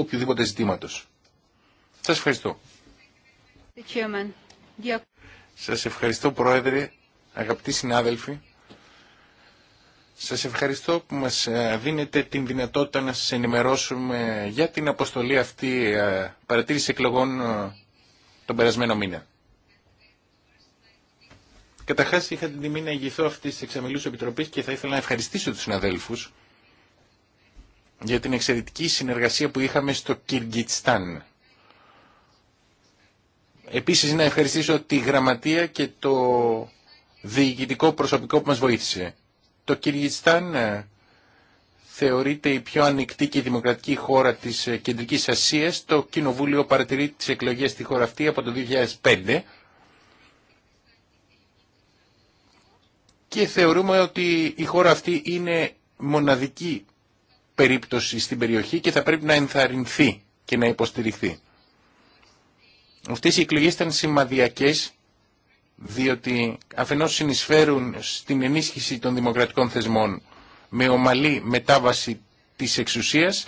οποιοδήποτε ζητήματο. Σας ευχαριστώ. Σας ευχαριστώ Πρόεδρε, αγαπητοί συνάδελφοι. Σας ευχαριστώ που μας ε, δίνετε την δυνατότητα να σα ενημερώσουμε για την αποστολή αυτή ε, παρατήρηση εκλογών ε, τον περασμένο μήνα. Καταρχά είχα την τιμή να ηγηθώ αυτή τη εξαμελού επιτροπή και θα ήθελα να ευχαριστήσω του συναδέλφου για την εξαιρετική συνεργασία που είχαμε στο Κυργιτστάν. Επίσης να ευχαριστήσω τη γραμματεία και το διοικητικό προσωπικό που μας βοήθησε. Το Κυργιστάν ε, θεωρείται η πιο ανοιχτή και δημοκρατική χώρα της ε, Κεντρικής Ασίας. Το Κοινοβούλιο παρατηρεί τις εκλογές στη χώρα αυτή από το 2005 και θεωρούμε ότι η χώρα αυτή είναι μοναδική περίπτωση στην περιοχή και θα πρέπει να ενθαρρυνθεί και να υποστηριχθεί. Αυτές οι εκλογές ήταν σημαδιακές διότι αφενός συνεισφέρουν στην ενίσχυση των δημοκρατικών θεσμών με ομαλή μετάβαση της εξουσίας.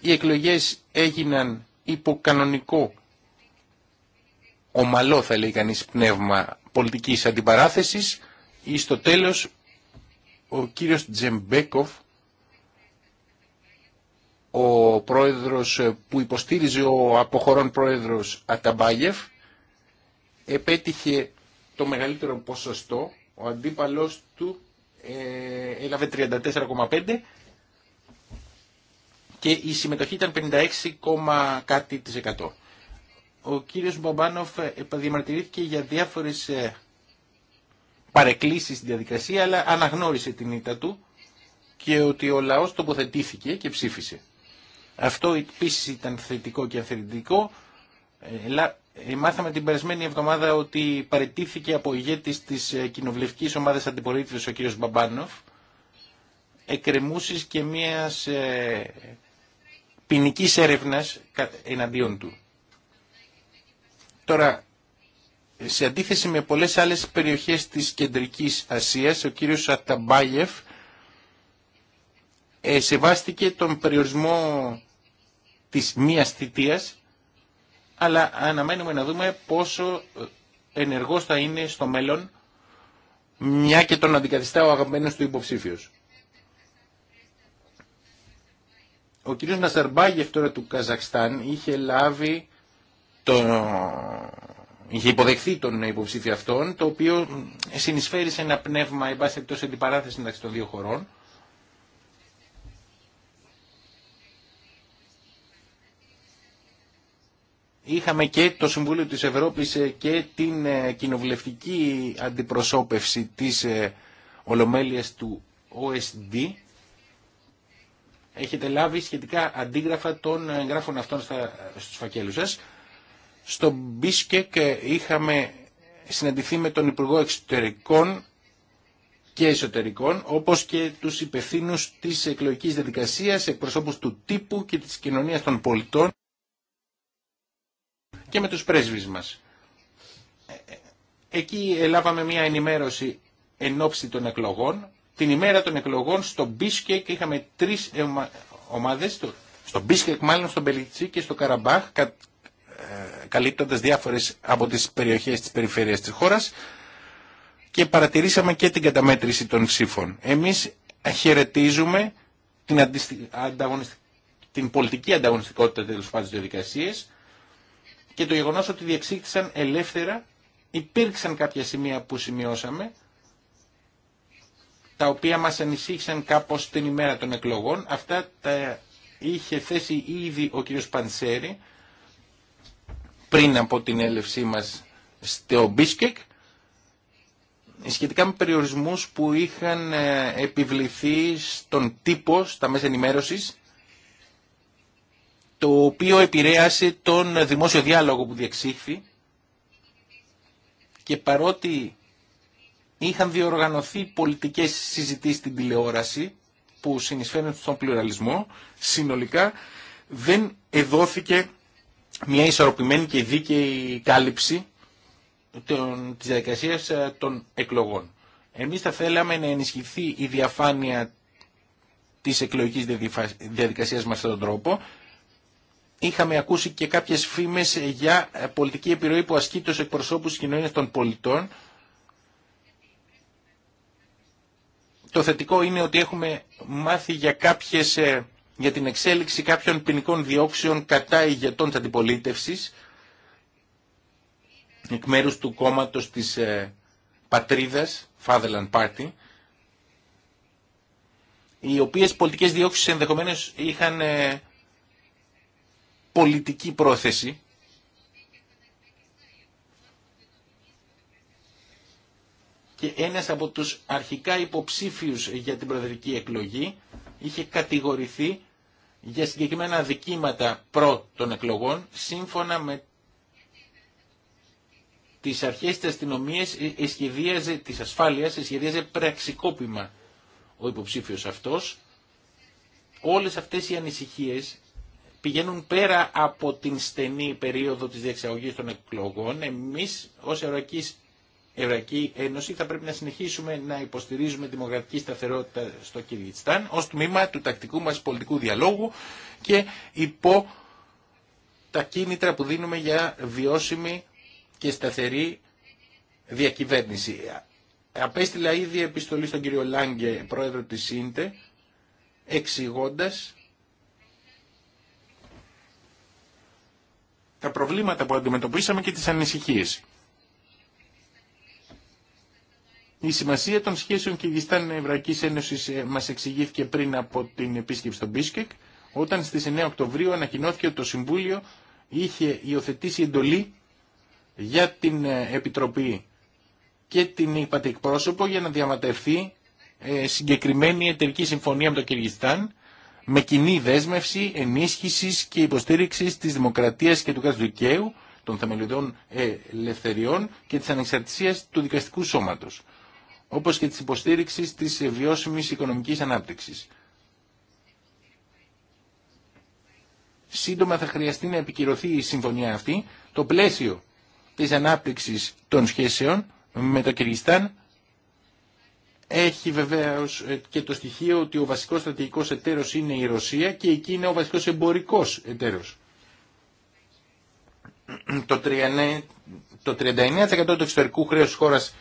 Οι εκλογές έγιναν υποκανονικό, ομαλό θα λέει κανείς πνεύμα πολιτικής αντιπαράθεσης ή στο τέλος ο κύριος Τζεμπέκοφ, ο πρόεδρος που υποστήριζε ο αποχωρών πρόεδρος Αταμπάγεφ, επέτυχε το μεγαλύτερο ποσοστό, ο αντίπαλος του ε, έλαβε 34,5 και η συμμετοχή ήταν 56, κάτι Ο κύριος Μπομπάνοφ ε, διαμαρτυρήθηκε για διάφορες ε, παρεκκλήσει στη διαδικασία, αλλά αναγνώρισε την ήττα του και ότι ο λαός τοποθετήθηκε και ψήφισε. Αυτό επίση ήταν θετικό και αθλητικό. Ε, μάθαμε την περασμένη εβδομάδα ότι παρετήθηκε από ηγέτη της ε, κοινοβουλευτική ομάδας αντιπολίτευσης ο κ. Μπαμπάνοφ εκκρεμούσεις και μιας ε, ποινική έρευνας εναντίον του. Τώρα, σε αντίθεση με πολλές άλλες περιοχές της Κεντρικής Ασίας, ο κύριος Αταμπάγεφ ε, σεβάστηκε τον περιορισμό της μίας θητείας, αλλά αναμένουμε να δούμε πόσο ενεργός θα είναι στο μέλλον, μια και τον αντικαθιστά ο αγαπημένος του υποψήφιος. Ο κύριος Ναζαρμπάγεφ τώρα του Καζακστάν είχε λάβει το είχε υποδεχθεί τον υποψήφιο αυτόν, το οποίο συνεισφέρει σε ένα πνεύμα, εν πάση εκτός αντιπαράθεση μεταξύ των δύο χωρών. Είχαμε και το Συμβούλιο της Ευρώπης ε, και την ε, κοινοβουλευτική αντιπροσώπευση της ε, Ολομέλειας του OSD. Έχετε λάβει σχετικά αντίγραφα των εγγράφων αυτών στα, στους φακέλους σας. Στο Μπίσκεκ ε, είχαμε συναντηθεί με τον Υπουργό Εξωτερικών και Εσωτερικών, όπως και τους υπευθύνους της εκλογικής διαδικασίας, εκπροσώπους του τύπου και της κοινωνίας των πολιτών και με τους πρέσβεις μας. Ε, ε, εκεί ελάβαμε μια ενημέρωση εν ώψη των εκλογών. Την ημέρα των εκλογών στο Μπίσκεκ είχαμε τρεις ομάδες, στο Μπίσκεκ μάλλον, στο Μπελιτσί και στο Καραμπάχ, ε, καλύπτοντας διάφορες από τις περιοχές της περιφέρειας της χώρας και παρατηρήσαμε και την καταμέτρηση των ψήφων. Εμείς χαιρετίζουμε την, την πολιτική ανταγωνιστικότητα της πάντων διαδικασίες και το γεγονός ότι διεξήχθησαν ελεύθερα. Υπήρξαν κάποια σημεία που σημειώσαμε, τα οποία μας ανησύχησαν κάπως την ημέρα των εκλογών. Αυτά τα είχε θέσει ήδη ο κ. Παντσέρη πριν από την έλευσή μας στο Μπίσκεκ σχετικά με περιορισμούς που είχαν ε, επιβληθεί στον τύπο, στα μέσα ενημέρωσης το οποίο επηρέασε τον δημόσιο διάλογο που διεξήχθη και παρότι είχαν διοργανωθεί πολιτικές συζητήσεις στην τηλεόραση που συνεισφέρουν στον πλουραλισμό συνολικά δεν εδόθηκε μια ισορροπημένη και δίκαιη κάλυψη των, της διαδικασίας ε, των εκλογών. Εμείς θα θέλαμε να ενισχυθεί η διαφάνεια της εκλογικής διαδικασίας με αυτόν τον τρόπο. Είχαμε ακούσει και κάποιες φήμες ε, για ε, πολιτική επιρροή που ασκεί τους εκπροσώπους της κοινωνίας των πολιτών. Το θετικό είναι ότι έχουμε μάθει για κάποιες για την εξέλιξη κάποιων ποινικών διώξεων κατά ηγετών της αντιπολίτευσης εκ μέρου του κόμματος της ε, πατρίδας, Fatherland Party, οι οποίες πολιτικές διώξεις ενδεχομένως είχαν ε, πολιτική πρόθεση και ένας από τους αρχικά υποψήφιους για την προεδρική εκλογή είχε κατηγορηθεί για συγκεκριμένα δικήματα προ των εκλογών σύμφωνα με τις αρχές της αστυνομίας εσχεδίαζε, της ασφάλειας εσχεδίαζε πραξικόπημα ο υποψήφιος αυτός. Όλες αυτές οι ανησυχίες πηγαίνουν πέρα από την στενή περίοδο της διεξαγωγής των εκλογών. Εμείς ως Ευρωπαϊκής Ευρωπαϊκή Ένωση θα πρέπει να συνεχίσουμε να υποστηρίζουμε δημοκρατική σταθερότητα στο Κυριτστάν ως τμήμα του τακτικού μας πολιτικού διαλόγου και υπό τα κίνητρα που δίνουμε για βιώσιμη και σταθερή διακυβέρνηση. Απέστειλα ήδη επιστολή στον κύριο Λάγκε, πρόεδρο της ΣΥΝΤΕ, εξηγώντα τα προβλήματα που αντιμετωπίσαμε και τις ανησυχίες. Η σημασία των σχέσεων Κυργιστάν-Ευρακή Ένωση ε, μα εξηγήθηκε πριν από την επίσκεψη στο Μπίσκεκ, όταν στι 9 Οκτωβρίου ανακοινώθηκε ότι το Συμβούλιο είχε υιοθετήσει εντολή για την ε, Επιτροπή και την είπατε εκπρόσωπο για να διαματευθεί ε, συγκεκριμένη εταιρική συμφωνία με το Κυργιστάν με κοινή δέσμευση ενίσχυσης και υποστήριξης της δημοκρατίας και του κράτους δικαίου, των θεμελιωδών ελευθεριών και της ανεξαρτησίας του δικαστικού σώματος όπως και της υποστήριξης της βιώσιμης οικονομικής ανάπτυξης. Σύντομα θα χρειαστεί να επικυρωθεί η συμφωνία αυτή, το πλαίσιο της ανάπτυξης των σχέσεων με το Κυριστάν έχει βεβαίως ε, και το στοιχείο ότι ο βασικός στρατηγικός εταίρος είναι η Ρωσία και εκεί είναι ο βασικός εμπορικός εταίρος. Το 39% του εξωτερικού χρέους της χώρας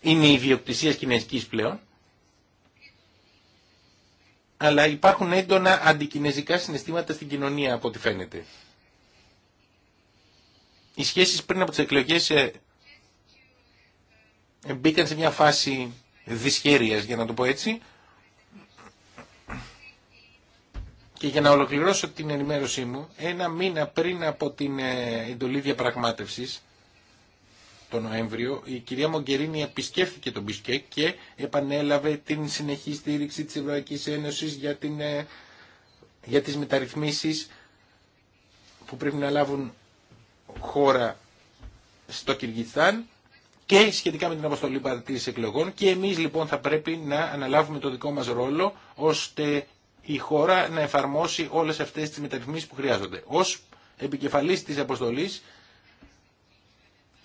είναι η ιδιοκτησία κινέζικης πλέον, αλλά υπάρχουν έντονα αντικινέζικα συναισθήματα στην κοινωνία από ό,τι φαίνεται. Οι σχέσεις πριν από τις εκλογές ε, μπήκαν σε μια φάση δυσχέρειας, για να το πω έτσι, Και για να ολοκληρώσω την ενημέρωσή μου, ένα μήνα πριν από την ε, εντολή διαπραγμάτευσης, τον Νοέμβριο, η κυρία Μογκερίνη επισκέφθηκε τον Μπισκέκ και επανέλαβε την συνεχή στήριξη της Ευρωπαϊκής Ένωσης για, την, ε, για τις μεταρρυθμίσεις που πρέπει να λάβουν χώρα στο Κυργιστάν και σχετικά με την αποστολή παρατήρησης εκλογών και εμείς λοιπόν θα πρέπει να αναλάβουμε το δικό μας ρόλο ώστε η χώρα να εφαρμόσει όλες αυτές τις μεταρρυθμίσεις που χρειάζονται. Ως επικεφαλής της αποστολής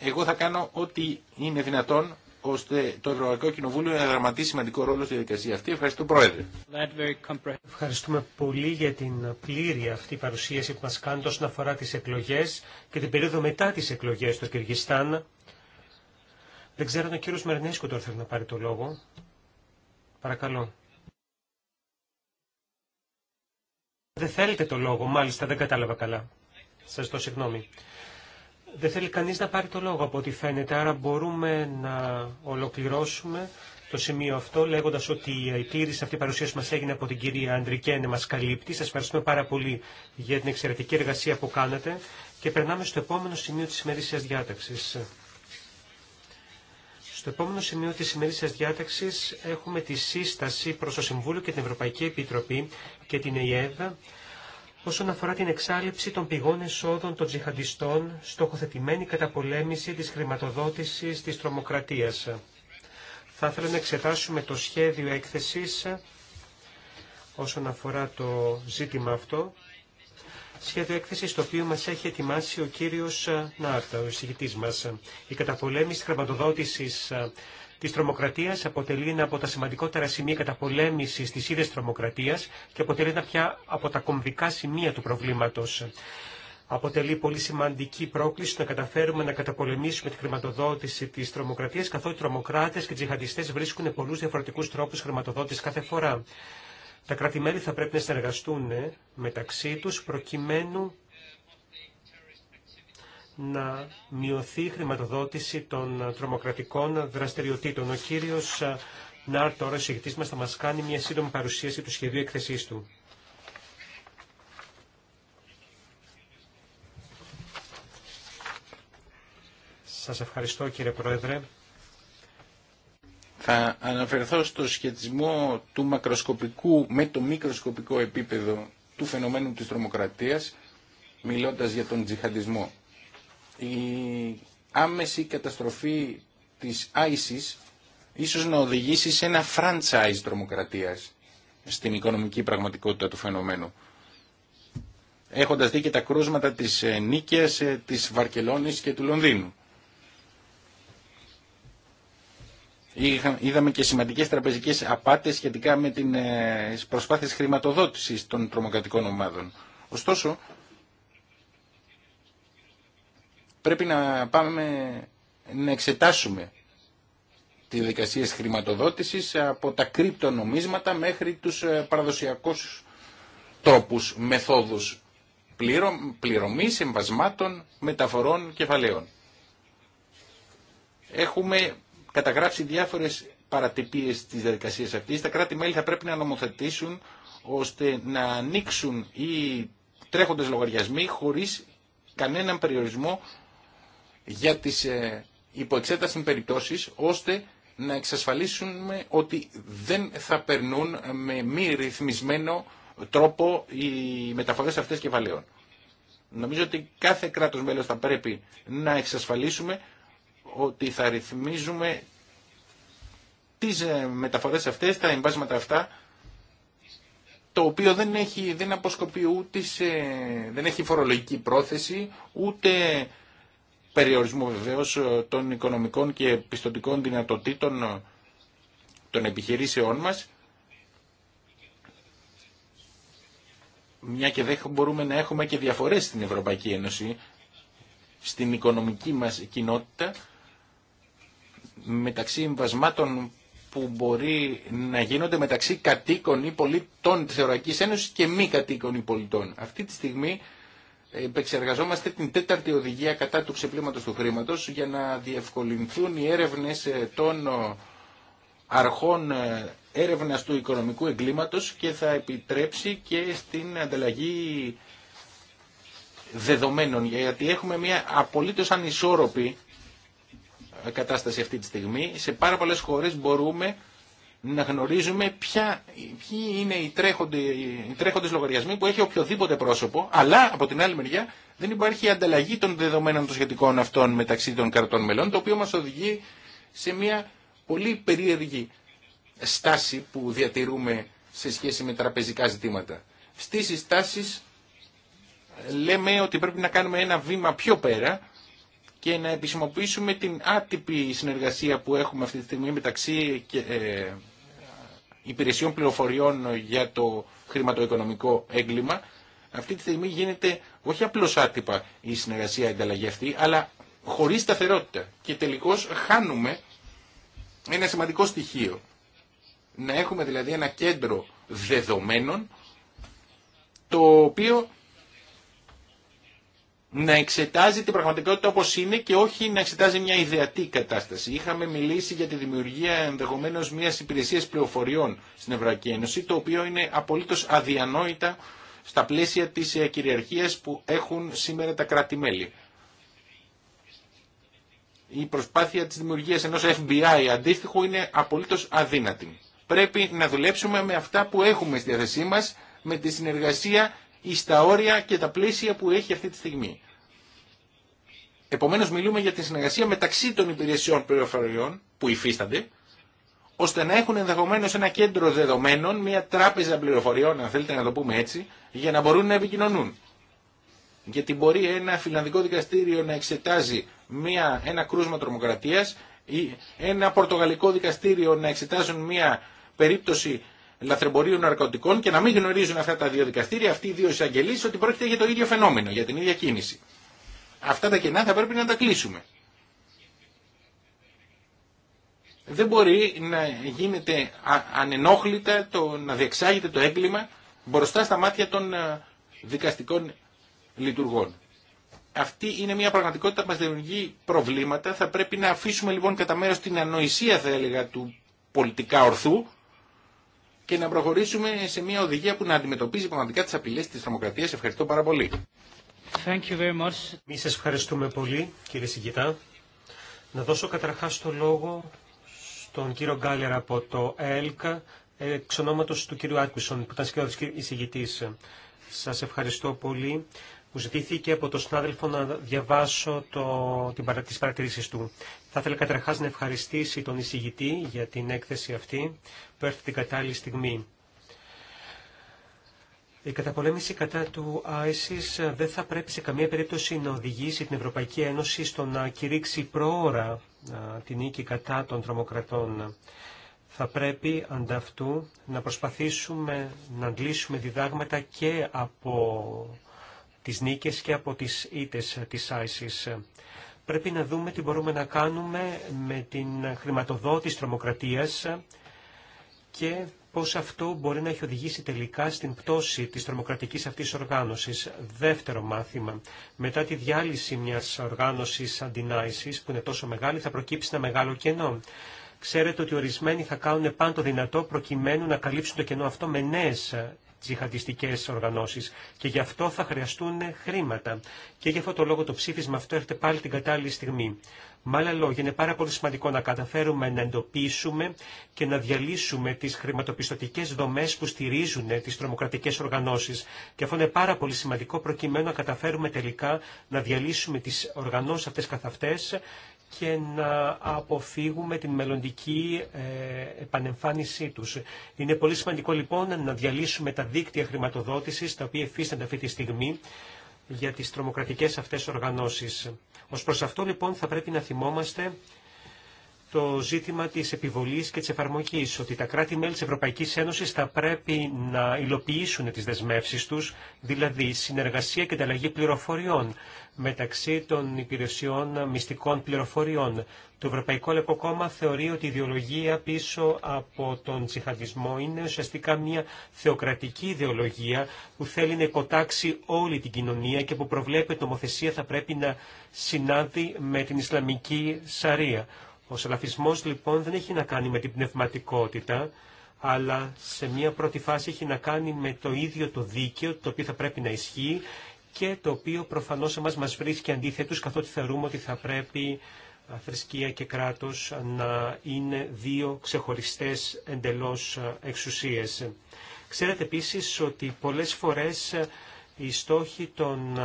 εγώ θα κάνω ό,τι είναι δυνατόν ώστε το Ευρωπαϊκό Κοινοβούλιο να δραματίσει σημαντικό ρόλο στη διαδικασία αυτή. Ευχαριστώ, Πρόεδρε. Ευχαριστούμε πολύ για την πλήρη αυτή παρουσίαση που μας κάνετε όσον αφορά τις εκλογές και την περίοδο μετά τις εκλογές στο Κυργιστάν. Δεν ξέρω αν ο κύριος Μερνέσκο τώρα θέλει να πάρει το λόγο. Παρακαλώ. Δεν θέλετε το λόγο, μάλιστα δεν κατάλαβα καλά. Σας το συγγνώμη. Δεν θέλει κανείς να πάρει το λόγο από ό,τι φαίνεται, άρα μπορούμε να ολοκληρώσουμε το σημείο αυτό λέγοντας ότι η αιτήρηση αυτή η παρουσίαση μας έγινε από την κυρία Αντρικένε μας καλύπτει. Σας ευχαριστούμε πάρα πολύ για την εξαιρετική εργασία που κάνατε και περνάμε στο επόμενο σημείο της ημερήσιας διάταξης. Στο επόμενο σημείο της ημερήσιας διάταξης έχουμε τη σύσταση προς το Συμβούλιο και την Ευρωπαϊκή Επιτροπή και την ΕΕΒ όσον αφορά την εξάλληψη των πηγών εσόδων των τζιχαντιστών, στοχοθετημένη καταπολέμηση της χρηματοδότησης της τρομοκρατίας. Θα ήθελα να εξετάσουμε το σχέδιο έκθεσης όσον αφορά το ζήτημα αυτό. Σχέδιο έκθεση το οποίο μας έχει ετοιμάσει ο κύριος Νάρτα, ο εισηγητής μα. Η καταπολέμηση χρηματοδότησης της τρομοκρατίας αποτελεί ένα από τα σημαντικότερα σημεία καταπολέμησης της ίδιας τρομοκρατίας και αποτελεί ένα πια από τα κομβικά σημεία του προβλήματος. Αποτελεί πολύ σημαντική πρόκληση να καταφέρουμε να καταπολεμήσουμε τη χρηματοδότηση της τρομοκρατίας καθότι οι τρομοκράτε και οι βρίσκουν πολλούς διαφορετικού τρόπους χρηματοδότηση κάθε φορά. Τα κρατη θα πρέπει να συνεργαστούν μεταξύ τους προκειμένου να μειωθεί η χρηματοδότηση των τρομοκρατικών δραστηριοτήτων. Ο κύριος ε, Νάρ, τώρα ο μας, θα μας κάνει μια σύντομη παρουσίαση του σχεδίου εκθεσής του. Σας ευχαριστώ κύριε Πρόεδρε. Θα αναφερθώ στο σχετισμό του μακροσκοπικού με το μικροσκοπικό επίπεδο του φαινομένου της τρομοκρατίας, μιλώντας για τον τζιχαντισμό η άμεση καταστροφή της ISIS ίσως να οδηγήσει σε ένα franchise τρομοκρατίας στην οικονομική πραγματικότητα του φαινομένου. Έχοντας δει και τα κρούσματα της ε, Νίκαιας, ε, της Βαρκελόνης και του Λονδίνου. Είδαμε και σημαντικές τραπεζικές απάτες σχετικά με ε, τις προσπάθειες χρηματοδότησης των τρομοκρατικών ομάδων. Ωστόσο, πρέπει να πάμε να εξετάσουμε τις δικασίες χρηματοδότησης από τα κρυπτονομίσματα μέχρι τους ε, παραδοσιακούς τρόπους, μεθόδους πληρωμής, εμβασμάτων, μεταφορών κεφαλαίων. Έχουμε καταγράψει διάφορες παρατυπίες της διαδικασίας αυτής. Τα κράτη-μέλη θα πρέπει να νομοθετήσουν ώστε να ανοίξουν οι τρέχοντες λογαριασμοί χωρίς κανέναν περιορισμό για τις ε, υποεξέταση περιπτώσεις ώστε να εξασφαλίσουμε ότι δεν θα περνούν με μη ρυθμισμένο τρόπο οι μεταφορές αυτές κεφαλαίων. Νομίζω ότι κάθε κράτος μέλος θα πρέπει να εξασφαλίσουμε ότι θα ρυθμίζουμε τις ε, μεταφορές αυτές, τα εμβάσματα αυτά, το οποίο δεν έχει, δεν αποσκοπεί ούτε σε, δεν έχει φορολογική πρόθεση, ούτε περιορισμού βεβαίως ε, των οικονομικών και πιστοτικών δυνατοτήτων ε, των επιχειρήσεών μας, μια και δεν μπορούμε να έχουμε και διαφορές στην Ευρωπαϊκή Ένωση, στην οικονομική μας κοινότητα, μεταξύ εμβασμάτων που μπορεί να γίνονται μεταξύ κατοίκων ή πολιτών της Ευρωπαϊκής Ένωσης και μη κατοίκων ή πολιτών. Αυτή τη στιγμή επεξεργαζόμαστε την τέταρτη οδηγία κατά του ξεπλήματος του χρήματος για να διευκολυνθούν οι έρευνες ε, των ε, αρχών ε, έρευνας του οικονομικού εγκλήματος και θα επιτρέψει και στην ανταλλαγή δεδομένων γιατί έχουμε μια απολύτως ανισόρροπη κατάσταση αυτή τη στιγμή. Σε πάρα πολλές χώρες μπορούμε να γνωρίζουμε ποια, ποιοι είναι οι, τρέχοντε, οι τρέχοντες λογαριασμοί που έχει οποιοδήποτε πρόσωπο, αλλά από την άλλη μεριά δεν υπάρχει ανταλλαγή των δεδομένων των σχετικών αυτών μεταξύ των κρατών μελών, το οποίο μας οδηγεί σε μια πολύ περίεργη στάση που διατηρούμε σε σχέση με τραπεζικά ζητήματα. Στις συστάσεις λέμε ότι πρέπει να κάνουμε ένα βήμα πιο πέρα και να επισημοποιήσουμε την άτυπη συνεργασία που έχουμε αυτή τη στιγμή μεταξύ ε, υπηρεσιών πληροφοριών για το χρηματοοικονομικό έγκλημα, αυτή τη στιγμή γίνεται όχι απλώς άτυπα η συνεργασία ανταλλαγή αυτή, αλλά χωρίς σταθερότητα. Και τελικώς χάνουμε ένα σημαντικό στοιχείο. Να έχουμε δηλαδή ένα κέντρο δεδομένων, το οποίο να εξετάζει την πραγματικότητα όπως είναι και όχι να εξετάζει μια ιδεατή κατάσταση. Είχαμε μιλήσει για τη δημιουργία ενδεχομένως μιας υπηρεσίας πληροφοριών στην Ευρωπαϊκή Ένωση, το οποίο είναι απολύτως αδιανόητα στα πλαίσια της ε, κυριαρχίας που έχουν σήμερα τα κράτη-μέλη. Η προσπάθεια της δημιουργίας ενός FBI αντίστοιχου είναι απολύτως αδύνατη. Πρέπει να δουλέψουμε με αυτά που έχουμε στη διάθεσή μας, με τη συνεργασία ή στα όρια και τα πλαίσια που έχει αυτή τη στιγμή. Επομένως μιλούμε για τη συνεργασία μεταξύ των υπηρεσιών πληροφοριών που υφίστανται, ώστε να έχουν ενδεχομένω ένα κέντρο δεδομένων, μια τράπεζα πληροφοριών, αν θέλετε να το πούμε έτσι, για να μπορούν να επικοινωνούν. Γιατί μπορεί ένα φιλανδικό δικαστήριο να εξετάζει μια, ένα κρούσμα τρομοκρατίας ή ένα πορτογαλικό δικαστήριο να εξετάζουν μια περίπτωση λαθρεμπορίου ναρκωτικών και να μην γνωρίζουν αυτά τα δύο δικαστήρια, αυτοί οι δύο εισαγγελεί, ότι πρόκειται για το ίδιο φαινόμενο, για την ίδια κίνηση. Αυτά τα κενά θα πρέπει να τα κλείσουμε. Δεν μπορεί να γίνεται ανενόχλητα το, να διεξάγεται το έγκλημα μπροστά στα μάτια των ε, δικαστικών λειτουργών. Αυτή είναι μια πραγματικότητα που μας δημιουργεί προβλήματα. Θα πρέπει να αφήσουμε λοιπόν κατά μέρος την ανοησία θα έλεγα του πολιτικά ορθού και να προχωρήσουμε σε μια οδηγία που να αντιμετωπίζει πραγματικά τις απειλές της δημοκρατίας. Ευχαριστώ πάρα πολύ. Thank you very much. ευχαριστούμε πολύ κύριε Σιγητά. Να δώσω καταρχάς το λόγο στον κύριο Γκάλερ από το ΕΛΚΑ, εξ ονόματος του κύριου Άρκουσον, που ήταν σκέδος εισηγητή. Σας ευχαριστώ πολύ που ζητήθηκε από τον συνάδελφο να διαβάσω το, την, τις παρατηρήσεις του. Θα ήθελα καταρχάς να ευχαριστήσει τον εισηγητή για την έκθεση αυτή που έρθει την κατάλληλη στιγμή. Η καταπολέμηση κατά του ISIS δεν θα πρέπει σε καμία περίπτωση να οδηγήσει την Ευρωπαϊκή Ένωση στο να κηρύξει πρόωρα την νίκη κατά των τρομοκρατών. Θα πρέπει ανταυτού να προσπαθήσουμε να αντλήσουμε διδάγματα και από τις νίκες και από τις ήτες της ISIS. Πρέπει να δούμε τι μπορούμε να κάνουμε με την χρηματοδότηση τρομοκρατίας και πώς αυτό μπορεί να έχει οδηγήσει τελικά στην πτώση της τρομοκρατικής αυτής οργάνωσης. Δεύτερο μάθημα. Μετά τη διάλυση μιας οργάνωσης αντινάησης που είναι τόσο μεγάλη θα προκύψει ένα μεγάλο κενό. Ξέρετε ότι ορισμένοι θα κάνουν πάντο δυνατό προκειμένου να καλύψουν το κενό αυτό με νέες τζιχαντιστικές οργανώσεις και γι' αυτό θα χρειαστούν χρήματα. Και γι' αυτό το λόγο το ψήφισμα αυτό έρχεται πάλι την κατάλληλη στιγμή. Με άλλα λόγια, είναι πάρα πολύ σημαντικό να καταφέρουμε να εντοπίσουμε και να διαλύσουμε τι χρηματοπιστωτικέ δομέ που στηρίζουν τι τρομοκρατικέ οργανώσει. Και αυτό είναι πάρα πολύ σημαντικό προκειμένου να καταφέρουμε τελικά να διαλύσουμε τι οργανώσει αυτέ καθ' αυτές και να αποφύγουμε την μελλοντική ε, επανεμφάνισή τους. Είναι πολύ σημαντικό λοιπόν να διαλύσουμε τα δίκτυα χρηματοδότησης τα οποία εφίστανται αυτή τη στιγμή για τις τρομοκρατικές αυτές οργανώσεις. Ως προς αυτό λοιπόν θα πρέπει να θυμόμαστε το ζήτημα της επιβολής και της εφαρμογής, ότι τα κράτη-μέλη της Ευρωπαϊκής Ένωσης θα πρέπει να υλοποιήσουν τις δεσμεύσεις τους, δηλαδή συνεργασία και ανταλλαγή πληροφοριών μεταξύ των υπηρεσιών μυστικών πληροφοριών. Το Ευρωπαϊκό Λευκό θεωρεί ότι η ιδεολογία πίσω από τον τσιχαντισμό είναι ουσιαστικά μια θεοκρατική ιδεολογία που θέλει να υποτάξει όλη την κοινωνία και που προβλέπει ότι η νομοθεσία θα πρέπει να συνάδει με την Ισλαμική Σαρία. Ο σαλαφισμός λοιπόν δεν έχει να κάνει με την πνευματικότητα, αλλά σε μια πρώτη φάση έχει να κάνει με το ίδιο το δίκαιο, το οποίο θα πρέπει να ισχύει και το οποίο προφανώς εμάς μας βρίσκει αντίθετους, καθότι θεωρούμε ότι θα πρέπει θρησκεία και κράτος να είναι δύο ξεχωριστές εντελώς εξουσίες. Ξέρετε επίσης ότι πολλές φορές οι στόχοι των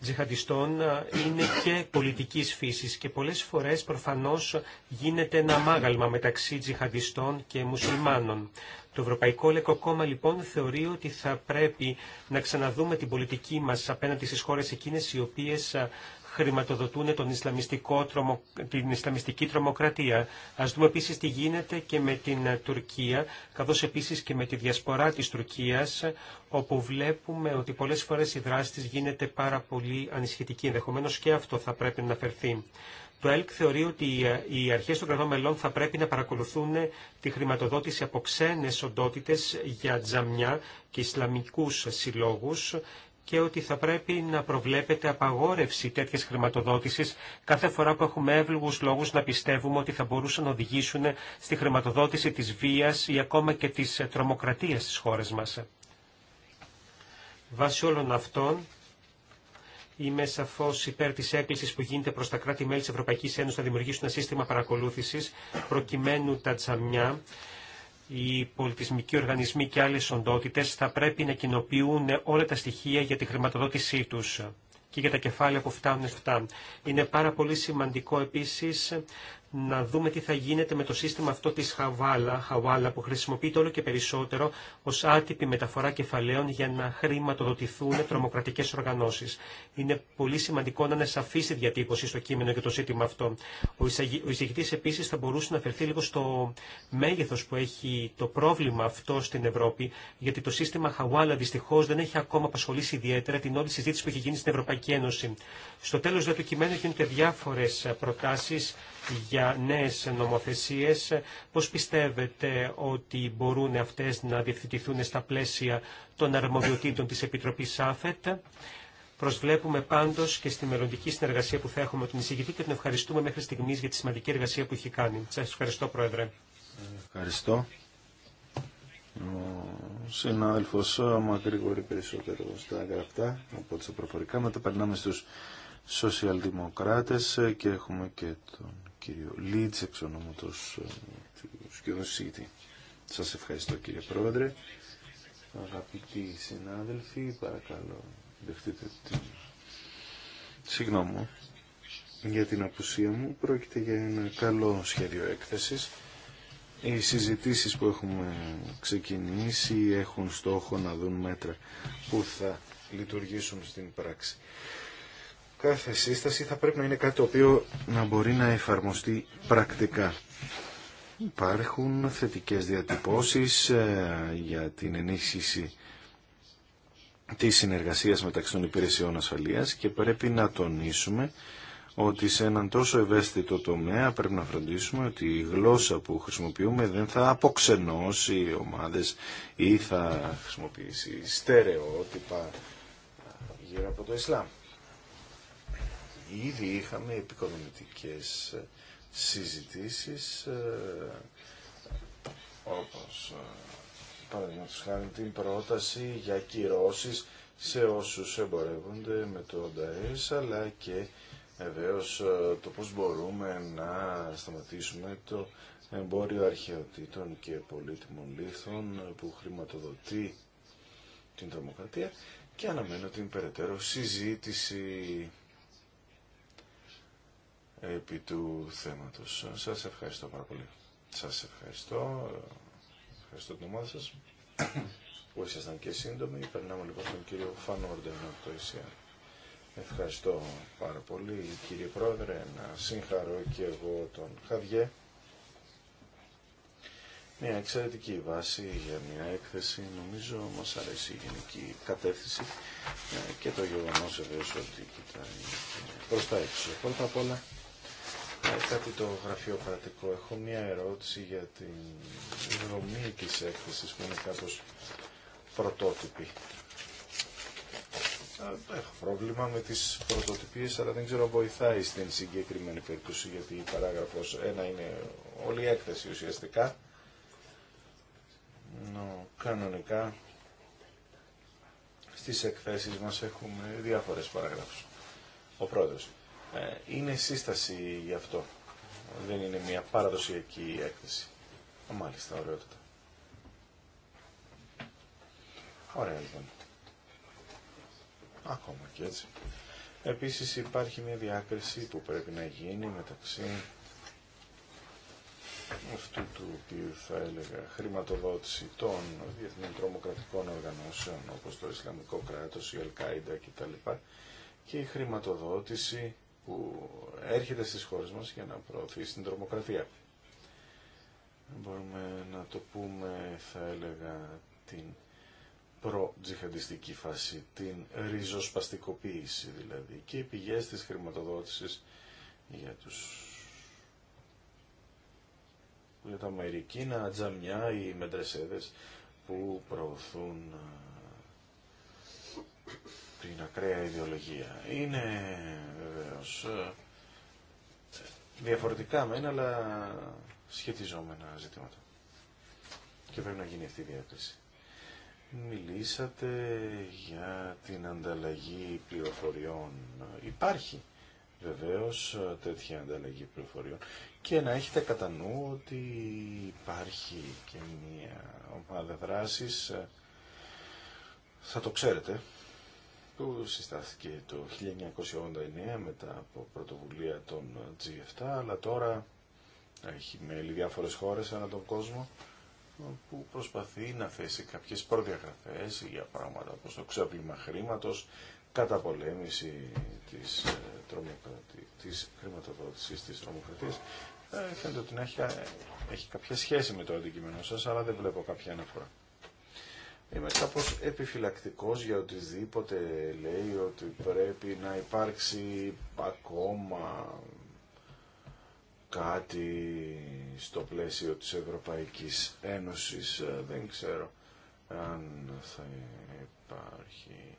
τζιχαντιστών ε, είναι και πολιτικής φύσης και πολλές φορές προφανώς γίνεται ένα μάγαλμα μεταξύ τζιχαντιστών και μουσουλμάνων. Το Ευρωπαϊκό Λεκοκόμμα λοιπόν θεωρεί ότι θα πρέπει να ξαναδούμε την πολιτική μας απέναντι στις χώρες εκείνες οι οποίες ε, χρηματοδοτούν τον Ισλαμιστικό, την Ισλαμιστική τρομοκρατία. Ας δούμε επίσης τι γίνεται και με την Τουρκία, καθώς επίσης και με τη διασπορά της Τουρκίας, όπου βλέπουμε ότι πολλές φορές η δράση της γίνεται πάρα πολύ ανισχυτική. Ενδεχομένω και αυτό θα πρέπει να αναφερθεί. Το ΕΛΚ θεωρεί ότι οι αρχέ των κρατών μελών θα πρέπει να παρακολουθούν τη χρηματοδότηση από ξένε οντότητε για τζαμιά και Ισλαμικού συλλόγου και ότι θα πρέπει να προβλέπεται απαγόρευση τέτοιες χρηματοδότησης κάθε φορά που έχουμε εύλογους λόγους να πιστεύουμε ότι θα μπορούσαν να οδηγήσουν στη χρηματοδότηση της βίας ή ακόμα και της τρομοκρατίας στις χώρες μας. Βάσει όλων αυτών, Είμαι σαφώ υπέρ τη έκκληση που γίνεται προ τα κράτη-μέλη τη Ευρωπαϊκή Ένωση να δημιουργήσουν ένα σύστημα παρακολούθηση προκειμένου τα τσαμιά οι πολιτισμικοί οργανισμοί και άλλες οντότητες θα πρέπει να κοινοποιούν όλα τα στοιχεία για τη χρηματοδότησή τους και για τα κεφάλαια που φτάνουν αυτά. Είναι πάρα πολύ σημαντικό επίσης να δούμε τι θα γίνεται με το σύστημα αυτό της Χαβάλα, Χαβάλα που χρησιμοποιείται όλο και περισσότερο ως άτυπη μεταφορά κεφαλαίων για να χρηματοδοτηθούν τρομοκρατικές οργανώσεις. Είναι πολύ σημαντικό να είναι σαφή η διατύπωση στο κείμενο για το σύστημα αυτό. Ο εισηγητής επίσης θα μπορούσε να αφαιρθεί λίγο στο μέγεθος που έχει το πρόβλημα αυτό στην Ευρώπη, γιατί το σύστημα Χαβάλα δυστυχώς δεν έχει ακόμα απασχολήσει ιδιαίτερα την όλη συζήτηση που έχει γίνει στην Ευρωπαϊκή Ένωση. Στο τέλος του κειμένου γίνονται διάφορες προτάσεις για νέες νομοθεσίες. Πώς πιστεύετε ότι μπορούν αυτές να διευθυντηθούν στα πλαίσια των αρμοδιοτήτων της Επιτροπής ΑΦΕΤ. Προσβλέπουμε πάντως και στη μελλοντική συνεργασία που θα έχουμε με τον εισηγητή και τον ευχαριστούμε μέχρι στιγμής για τη σημαντική εργασία που έχει κάνει. Σας ευχαριστώ Πρόεδρε. Ευχαριστώ. Ο συνάδελφος ε, περισσότερο στα από προφορικά. Μετά περνάμε στους σοσιαλδημοκράτες και έχουμε και τον κύριο Λίτς εξ ονόματος ε, του σχεδόν Σας ευχαριστώ κύριε Πρόεδρε. Αγαπητοί συνάδελφοι, παρακαλώ δεχτείτε την συγγνώμη για την απουσία μου. Πρόκειται για ένα καλό σχέδιο έκθεσης. Οι συζητήσεις που έχουμε ξεκινήσει έχουν στόχο να δουν μέτρα που θα λειτουργήσουν στην πράξη κάθε σύσταση θα πρέπει να είναι κάτι το οποίο να μπορεί να εφαρμοστεί πρακτικά. Υπάρχουν θετικές διατυπώσεις ε, για την ενίσχυση της συνεργασίας μεταξύ των υπηρεσιών ασφαλείας και πρέπει να τονίσουμε ότι σε έναν τόσο ευαίσθητο τομέα πρέπει να φροντίσουμε ότι η γλώσσα που χρησιμοποιούμε δεν θα αποξενώσει ομάδες ή θα χρησιμοποιήσει στερεότυπα γύρω από το Ισλάμ. Ήδη είχαμε επικοδομητικές ε, συζητήσεις ε, όπως ε, παραδείγματος χάρη την πρόταση για κυρώσεις σε όσους εμπορεύονται με το ΝΤΑΕΣ αλλά και βεβαίω το πώς μπορούμε να σταματήσουμε το εμπόριο αρχαιοτήτων και πολύτιμων λίθων που χρηματοδοτεί την τρομοκρατία και αναμένω την περαιτέρω συζήτηση επί του θέματος. Σας ευχαριστώ πάρα πολύ. Σας ευχαριστώ. Ευχαριστώ την ομάδα σας που ήσασταν και σύντομοι. Περνάμε λοιπόν στον κύριο Φανόρντεν από το ΕΣΥΑ. Ευχαριστώ πάρα πολύ κύριε Πρόεδρε. Να συγχαρώ και εγώ τον Χαβιέ. Μια εξαιρετική βάση για μια έκθεση. Νομίζω μας αρέσει η γενική κατεύθυνση και το γεγονός βεβαίως ότι κοιτάει προς τα έξω. Πρώτα απ' όλα κάτι το γραφειοκρατικό. Έχω μια ερώτηση για την δομή της έκθεσης που είναι κάπως πρωτότυπη. Έχω πρόβλημα με τις πρωτοτυπίες, αλλά δεν ξέρω αν βοηθάει στην συγκεκριμένη περίπτωση, γιατί η παράγραφος 1 είναι όλη η έκθεση ουσιαστικά. Νο, κανονικά, στις εκθέσεις μας έχουμε διάφορες παράγραφους. Ο πρόεδρος. Ε, είναι σύσταση γι' αυτό. Δεν είναι μια παραδοσιακή έκθεση. Μάλιστα, ωραιότητα. Ωραία λοιπόν. Ακόμα και έτσι. Επίσης υπάρχει μια διάκριση που πρέπει να γίνει μεταξύ αυτού του οποίου θα έλεγα χρηματοδότηση των διεθνών τρομοκρατικών οργανώσεων όπως το Ισλαμικό κράτος, η Αλκάιντα κτλ. και η χρηματοδότηση που έρχεται στις χώρες μας για να προωθήσει την τρομοκρατία. Μπορούμε να το πούμε, θα έλεγα, την προτζιχαντιστική φάση, την ριζοσπαστικοποίηση δηλαδή και οι πηγές της χρηματοδότησης για τους για τα Αμερικίνα, τζαμιά ή μετρεσέδε που προωθούν την ακραία ιδεολογία. Είναι βεβαίω ε, διαφορετικά ένα, αλλά σχετιζόμενα ζητήματα. Και πρέπει να γίνει αυτή η διάκριση. Μιλήσατε για την ανταλλαγή πληροφοριών. Υπάρχει βεβαίως τέτοια ανταλλαγή πληροφοριών και να έχετε κατά νου ότι υπάρχει και μια ομάδα δράσης ε, θα το ξέρετε που συστάθηκε το 1989 μετά από πρωτοβουλία των G7, αλλά τώρα έχει μέλη διάφορες χώρες ανά τον κόσμο που προσπαθεί να θέσει κάποιες προδιαγραφές για πράγματα όπως το ξέπλυμα χρήματος, καταπολέμηση της, ε, της χρηματοδότησης της τρομοκρατίας. Ε, φαίνεται ότι έχει, ε, έχει κάποια σχέση με το αντικείμενο σας, αλλά δεν βλέπω κάποια αναφορά είμαι κάπως επιφυλακτικός για οτιδήποτε λέει ότι πρέπει να υπάρξει ακόμα κάτι στο πλαίσιο της Ευρωπαϊκής Ένωσης. Δεν ξέρω αν θα υπάρχει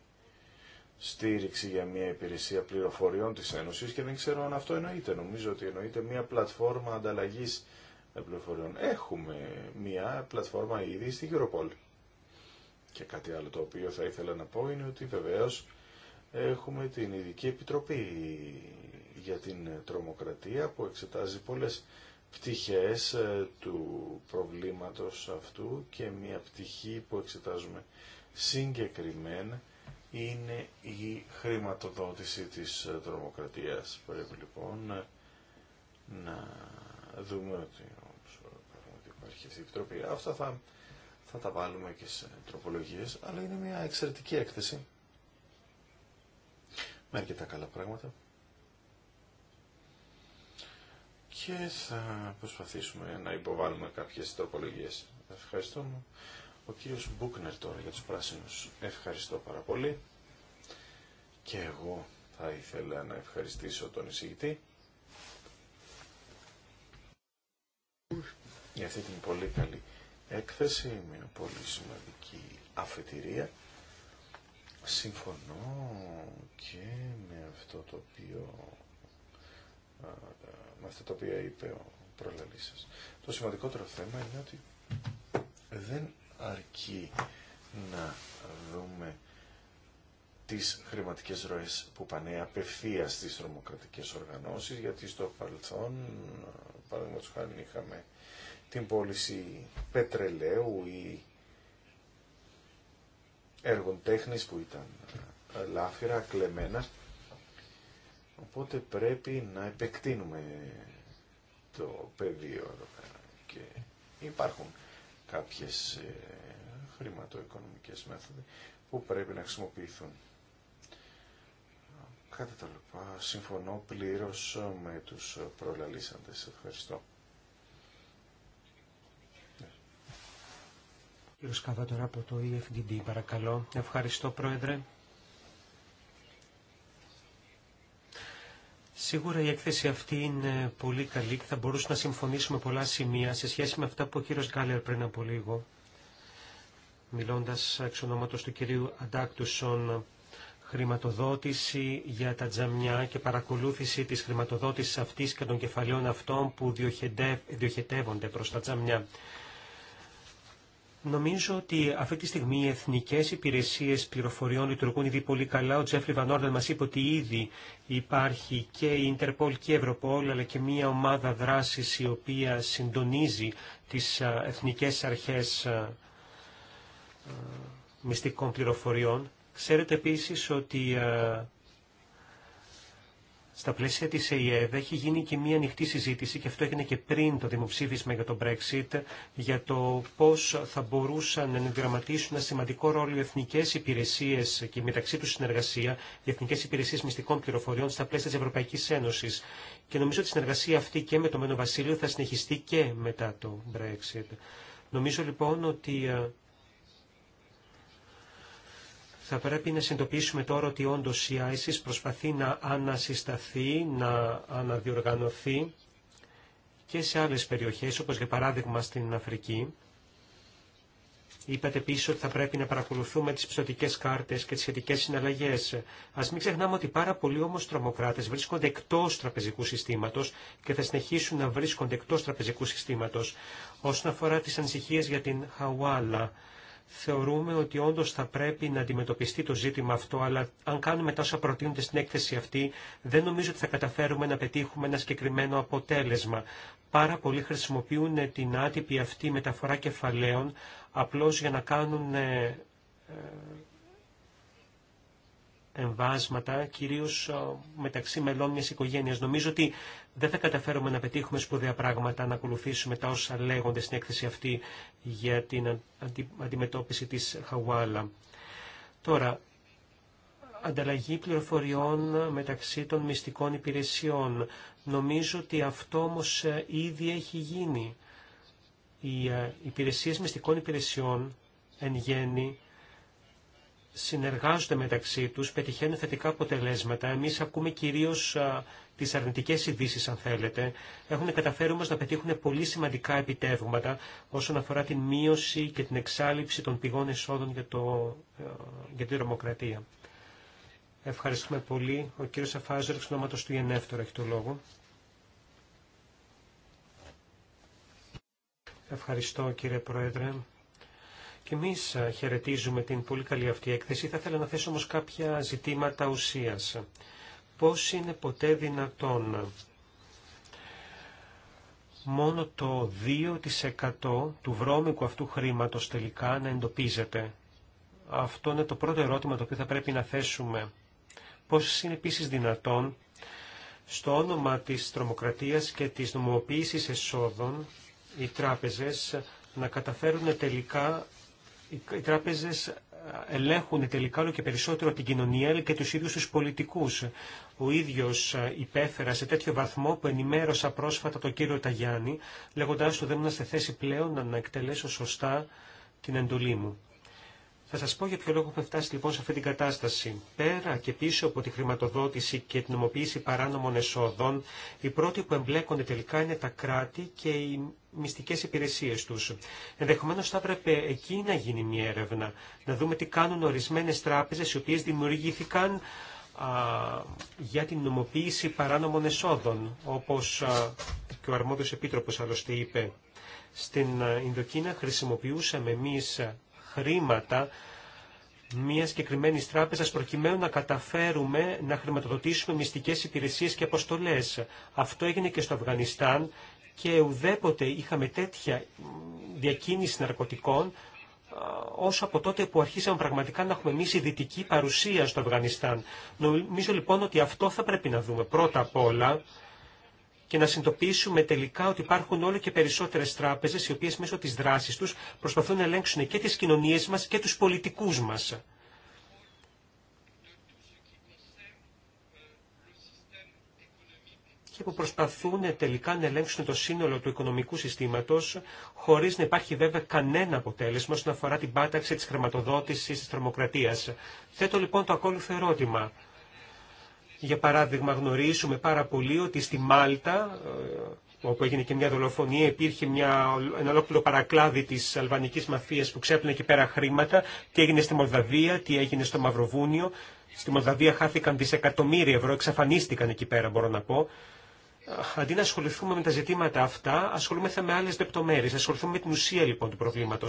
στήριξη για μια υπηρεσία πληροφοριών της Ένωσης και δεν ξέρω αν αυτό εννοείται. Νομίζω ότι εννοείται μια πλατφόρμα ανταλλαγής πληροφοριών. Έχουμε μια πλατφόρμα ήδη στην Europol. Και κάτι άλλο το οποίο θα ήθελα να πω είναι ότι βεβαίως έχουμε την Ειδική Επιτροπή για την Τρομοκρατία που εξετάζει πολλές πτυχές ε, του προβλήματος αυτού και μια πτυχή που εξετάζουμε συγκεκριμένα είναι η χρηματοδότηση της ε, τρομοκρατίας. Πρέπει λοιπόν ε, να δούμε ότι υπάρχει αυτή η επιτροπή. Αυτά θα θα τα βάλουμε και σε τροπολογίες, αλλά είναι μια εξαιρετική έκθεση με αρκετά καλά πράγματα και θα προσπαθήσουμε να υποβάλουμε κάποιες τροπολογίες. Ευχαριστώ μου. Ο κύριος Μπούκνερ τώρα για τους πράσινους. Ευχαριστώ πάρα πολύ. Και εγώ θα ήθελα να ευχαριστήσω τον εισηγητή για αυτή την πολύ καλή έκθεση, μια πολύ σημαντική αφετηρία. Συμφωνώ και με αυτό το οποίο, με αυτό το οποίο είπε ο προλαλής Το σημαντικότερο θέμα είναι ότι δεν αρκεί να δούμε τις χρηματικές ροές που πάνε απευθεία στις τρομοκρατικές οργανώσεις, γιατί στο παρελθόν, παραδείγματος χάρη, είχαμε την πώληση πετρελαίου ή έργων τέχνης που ήταν ε, λάφυρα, κλεμμένα. Οπότε πρέπει να επεκτείνουμε το πεδίο εδώ Και υπάρχουν κάποιες ε, χρηματοοικονομικές μέθοδοι που πρέπει να χρησιμοποιηθούν. Κάτι τα λοιπά. Συμφωνώ πλήρως με τους προλαλήσαντες. Ευχαριστώ. από το EFDD, παρακαλώ. Ευχαριστώ, Πρόεδρε. Σίγουρα η έκθεση αυτή είναι πολύ καλή και θα μπορούσαμε να συμφωνήσουμε πολλά σημεία σε σχέση με αυτά που ο κύριος Γκάλερ πριν από λίγο, μιλώντας εξ ονόματος του κυρίου Αντάκτουσον, χρηματοδότηση για τα τζαμιά και παρακολούθηση της χρηματοδότησης αυτής και των κεφαλαίων αυτών που διοχετεύονται προς τα τζαμιά. Νομίζω ότι αυτή τη στιγμή οι εθνικέ υπηρεσίε πληροφοριών λειτουργούν ήδη πολύ καλά. Ο Τζέφρι Βανόρντεν μα είπε ότι ήδη υπάρχει και η Ιντερπολ και η Ευρωπόλ, αλλά και μια ομάδα δράση η οποία συντονίζει τι εθνικέ αρχέ μυστικών πληροφοριών. Ξέρετε επίση ότι στα πλαίσια της ΕΙΕΔ έχει γίνει και μία ανοιχτή συζήτηση και αυτό έγινε και πριν το δημοψήφισμα για το Brexit για το πώς θα μπορούσαν να ενδραματίσουν ένα σημαντικό ρόλο οι εθνικές υπηρεσίες και μεταξύ τους συνεργασία, οι εθνικές υπηρεσίες μυστικών πληροφοριών στα πλαίσια της Ευρωπαϊκής Ένωσης. Και νομίζω ότι η συνεργασία αυτή και με το Μένο Βασίλειο θα συνεχιστεί και μετά το Brexit. Νομίζω λοιπόν ότι ε, θα πρέπει να συνειδητοποιήσουμε τώρα ότι όντω η ISIS προσπαθεί να ανασυσταθεί, να αναδιοργανωθεί και σε άλλες περιοχές, όπως για παράδειγμα στην Αφρική. Είπατε επίση ότι θα πρέπει να παρακολουθούμε τις πιστοτικές κάρτες και τις σχετικές συναλλαγές. Ας μην ξεχνάμε ότι πάρα πολλοί όμως τρομοκράτες βρίσκονται εκτός τραπεζικού συστήματος και θα συνεχίσουν να βρίσκονται εκτός τραπεζικού συστήματος. Όσον αφορά τις ανησυχίες για την Χαουάλα, θεωρούμε ότι όντω θα πρέπει να αντιμετωπιστεί το ζήτημα αυτό, αλλά αν κάνουμε τα όσα προτείνονται στην έκθεση αυτή, δεν νομίζω ότι θα καταφέρουμε να πετύχουμε ένα συγκεκριμένο αποτέλεσμα. Πάρα πολλοί χρησιμοποιούν την άτυπη αυτή μεταφορά κεφαλαίων απλώς για να κάνουν ε, ε, εμβάσματα, κυρίως ε, μεταξύ μελών μιας οικογένειας. Νομίζω ότι δεν θα καταφέρουμε να πετύχουμε σπουδαία πράγματα, να ακολουθήσουμε τα όσα λέγονται στην έκθεση αυτή για την αντιμετώπιση της Χαουάλα. Τώρα, ανταλλαγή πληροφοριών μεταξύ των μυστικών υπηρεσιών. Νομίζω ότι αυτό όμω ε, ήδη έχει γίνει. Οι ε, υπηρεσίες μυστικών υπηρεσιών εν γέννη συνεργάζονται μεταξύ τους, πετυχαίνουν θετικά αποτελέσματα. Εμείς ακούμε κυρίως τις αρνητικές ειδήσει, αν θέλετε. Έχουν καταφέρει όμως να πετύχουν πολύ σημαντικά επιτεύγματα όσον αφορά την μείωση και την εξάλληψη των πηγών εσόδων για, το, ε, για τη δημοκρατία. Ευχαριστούμε πολύ. Ο κύριος Αφάζερ, εξ του ΙΕΝΕΦ, έχει το λόγο. Ευχαριστώ κύριε Πρόεδρε. Και εμεί ε, χαιρετίζουμε την πολύ καλή αυτή έκθεση. Θα ήθελα να θέσω όμω κάποια ζητήματα ουσία. Πώ είναι ποτέ δυνατόν μόνο το 2% του βρώμικου αυτού χρήματος τελικά να εντοπίζεται. Αυτό είναι το πρώτο ερώτημα το οποίο θα πρέπει να θέσουμε. Πώς είναι επίσης δυνατόν στο όνομα της τρομοκρατίας και της νομοποίησης εσόδων οι τράπεζες να καταφέρουν τελικά οι τράπεζε ε, ελέγχουν τελικά όλο και περισσότερο την κοινωνία και του ίδιου του πολιτικού, Ο ίδιο ε, υπέφερα σε τέτοιο βαθμό που ενημέρωσα πρόσφατα τον κύριο Ταγιάννη λέγοντα του δεν ήμουν σε θέση πλέον να εκτελέσω σωστά την εντολή μου. Θα σας πω για ποιο λόγο έχουμε φτάσει λοιπόν σε αυτή την κατάσταση. Πέρα και πίσω από τη χρηματοδότηση και την νομοποίηση παράνομων εσόδων, οι πρώτοι που εμπλέκονται τελικά είναι τα κράτη και οι μυστικές υπηρεσίες τους. Ενδεχομένως θα έπρεπε εκεί να γίνει μια έρευνα, να δούμε τι κάνουν ορισμένες τράπεζες οι οποίες δημιουργήθηκαν α, για την νομοποίηση παράνομων εσόδων, όπως και ο αρμόδιος επίτροπος άλλωστε είπε. Στην Ινδοκίνα χρησιμοποιούσαμε εμείς χρήματα μια συγκεκριμένη τράπεζα προκειμένου να καταφέρουμε να χρηματοδοτήσουμε μυστικέ υπηρεσίε και αποστολέ. Αυτό έγινε και στο Αφγανιστάν και ουδέποτε είχαμε τέτοια διακίνηση ναρκωτικών ε, όσο από τότε που αρχίσαμε πραγματικά να έχουμε εμεί δυτική παρουσία στο Αφγανιστάν. Νομίζω λοιπόν ότι αυτό θα πρέπει να δούμε πρώτα απ' όλα και να συντοπίσουμε τελικά ότι υπάρχουν όλο και περισσότερες τράπεζες οι οποίες μέσω της δράσης τους προσπαθούν να ελέγξουν και τις κοινωνίες μας και τους πολιτικούς μας. και που προσπαθούν τελικά να ελέγξουν το σύνολο του οικονομικού συστήματος χωρίς να υπάρχει βέβαια κανένα αποτέλεσμα όσον αφορά την πάταξη της χρηματοδότησης της τρομοκρατίας. Θέτω λοιπόν το ακόλουθο ερώτημα. Για παράδειγμα γνωρίζουμε πάρα πολύ ότι στη Μάλτα ε, όπου έγινε και μια δολοφονία, υπήρχε μια, ένα ολόκληρο παρακλάδι τη αλβανική μαφία που ξέπλυνε εκεί πέρα χρήματα. Τι έγινε στη Μολδαβία, τι έγινε στο Μαυροβούνιο. Στη Μολδαβία χάθηκαν δισεκατομμύρια ευρώ, εξαφανίστηκαν εκεί πέρα, μπορώ να πω. Αντί να ασχοληθούμε με τα ζητήματα αυτά, ασχολούμεθα με άλλε δεπτομέρειε. Ασχοληθούμε με την ουσία λοιπόν του προβλήματο.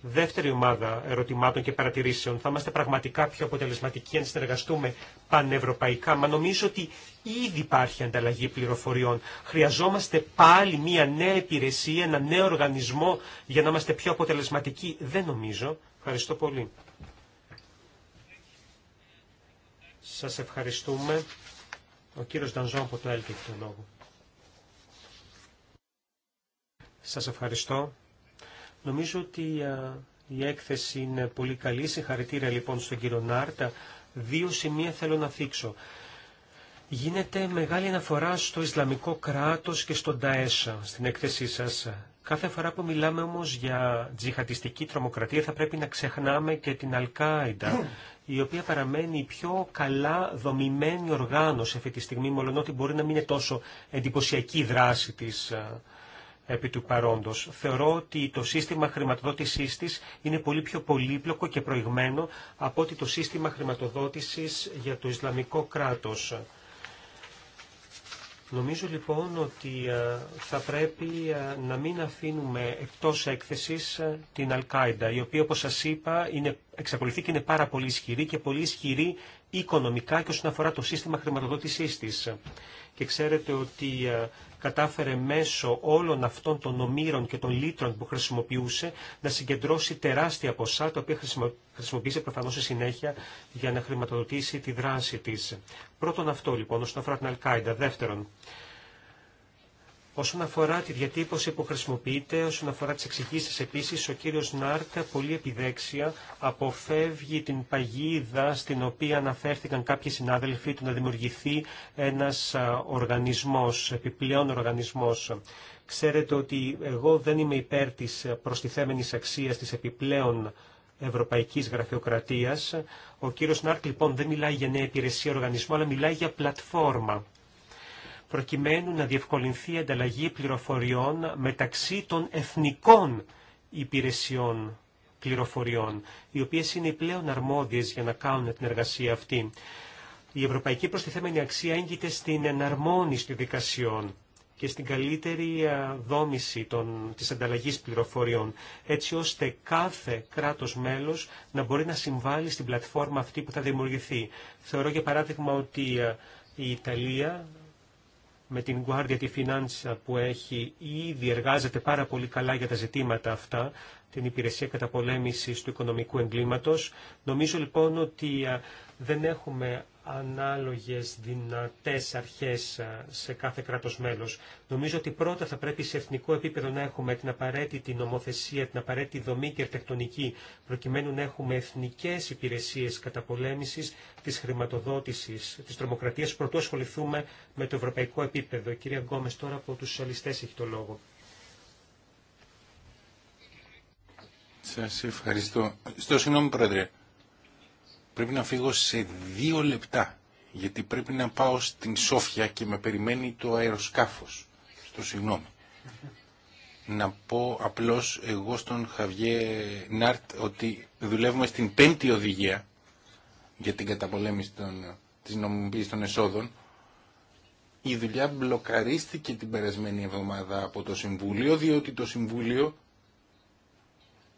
Δεύτερη ομάδα ερωτημάτων και παρατηρήσεων. Θα είμαστε πραγματικά πιο αποτελεσματικοί αν συνεργαστούμε πανευρωπαϊκά. Μα νομίζω ότι ήδη υπάρχει ανταλλαγή πληροφοριών. Χρειαζόμαστε πάλι μια νέα υπηρεσία, ένα νέο οργανισμό για να είμαστε πιο αποτελεσματικοί. Δεν νομίζω. Ευχαριστώ πολύ. Σας ευχαριστούμε. Ο κύριος Ντανζό από το ΕΛΚ έχει τον λόγο. Σας ευχαριστώ. Νομίζω ότι η έκθεση είναι πολύ καλή. Συγχαρητήρια λοιπόν στον κύριο Νάρτα. Δύο σημεία θέλω να θίξω. Γίνεται μεγάλη αναφορά στο Ισλαμικό κράτος και στον Ταέσα στην έκθεσή σας. Κάθε φορά που μιλάμε όμως για τζιχατιστική τρομοκρατία θα πρέπει να ξεχνάμε και την Αλκάιντα η οποία παραμένει η πιο καλά δομημένη οργάνωση αυτή τη στιγμή, μολονότι μπορεί να μην είναι τόσο εντυπωσιακή δράση της ε, επί του παρόντος. Θεωρώ ότι το σύστημα χρηματοδότησής της είναι πολύ πιο πολύπλοκο και προηγμένο από ότι το σύστημα χρηματοδότησης για το Ισλαμικό κράτος. Νομίζω λοιπόν ότι ε, θα πρέπει ε, να μην αφήνουμε εκτός έκθεσης ε, την Αλκάιντα, η οποία όπως σας είπα είναι, εξακολουθεί και είναι πάρα πολύ ισχυρή και πολύ ισχυρή οικονομικά και όσον αφορά το σύστημα χρηματοδότησής της. Και ξέρετε ότι κατάφερε μέσω όλων αυτών των ομήρων και των λίτρων που χρησιμοποιούσε να συγκεντρώσει τεράστια ποσά, τα οποία χρησιμοποίησε προφανώ στη συνέχεια για να χρηματοδοτήσει τη δράση τη. Πρώτον αυτό λοιπόν, όσον αφορά την Αλκάιντα. Δεύτερον, Όσον αφορά τη διατύπωση που χρησιμοποιείται, όσον αφορά τις εξηγήσεις επίσης, ο κύριος Νάρτα πολύ επιδέξια αποφεύγει την παγίδα στην οποία αναφέρθηκαν κάποιοι συνάδελφοι του να δημιουργηθεί ένας οργανισμός, επιπλέον οργανισμός. Ξέρετε ότι εγώ δεν είμαι υπέρ της προστιθέμενης αξίας της επιπλέον Ευρωπαϊκής Γραφειοκρατίας. Ο κύριος Νάρκ λοιπόν δεν μιλάει για νέα υπηρεσία οργανισμού, αλλά μιλάει για πλατφόρμα προκειμένου να διευκολυνθεί η ανταλλαγή πληροφοριών μεταξύ των εθνικών υπηρεσιών πληροφοριών, οι οποίες είναι οι πλέον αρμόδιες για να κάνουν την εργασία αυτή. Η ευρωπαϊκή προστιθέμενη αξία έγκυται στην εναρμόνιση των δικασιών και στην καλύτερη δόμηση των, της ανταλλαγής πληροφοριών, έτσι ώστε κάθε κράτος μέλος να μπορεί να συμβάλλει στην πλατφόρμα αυτή που θα δημιουργηθεί. Θεωρώ για παράδειγμα ότι η Ιταλία με την Guardia τη Finanza που έχει ήδη εργάζεται πάρα πολύ καλά για τα ζητήματα αυτά, την υπηρεσία καταπολέμησης του οικονομικού εγκλήματος. Νομίζω λοιπόν ότι δεν έχουμε ανάλογες δυνατές αρχές ε, σε κάθε κράτος μέλος. Νομίζω ότι πρώτα θα πρέπει σε εθνικό επίπεδο να έχουμε την απαραίτητη νομοθεσία, την απαραίτητη δομή και αρχιτεκτονική, προκειμένου να έχουμε εθνικές υπηρεσίες καταπολέμησης της χρηματοδότησης, της τρομοκρατίας, πρωτού ασχοληθούμε με το ευρωπαϊκό επίπεδο. Η κυρία Γκόμες τώρα από τους σοσιαλιστές έχει το λόγο. Σας ευχαριστώ. Στο συγγνώμη, Πρόεδρε. Πρέπει να φύγω σε δύο λεπτά, γιατί πρέπει να πάω στην Σόφια και με περιμένει το αεροσκάφος. Στο συγγνώμη. Να πω απλώς εγώ στον Χαβιέ Νάρτ ότι δουλεύουμε στην πέμπτη οδηγία για την καταπολέμηση των, της νομιμοποίησης των εσόδων. Η δουλειά μπλοκαρίστηκε την περασμένη εβδομάδα από το Συμβούλιο, διότι το Συμβούλιο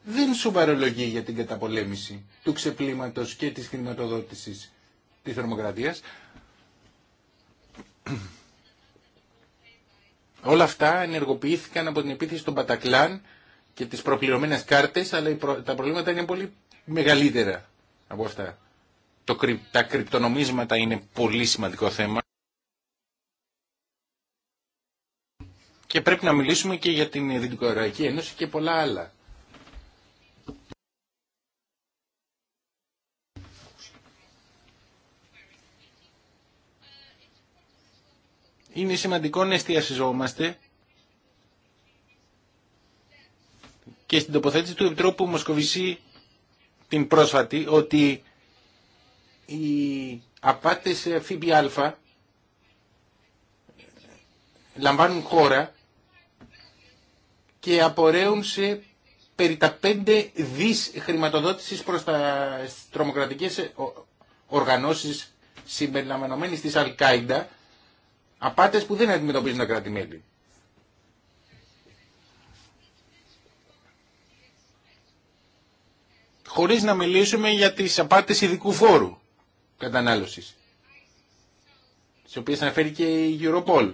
δεν σοβαρολογεί για την καταπολέμηση του ξεπλήματος και της χρηματοδότησης της θερμοκρατίας. Όλα αυτά ενεργοποιήθηκαν από την επίθεση των Πατακλάν και τις προπληρωμένες κάρτες, αλλά τα προβλήματα είναι πολύ μεγαλύτερα από αυτά. Το, τα κρυπτονομίσματα είναι πολύ σημαντικό θέμα. Και πρέπει να μιλήσουμε και για την Δυτικοευρωπαϊκή Ένωση και πολλά άλλα. είναι σημαντικό να εστιασιζόμαστε και στην τοποθέτηση του Επιτρόπου Μοσκοβισή την πρόσφατη ότι οι απάτες ΦΠΑ λαμβάνουν χώρα και απορρέουν σε περί τα 5 δις χρηματοδότησης προς τα τρομοκρατικές οργανώσεις συμπεριλαμβανομένης της Αλκάιντα Απάτες που δεν αντιμετωπίζουν τα κράτη-μέλη. Χωρίς να μιλήσουμε για τις απάτες ειδικού φόρου κατανάλωσης, Σε οποίες αναφέρει και η Europol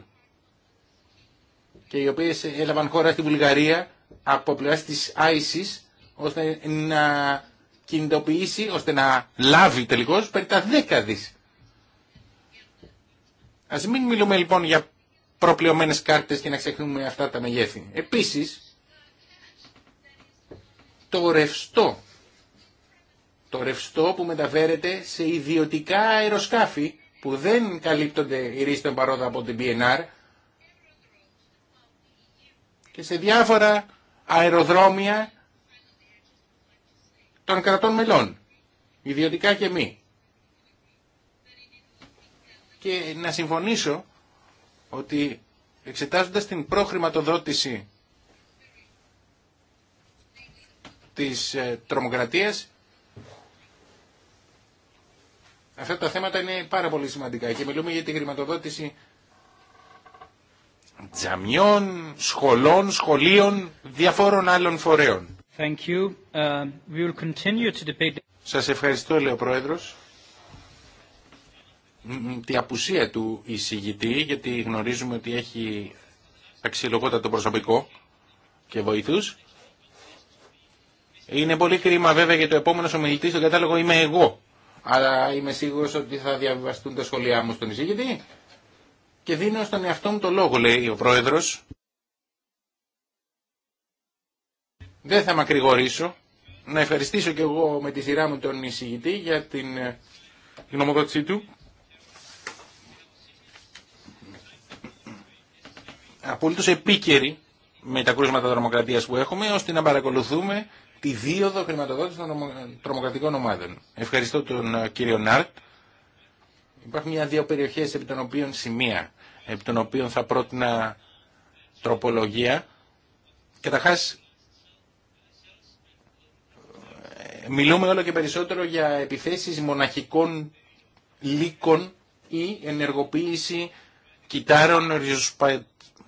και οι οποίες έλαβαν χώρα στη Βουλγαρία από πλευρά της ISIS ώστε να κινητοποιήσει, ώστε να λάβει τελικώς περί τα δέκα δις Ας μην μιλούμε λοιπόν για προπληρωμένε κάρτες και να ξεχνούμε αυτά τα μεγέθη. Επίσης, το ρευστό, το ρευστό που μεταφέρεται σε ιδιωτικά αεροσκάφη που δεν καλύπτονται οι ρίστε των από την BNR και σε διάφορα αεροδρόμια των κρατών μελών, ιδιωτικά και μη και να συμφωνήσω ότι εξετάζοντας την προχρηματοδότηση της ε, τρομοκρατίας αυτά τα θέματα είναι πάρα πολύ σημαντικά και μιλούμε για τη χρηματοδότηση τζαμιών, σχολών, σχολείων, διαφόρων άλλων φορέων. Thank you. Uh, we will continue to debate... Σας ευχαριστώ, λέει ο Πρόεδρος τη απουσία του εισηγητή, γιατί γνωρίζουμε ότι έχει αξιολογότατο προσωπικό και βοηθούς. Είναι πολύ κρίμα βέβαια για το επόμενο ομιλητή στον κατάλογο είμαι εγώ. Αλλά είμαι σίγουρος ότι θα διαβιβαστούν τα σχολιά μου στον εισηγητή. Και δίνω στον εαυτό μου το λόγο, λέει ο πρόεδρος. Δεν θα μακρηγορήσω. Να ευχαριστήσω και εγώ με τη σειρά μου τον εισηγητή για την ε, γνωμοδότησή του απολύτως επίκαιρη με τα κρούσματα τρομοκρατίας που έχουμε, ώστε να παρακολουθούμε τη δίωδο χρηματοδότηση των τρομοκρατικών ομάδων. Ευχαριστώ τον ε, κύριο Νάρτ. Υπάρχουν μια-δύο περιοχές επί των οποίων σημεία, επί των οποίων θα πρότεινα τροπολογία. Καταρχά, ε, μιλούμε όλο και περισσότερο για επιθέσεις μοναχικών λύκων ή ενεργοποίηση κυτάρων,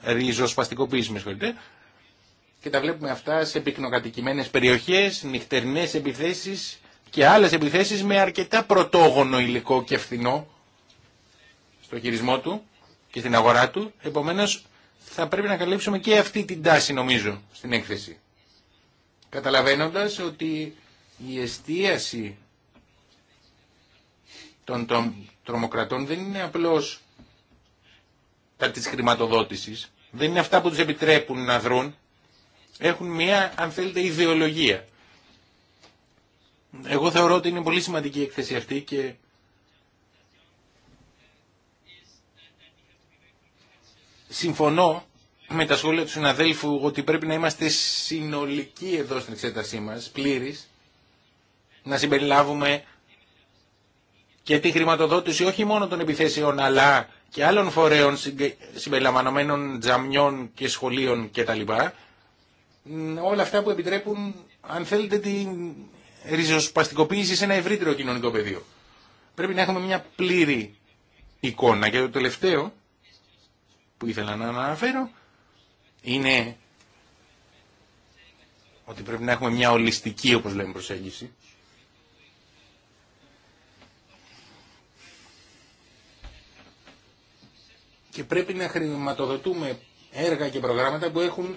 ριζοσπαστικοποίηση, με συγχωρείτε, και τα βλέπουμε αυτά σε πυκνοκατοικημένε περιοχές, νυχτερινέ επιθέσεις και άλλες επιθέσεις με αρκετά πρωτόγωνο υλικό και φθηνό στο χειρισμό του και στην αγορά του. Επομένως θα πρέπει να καλύψουμε και αυτή την τάση νομίζω στην έκθεση. Καταλαβαίνοντας ότι η εστίαση των, των τρομοκρατών δεν είναι απλώς της χρηματοδότησης, δεν είναι αυτά που τους επιτρέπουν να δρουν, έχουν μια, αν θέλετε, ιδεολογία. Εγώ θεωρώ ότι είναι πολύ σημαντική η εκθέση αυτή και συμφωνώ με τα σχόλια του συναδέλφου ότι πρέπει να είμαστε συνολικοί εδώ στην εξέτασή μας, πλήρης, να συμπεριλάβουμε και τη χρηματοδότηση όχι μόνο των επιθέσεων αλλά και άλλων φορέων συμπεριλαμβανομένων τζαμιών και σχολείων κτλ. Όλα αυτά που επιτρέπουν, αν θέλετε, τη ριζοσπαστικοποίηση σε ένα ευρύτερο κοινωνικό πεδίο. Πρέπει να έχουμε μια πλήρη εικόνα. Και το τελευταίο που ήθελα να αναφέρω είναι ότι πρέπει να έχουμε μια ολιστική, όπως λέμε, προσέγγιση και πρέπει να χρηματοδοτούμε έργα και προγράμματα που έχουν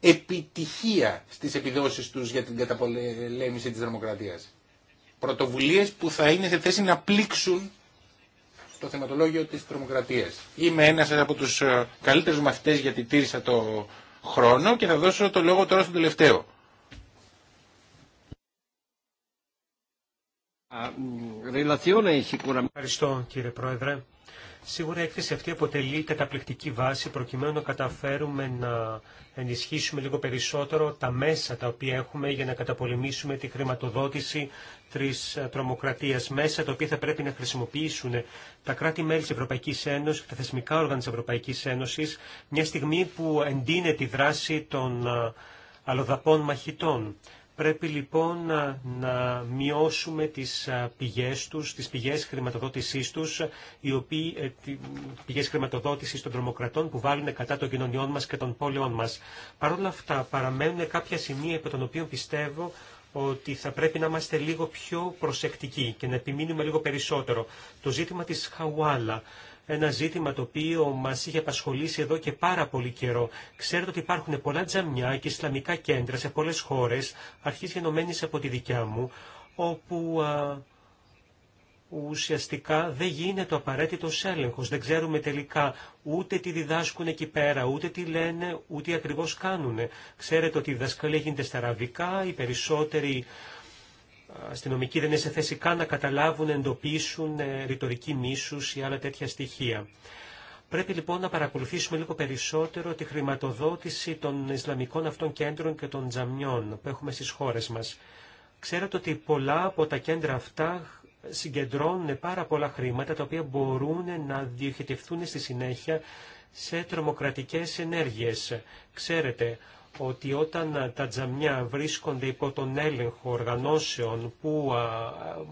επιτυχία στις επιδόσεις τους για την καταπολέμηση της δημοκρατίας. Πρωτοβουλίες που θα είναι σε θέση να πλήξουν το θεματολόγιο της τρομοκρατίας. Είμαι ένας από τους ε, καλύτερους μαθητές γιατί τήρησα το χρόνο και θα δώσω το λόγο τώρα στον τελευταίο. Ευχαριστώ κύριε Πρόεδρε. Σίγουρα η έκθεση αυτή αποτελεί καταπληκτική βάση προκειμένου να καταφέρουμε να ενισχύσουμε λίγο περισσότερο τα μέσα τα οποία έχουμε για να καταπολεμήσουμε τη χρηματοδότηση τη ε, τρομοκρατίας. Μέσα τα οποία θα πρέπει να χρησιμοποιήσουν τα κράτη-μέλη τη Ευρωπαϊκή Ένωση και τα θεσμικά όργανα τη Ευρωπαϊκή Ένωση, μια στιγμή που εντείνεται η δράση των ε, αλλοδαπών μαχητών. Πρέπει λοιπόν να μειώσουμε τις πηγές τους, τις πηγές χρηματοδότησής τους, οι οποίοι, ε, πηγές χρηματοδότησης των τρομοκρατών που βάλουν κατά των κοινωνιών μας και των πόλεων μας. Παρ' όλα αυτά παραμένουν κάποια σημεία από των οποίων πιστεύω ότι θα πρέπει να είμαστε λίγο πιο προσεκτικοί και να επιμείνουμε λίγο περισσότερο. Το ζήτημα της Χαουάλα, ένα ζήτημα το οποίο μας είχε απασχολήσει εδώ και πάρα πολύ καιρό. Ξέρετε ότι υπάρχουν πολλά τζαμιά και ισλαμικά κέντρα σε πολλές χώρες, αρχή γενομένη από τη δικιά μου, όπου ουσιαστικά δεν γίνεται ο απαραίτητο έλεγχο, Δεν ξέρουμε τελικά ούτε τι διδάσκουν εκεί πέρα, ούτε τι λένε, ούτε ακριβώ κάνουν. Ξέρετε ότι η διδασκαλία γίνεται στα αραβικά, οι περισσότεροι αστυνομικοί δεν είναι σε θέση καν να καταλάβουν, να εντοπίσουν ε, ρητορική μίσους ή άλλα τέτοια στοιχεία. Πρέπει λοιπόν να παρακολουθήσουμε λίγο περισσότερο τη χρηματοδότηση των Ισλαμικών αυτών κέντρων και των τζαμιών που έχουμε στις χώρες μας. Ξέρετε ότι πολλά από τα κέντρα αυτά συγκεντρώνουν πάρα πολλά χρήματα τα οποία μπορούν να διοχετευτούν στη συνέχεια σε τρομοκρατικές ενέργειες. Ξέρετε ότι όταν ε, τα τζαμιά βρίσκονται υπό τον έλεγχο οργανώσεων που ε, ε,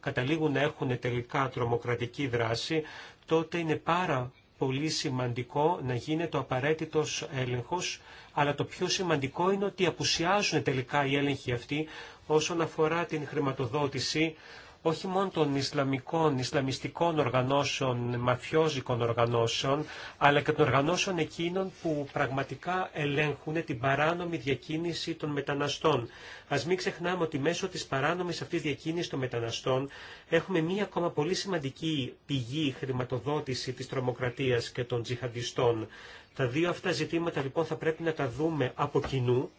καταλήγουν να έχουν τελικά τρομοκρατική δράση, τότε είναι πάρα πολύ σημαντικό να γίνεται ο απαραίτητος έλεγχος, αλλά το πιο σημαντικό είναι ότι απουσιάζουν τελικά οι έλεγχοι αυτοί όσον αφορά την χρηματοδότηση όχι μόνο των Ισλαμικών, Ισλαμιστικών οργανώσεων, μαφιόζικων οργανώσεων, αλλά και των οργανώσεων εκείνων που πραγματικά ελέγχουν την παράνομη διακίνηση των μεταναστών. Α μην ξεχνάμε ότι μέσω τη παράνομη αυτή διακίνηση των μεταναστών έχουμε μία ακόμα πολύ σημαντική πηγή χρηματοδότηση τη τρομοκρατία και των τζιχαντιστών. Τα δύο αυτά ζητήματα λοιπόν θα πρέπει να τα δούμε από κοινού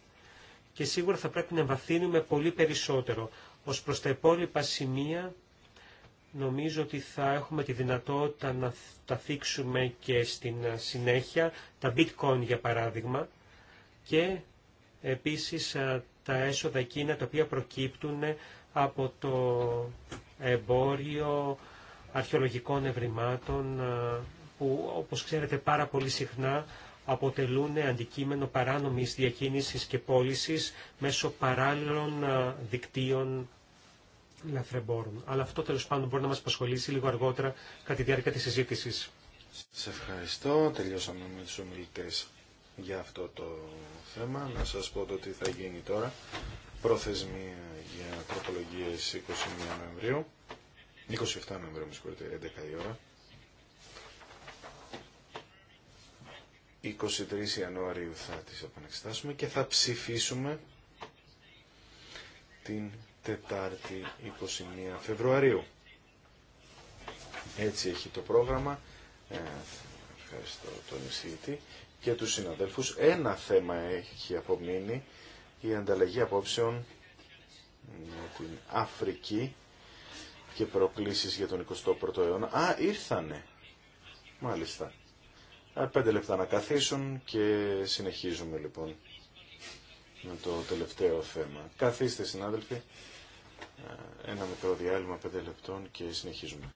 και σίγουρα θα πρέπει να βαθύνουμε πολύ περισσότερο. Ως προς τα υπόλοιπα σημεία νομίζω ότι θα έχουμε τη δυνατότητα να τα θίξουμε και στην ε, συνέχεια, τα bitcoin για παράδειγμα και επίσης ε, τα έσοδα εκείνα τα οποία προκύπτουν από το εμπόριο αρχαιολογικών ευρημάτων ε, που όπως ξέρετε πάρα πολύ συχνά αποτελούν αντικείμενο παράνομης διακίνησης και πώλησης μέσω παράλληλων ε, δικτύων λαθρεμπόρων. Αλλά αυτό τέλος πάντων μπορεί να μας απασχολήσει λίγο αργότερα κατά τη διάρκεια της συζήτησης. Σας ευχαριστώ. Τελειώσαμε με τους ομιλητές για αυτό το θέμα. Να σας πω το τι θα γίνει τώρα. Προθεσμία για τροπολογίες 21 Νοεμβρίου. 27 Νοεμβρίου, με συγχωρείτε, 11 η ώρα. 23 Ιανουαρίου θα τις επανεξετάσουμε και θα ψηφίσουμε την Τετάρτη 21 Φεβρουαρίου. Έτσι έχει το πρόγραμμα. Ε, ευχαριστώ τον εισηγητή και τους συναδέλφους. Ένα θέμα έχει απομείνει η ανταλλαγή απόψεων με την Αφρική και προκλήσεις για τον 21ο αιώνα. Α, ήρθανε. Μάλιστα. Πέντε λεπτά να καθίσουν και συνεχίζουμε λοιπόν με το τελευταίο θέμα. Καθίστε συνάδελφοι, ένα μικρό διάλειμμα πέντε λεπτών και συνεχίζουμε.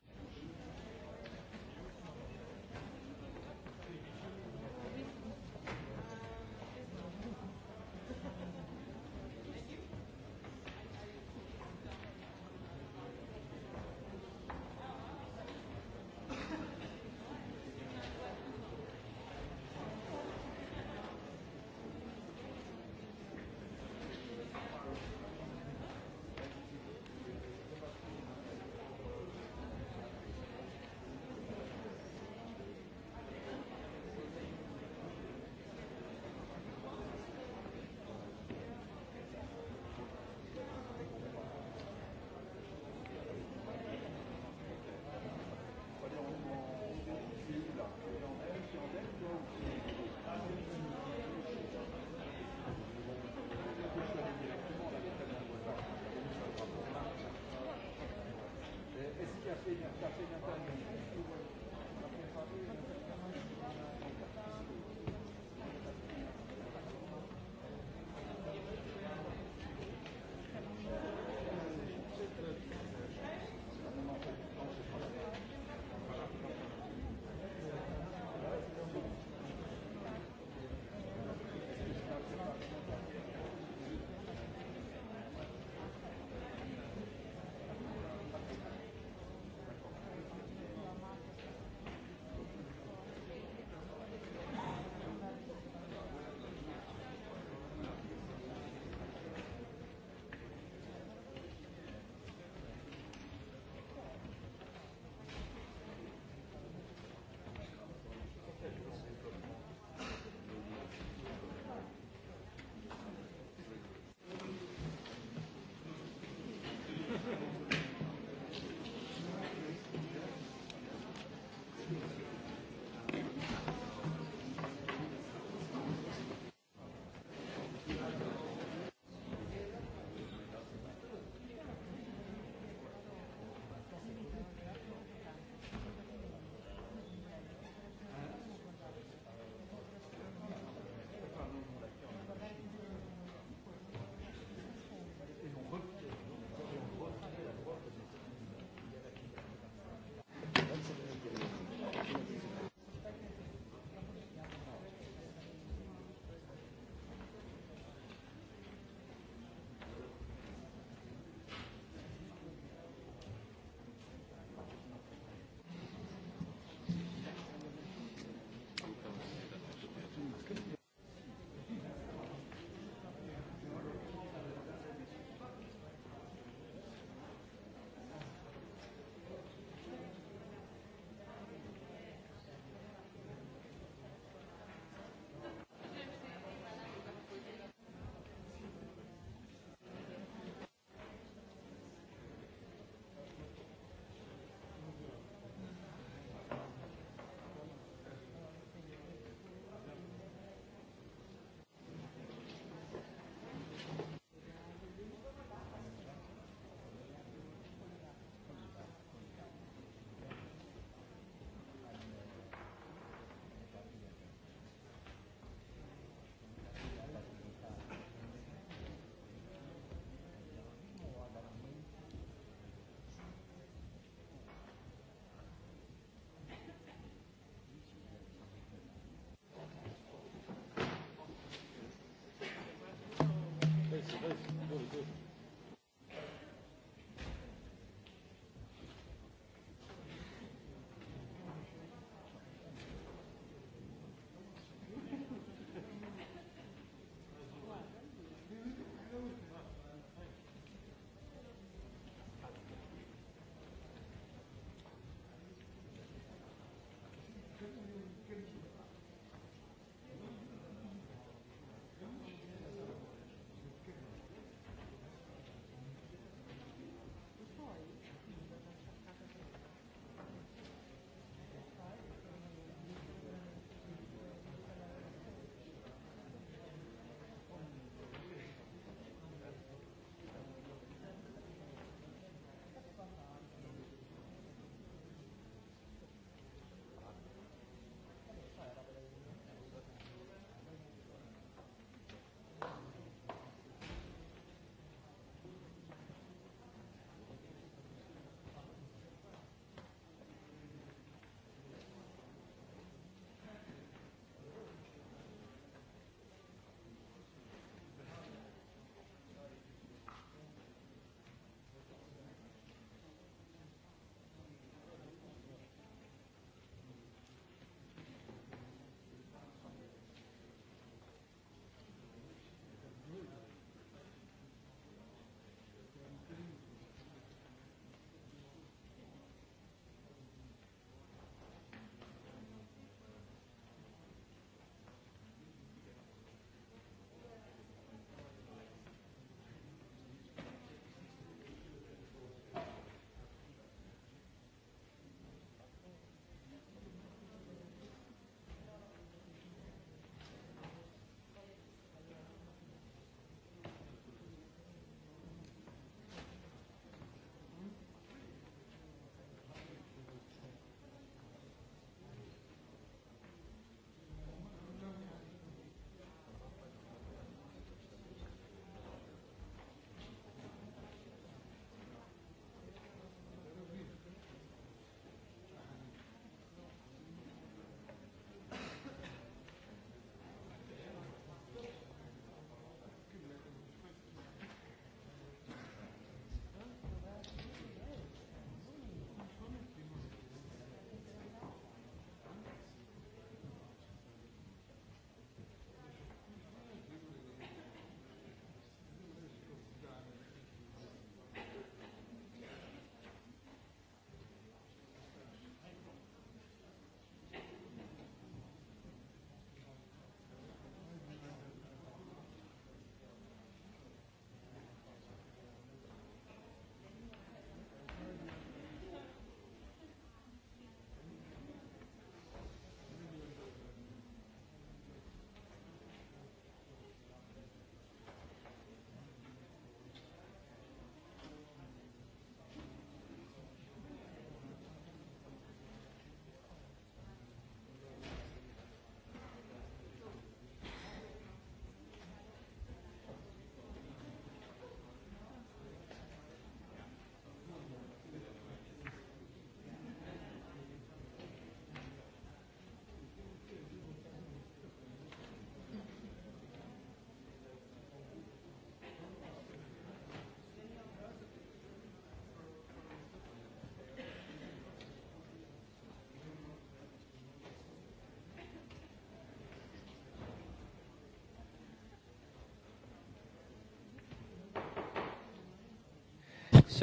good, good.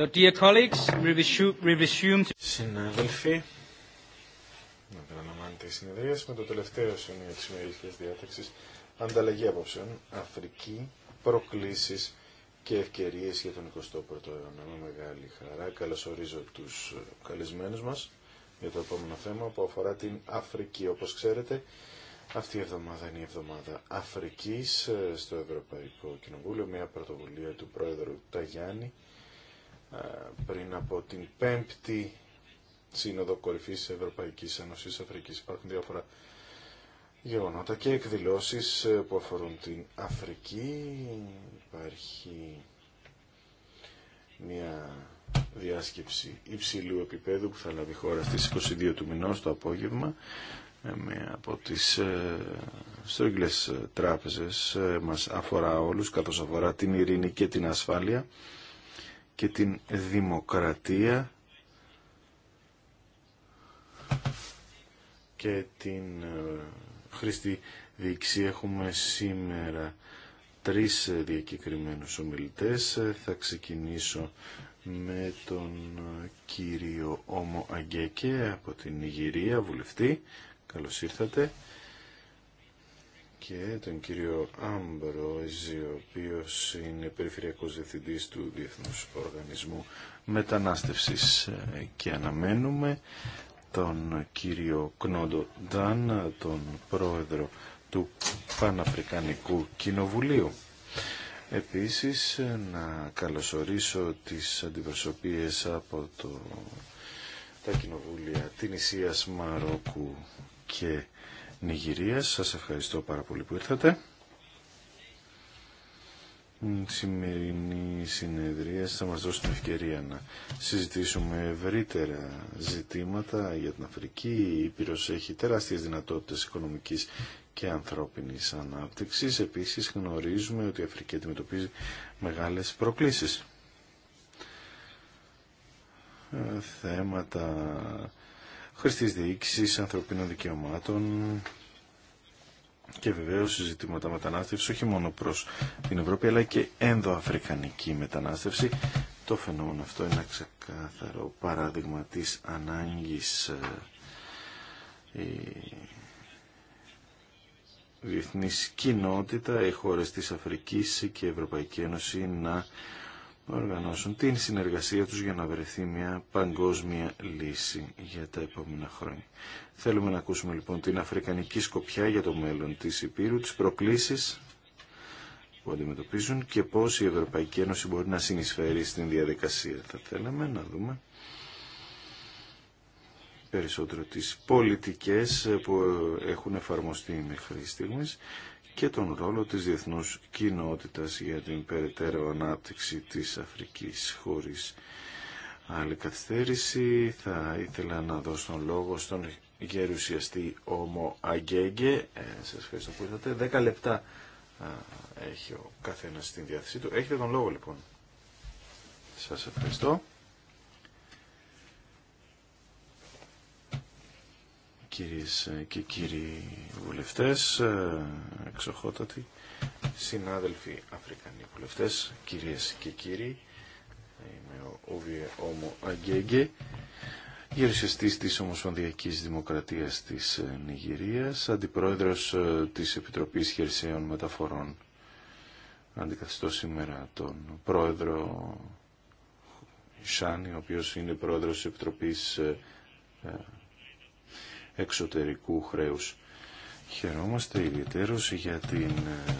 Συνάδελφοι, να με το τελευταίο σημείο τη σημερινή διάταξη. ανταλλαγή απόψεων, Αφρική, προκλήσεις και ευκαιρίες για τον 21ο αιώνα. Με μεγάλη χαρά καλωσορίζω τους καλεσμένους μας για το επόμενο θέμα που αφορά την Αφρική. Όπως ξέρετε, αυτή η εβδομάδα είναι η εβδομάδα Αφρικής ε, στο Ευρωπαϊκό Κοινοβούλιο, μια πρωτοβουλία του Πρόεδρου Ταγιάννη πριν από την πέμπτη Σύνοδο Κορυφής Ευρωπαϊκής Ένωση Αφρικής. Υπάρχουν διάφορα γεγονότα και εκδηλώσεις ε, που αφορούν την Αφρική. Υπάρχει μια διάσκεψη υψηλού επίπεδου που θα λάβει χώρα στις 22 του μηνός το απόγευμα ε, με από τις ε, ε τράπεζες μας αφορά όλους καθώς αφορά την ειρήνη και την ασφάλεια και την δημοκρατία και την ε, χρήστη διοίκηση έχουμε σήμερα τρεις διακεκριμένους ομιλητές. Θα ξεκινήσω με τον κύριο Όμο Αγκέκε από την Ιγυρία, βουλευτή. Καλώς ήρθατε και τον κύριο Άμπροζη, ο οποίο είναι περιφερειακός διευθυντής του Διεθνούς Οργανισμού Μετανάστευσης και αναμένουμε τον κύριο Κνόντο Ντάν, τον πρόεδρο του Παναφρικανικού Κοινοβουλίου. Επίσης, να καλωσορίσω τις αντιπροσωπείες από το, τα κοινοβούλια Τινησίας Μαρόκου και Νιγηρίας. Σας ευχαριστώ πάρα πολύ που ήρθατε. σημερινή συνεδρία θα μας δώσει την ευκαιρία να συζητήσουμε ευρύτερα ζητήματα για την Αφρική. Η Ήπειρος έχει τεράστιες δυνατότητες οικονομικής και ανθρώπινης ανάπτυξης. Επίσης γνωρίζουμε ότι η Αφρική αντιμετωπίζει μεγάλες προκλήσεις. Ε, θέματα χρηστής διοίκησης, ανθρωπίνων δικαιωμάτων και βεβαίως συζητήματα μετανάστευση όχι μόνο προς την Ευρώπη αλλά και ενδοαφρικανική μετανάστευση. Το φαινόμενο αυτό είναι ένα ξεκάθαρο παράδειγμα της ανάγκης ε, η διεθνής κοινότητα, οι χώρες της Αφρικής και η Ευρωπαϊκή Ένωση να οργανώσουν την συνεργασία τους για να βρεθεί μια παγκόσμια λύση για τα επόμενα χρόνια. Θέλουμε να ακούσουμε λοιπόν την αφρικανική σκοπιά για το μέλλον της Υπήρου, τις προκλήσεις που αντιμετωπίζουν και πώς η Ευρωπαϊκή Ένωση μπορεί να συνεισφέρει στην διαδικασία. Θα θέλαμε να δούμε περισσότερο τις πολιτικές που έχουν εφαρμοστεί μέχρι στιγμής και τον ρόλο της διεθνούς κοινότητας για την περαιτέρω ανάπτυξη της Αφρικής χωρίς άλλη καθυστέρηση. Θα ήθελα να δώσω τον λόγο στον γερουσιαστή Όμο Αγγέγγε. Ε, σας ευχαριστώ που ήρθατε. Δέκα λεπτά έχει ο καθένας στην διάθεσή του. Έχετε τον λόγο λοιπόν. Σας ευχαριστώ. κυρίες και κύριοι βουλευτές, ε, εξοχότατοι συνάδελφοι Αφρικανοί βουλευτές, κυρίες και κύριοι, είμαι ο Όβιε Όμο Αγγέγκε, γερουσιαστής της Ομοσπονδιακής Δημοκρατίας της ε, Νιγηρίας, αντιπρόεδρος ε, της Επιτροπής Χερσαίων Μεταφορών, αντικαθιστώ σήμερα τον πρόεδρο Ισάνη, ο οποίος είναι πρόεδρος της Επιτροπής εξωτερικού χρέους. Χαιρόμαστε ιδιαίτερως για την ε,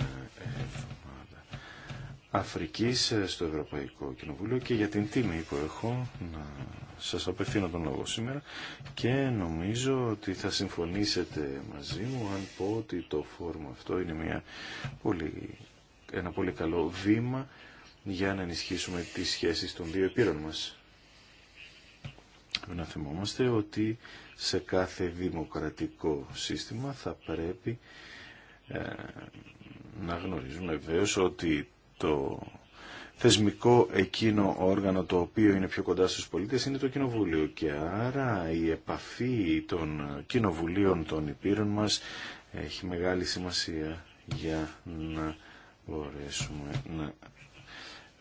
Αφρική ε, στο Ευρωπαϊκό Κοινοβούλιο και για την τιμή που έχω να σας απευθύνω τον λόγο σήμερα και νομίζω ότι θα συμφωνήσετε μαζί μου αν πω ότι το φόρμα αυτό είναι μια πολύ, ένα πολύ καλό βήμα για να ενισχύσουμε τις σχέσεις των δύο επίρων μας. Να θυμόμαστε ότι σε κάθε δημοκρατικό σύστημα θα πρέπει ε, να γνωρίζουμε βεβαίω ότι το θεσμικό εκείνο όργανο το οποίο είναι πιο κοντά στους πολίτες είναι το Κοινοβούλιο και άρα η επαφή των κοινοβουλίων των υπήρων μας έχει μεγάλη σημασία για να μπορέσουμε να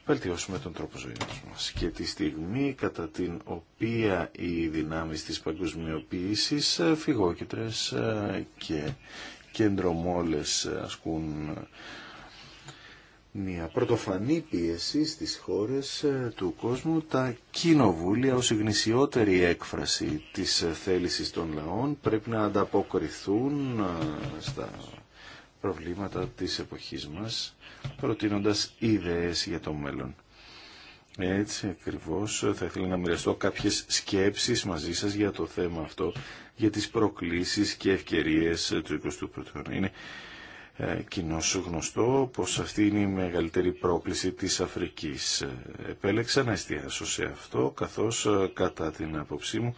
βελτιώσουμε τον τρόπο ζωής μας. Και τη στιγμή κατά την οποία οι δυνάμεις της παγκοσμιοποίησης, ε, φυγόκητρες ε, και κεντρομόλες ε, ασκούν μια πρωτοφανή πίεση στις χώρες του κόσμου τα κοινοβούλια ως γνησιότερη έκφραση της θέλησης των λαών πρέπει να ανταποκριθούν στα προβλήματα της εποχής μας, προτείνοντας ιδέες για το μέλλον. Έτσι ακριβώς θα ήθελα να μοιραστώ κάποιες σκέψεις μαζί σας για το θέμα αυτό, για τις προκλήσεις και ευκαιρίες του 21ου αιώνα. Είναι ε, κοινώς γνωστό πως αυτή είναι η μεγαλύτερη πρόκληση της Αφρικής. Επέλεξα να εστιάσω σε αυτό, καθώς ε, κατά την άποψή μου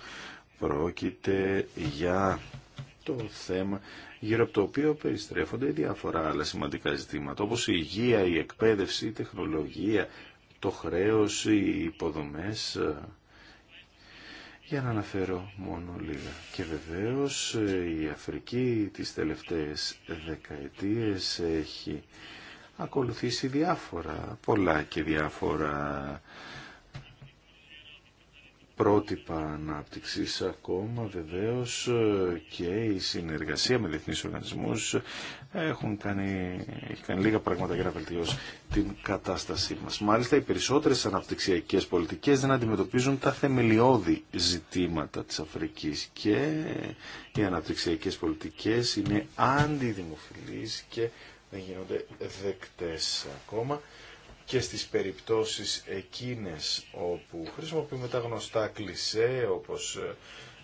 πρόκειται για το θέμα γύρω από το οποίο περιστρέφονται διάφορα άλλα σημαντικά ζητήματα, όπως η υγεία, η εκπαίδευση, η τεχνολογία, το χρέος, οι υποδομές, ε, για να αναφέρω μόνο λίγα. Και βεβαίως ε, η Αφρική τις τελευταίες δεκαετίες έχει ακολουθήσει διάφορα, πολλά και διάφορα πρότυπα ανάπτυξη ακόμα βεβαίως και η συνεργασία με διεθνείς οργανισμούς έχουν κάνει, έχει κάνει λίγα πράγματα για να βελτιώσει την κατάστασή μας. Μάλιστα οι περισσότερες αναπτυξιακές πολιτικές δεν αντιμετωπίζουν τα θεμελιώδη ζητήματα της Αφρικής και οι αναπτυξιακές πολιτικές είναι αντιδημοφιλείς και δεν γίνονται δεκτές ακόμα και στις περιπτώσεις εκείνες όπου χρησιμοποιούμε τα γνωστά κλισέ όπως ε,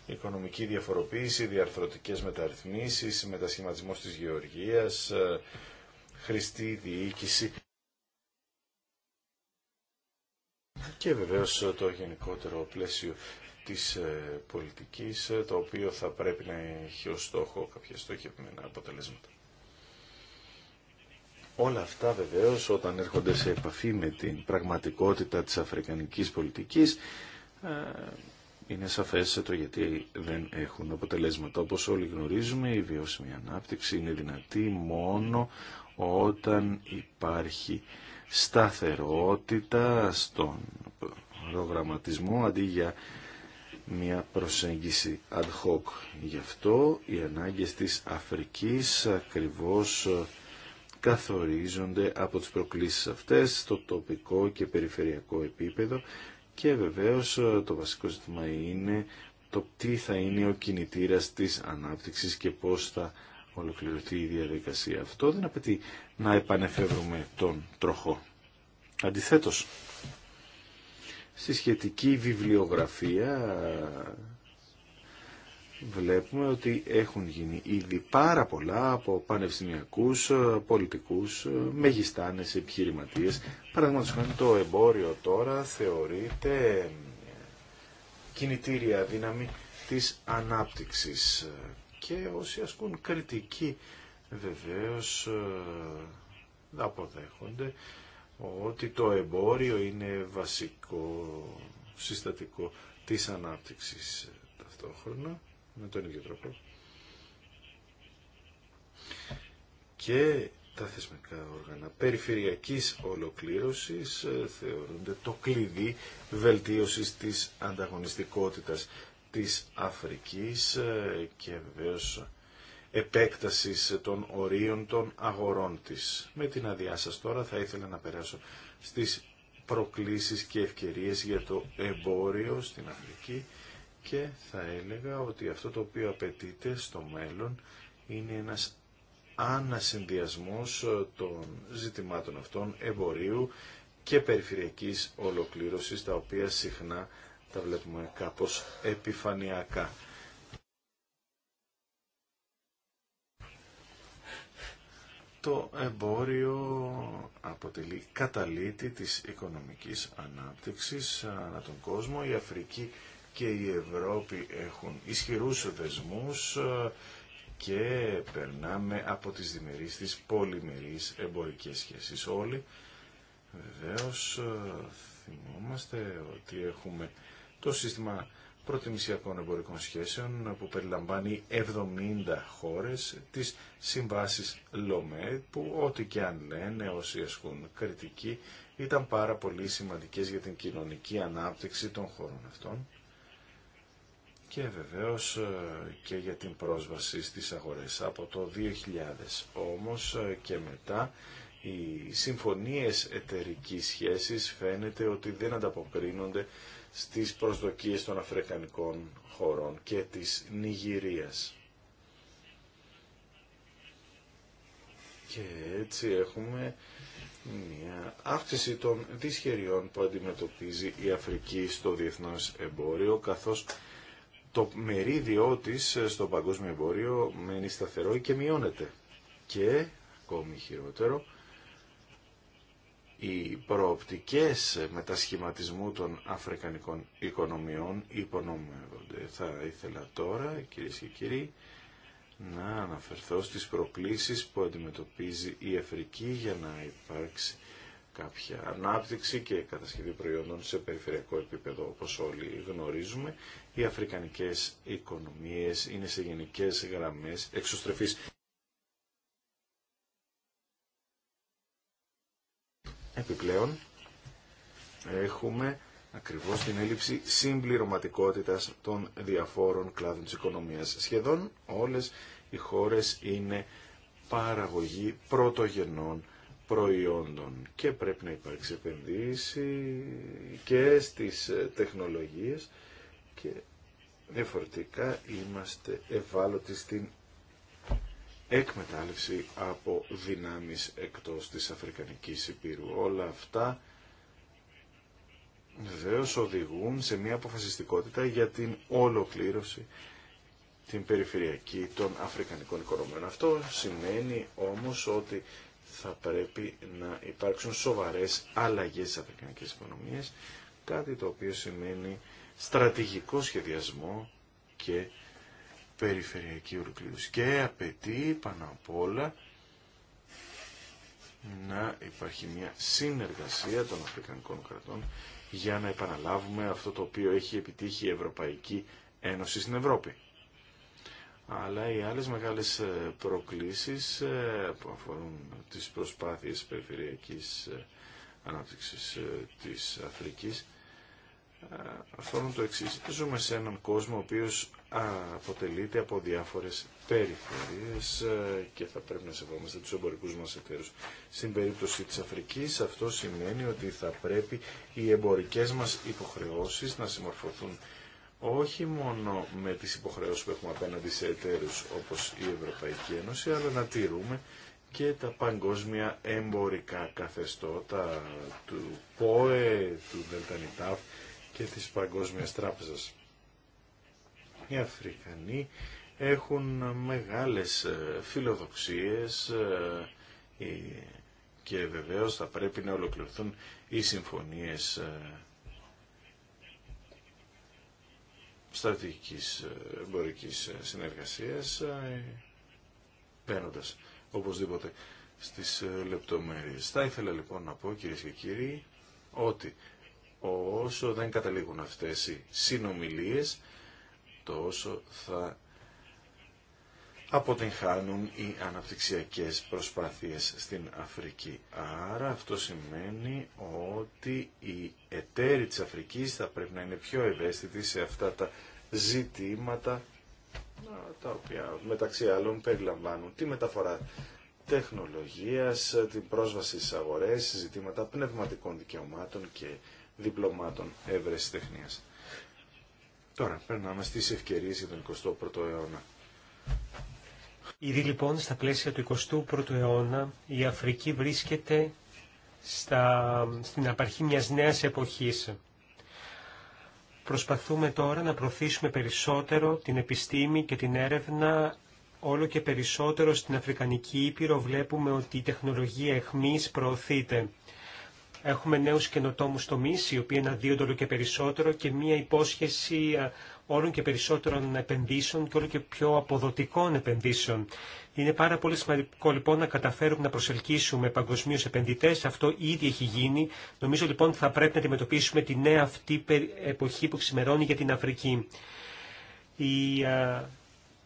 οικονομική διαφοροποίηση, διαρθρωτικές μεταρρυθμίσεις, μετασχηματισμός της γεωργίας, ε, χρηστή διοίκηση και βεβαίως το γενικότερο πλαίσιο της ε, πολιτικής το οποίο θα πρέπει να έχει ως στόχο κάποια στοχευμένα αποτελέσματα. Όλα αυτά βεβαίως όταν έρχονται σε επαφή με την πραγματικότητα της αφρικανικής πολιτικής ε, είναι σαφές το γιατί δεν έχουν αποτελέσματα. Όπως όλοι γνωρίζουμε η βιώσιμη ανάπτυξη είναι δυνατή μόνο όταν υπάρχει σταθερότητα στον προγραμματισμό αντί για μια προσέγγιση ad hoc. Γι' αυτό οι ανάγκες της Αφρικής ακριβώς καθορίζονται από τις προκλήσεις αυτές στο τοπικό και περιφερειακό επίπεδο και βεβαίως ε, το βασικό ζήτημα είναι το τι θα είναι ο κινητήρας της ανάπτυξης και πώς θα ολοκληρωθεί η διαδικασία. Αυτό δεν απαιτεί να επανεφεύρουμε τον τροχό. Αντιθέτως, στη σχετική βιβλιογραφία βλέπουμε ότι έχουν γίνει ήδη πάρα πολλά από πανεπιστημιακούς, ε, πολιτικούς, ε, μεγιστάνες, επιχειρηματίες. Παραδείγματος χάρη το εμπόριο τώρα θεωρείται κινητήρια δύναμη της ανάπτυξης ε, και όσοι ασκούν κριτική βεβαίως αποδέχονται ότι το εμπόριο είναι βασικό συστατικό της ανάπτυξης ταυτόχρονα με τον ίδιο τρόπο. Και τα θεσμικά όργανα περιφερειακής ολοκλήρωσης ε, θεωρούνται το κλειδί βελτίωσης της ανταγωνιστικότητας της Αφρικής ε, και βεβαίως επέκτασης των ορίων των αγορών της. Με την αδειά σας τώρα θα ήθελα να περάσω στις προκλήσεις και ευκαιρίες για το εμπόριο στην Αφρική και θα έλεγα ότι αυτό το οποίο απαιτείται στο μέλλον είναι ένας ανασυνδυασμός ε, των ζητημάτων αυτών εμπορίου και περιφερειακής ολοκλήρωσης, τα οποία συχνά τα βλέπουμε κάπως επιφανειακά. Το εμπόριο αποτελεί καταλήτη της οικονομικής ανάπτυξης ανά τον κόσμο. Η Αφρική και η Ευρώπη έχουν ισχυρούς δεσμούς ε, και περνάμε από τις διμερείς της πολυμερείς εμπορικές σχέσεις. Όλοι βεβαίως ε, θυμόμαστε ότι έχουμε το σύστημα προτιμησιακών εμπορικών σχέσεων που περιλαμβάνει 70 χώρες της συμβάσεις ΛΟΜΕ που ό,τι και αν λένε όσοι ασκούν κριτική ήταν πάρα πολύ σημαντικές για την κοινωνική ανάπτυξη των χώρων αυτών και βεβαίως ε, και για την πρόσβαση στις αγορές. Από το 2000 όμως ε, και μετά οι συμφωνίες εταιρικής σχέσης φαίνεται ότι δεν ανταποκρίνονται στις προσδοκίες των Αφρικανικών χωρών και της Νιγηρίας. Και έτσι έχουμε μια αύξηση των δυσχεριών που αντιμετωπίζει η Αφρική στο διεθνές εμπόριο, καθώς το μερίδιό της ε, στο παγκόσμιο εμπόριο μένει σταθερό και μειώνεται. Και, ακόμη χειρότερο, οι προοπτικές μετασχηματισμού των αφρικανικών οικονομιών υπονομεύονται. Θα ήθελα τώρα, κυρίε και κύριοι, να αναφερθώ στις προκλήσεις που αντιμετωπίζει η Αφρική για να υπάρξει κάποια ανάπτυξη και κατασκευή προϊόντων σε περιφερειακό επίπεδο όπως όλοι γνωρίζουμε. Οι αφρικανικές οικονομίες είναι σε γενικές γραμμές εξωστρεφής. Επιπλέον έχουμε ακριβώς την έλλειψη συμπληρωματικότητας των διαφόρων κλάδων της οικονομίας. Σχεδόν όλες οι χώρες είναι παραγωγή πρωτογενών προϊόντων και πρέπει να υπάρξει επενδύση και στις ε, τεχνολογίες και διαφορετικά είμαστε ευάλωτοι στην εκμετάλλευση από δυνάμεις εκτός της Αφρικανικής Υπήρου. Όλα αυτά βεβαίω οδηγούν σε μια αποφασιστικότητα για την ολοκλήρωση την περιφερειακή των Αφρικανικών οικονομιών. Αυτό σημαίνει όμως ότι θα πρέπει να υπάρξουν σοβαρές αλλαγές στις αφρικανικές οικονομίες, κάτι το οποίο σημαίνει στρατηγικό σχεδιασμό και περιφερειακή ολοκλήρωση. Και απαιτεί πάνω απ' όλα να υπάρχει μια συνεργασία των αφρικανικών κρατών για να επαναλάβουμε αυτό το οποίο έχει επιτύχει η Ευρωπαϊκή Ένωση στην Ευρώπη αλλά οι άλλες μεγάλες ε, προκλήσεις ε, που αφορούν τις προσπάθειες περιφερειακής ε, ανάπτυξης της Αφρικής αφορούν το εξής. Ζούμε σε έναν κόσμο ο οποίος αποτελείται από διάφορες περιφερειές και θα πρέπει να σεβόμαστε τους εμπορικούς μας εταίρους. Στην περίπτωση της Αφρικής αυτό σημαίνει ότι θα πρέπει οι εμπορικές μας υποχρεώσεις να συμμορφωθούν όχι μόνο με τις υποχρεώσεις που έχουμε απέναντι σε εταίρους όπως η Ευρωπαϊκή Ένωση, αλλά να τηρούμε και τα παγκόσμια εμπορικά καθεστώτα του ΠΟΕ, του ΔΕΛΤΑΝΙΤΑΦ και της Παγκόσμιας Τράπεζας. Οι Αφρικανοί έχουν μεγάλες ε, φιλοδοξίες ε, ε, και βεβαίως θα πρέπει να ολοκληρωθούν οι συμφωνίες στρατηγικής ε, εμπορικής ε, συνεργασίας, ε, παίρνοντα οπωσδήποτε στις λεπτομέρειες. Θα ήθελα λοιπόν να πω κυρίες και κύριοι ότι όσο δεν καταλήγουν αυτές οι συνομιλίες τόσο θα αποτυγχάνουν οι αναπτυξιακές προσπάθειες στην Αφρική. Άρα αυτό σημαίνει ότι οι εταίροι της Αφρικής θα πρέπει να είναι πιο ευαίσθητοι σε αυτά τα ζητήματα τα οποία μεταξύ άλλων περιλαμβάνουν τη μεταφορά τεχνολογίας, την πρόσβαση στις αγορές, ζητήματα πνευματικών δικαιωμάτων και διπλωμάτων έβρεσης τεχνίας. Τώρα, περνάμε στις ευκαιρίες για τον 21ο αιώνα. Ήδη λοιπόν στα πλαίσια του 21ου αιώνα η Αφρική βρίσκεται στα, στην απαρχή μιας νέας εποχής. Προσπαθούμε τώρα να προωθήσουμε περισσότερο την επιστήμη και την έρευνα όλο και περισσότερο στην Αφρικανική Ήπειρο βλέπουμε ότι η τεχνολογία εχμής προωθείται. Έχουμε νέους καινοτόμους τομείς, οι οποίοι αναδύονται όλο και περισσότερο και μία υπόσχεση όλων και περισσότερων επενδύσεων και όλο και πιο αποδοτικών επενδύσεων. Είναι πάρα πολύ σημαντικό λοιπόν να καταφέρουμε να προσελκύσουμε παγκοσμίους επενδυτέ, Αυτό ήδη έχει γίνει. Νομίζω λοιπόν θα πρέπει να αντιμετωπίσουμε τη νέα αυτή εποχή που ξημερώνει για την Αφρική. Η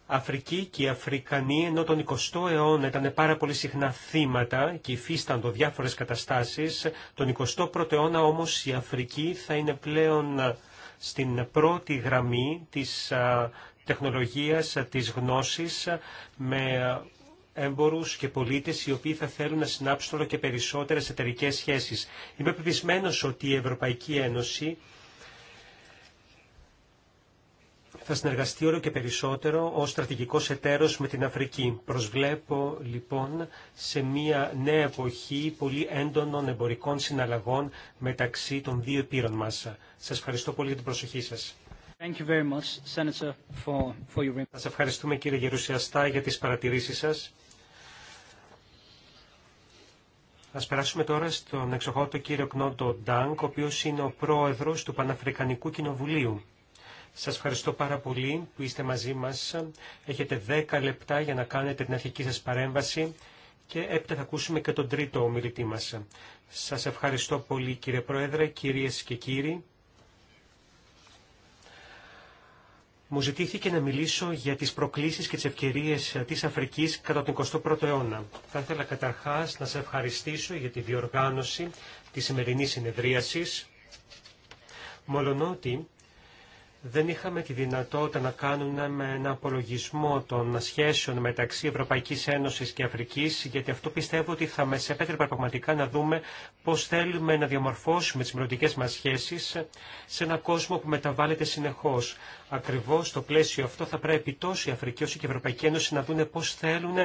Αφρική και οι Αφρικανοί ενώ τον 20ο αιώνα ήταν πάρα πολύ συχνά θύματα και υφίσταντο διάφορες καταστάσεις. Τον 21ο αιώνα όμως η Αφρική θα είναι πλέον στην πρώτη γραμμή της τεχνολογίας, της γνώσης με έμπορους και πολίτες οι οποίοι θα θέλουν να συνάψουν όλο και περισσότερες εταιρικές σχέσεις. Είμαι πεπισμένος ότι η Ευρωπαϊκή Ένωση θα συνεργαστεί όλο και περισσότερο ως στρατηγικός εταίρος με την Αφρική. Προσβλέπω λοιπόν σε μια νέα εποχή πολύ έντονων εμπορικών συναλλαγών μεταξύ των δύο επίρων μας. Σας ευχαριστώ πολύ για την προσοχή σας. Thank Σας ευχαριστούμε κύριε Γερουσιαστά για τις παρατηρήσεις σας. Ας περάσουμε τώρα στον εξοχότο κύριο Κνόντο Ντάνκ, ο οποίος είναι ο πρόεδρος του Παναφρικανικού Κοινοβουλίου. Σας ευχαριστώ πάρα πολύ που είστε μαζί μας. Έχετε 10 λεπτά για να κάνετε την αρχική σας παρέμβαση και έπειτα θα ακούσουμε και τον τρίτο ομιλητή μας. Σας ευχαριστώ πολύ κύριε Πρόεδρε, κυρίες και κύριοι. Μου ζητήθηκε να μιλήσω για τις προκλήσεις και τις ευκαιρίες της Αφρικής κατά τον 21ο αιώνα. Θα ήθελα καταρχάς να σας ευχαριστήσω για τη διοργάνωση της σημερινής συνεδρίασης, μολονότι δεν είχαμε τη δυνατότητα να κάνουμε ένα απολογισμό των σχέσεων μεταξύ Ευρωπαϊκής Ένωσης και Αφρικής, γιατί αυτό πιστεύω ότι θα μας επέτρεπε πραγματικά να δούμε πώς θέλουμε να διαμορφώσουμε τις μελλοντικέ μας σχέσεις σε ένα κόσμο που μεταβάλλεται συνεχώς. Ακριβώς στο πλαίσιο αυτό θα πρέπει τόσο η Αφρική όσο και η Ευρωπαϊκή Ένωση να δούνε πώς θέλουν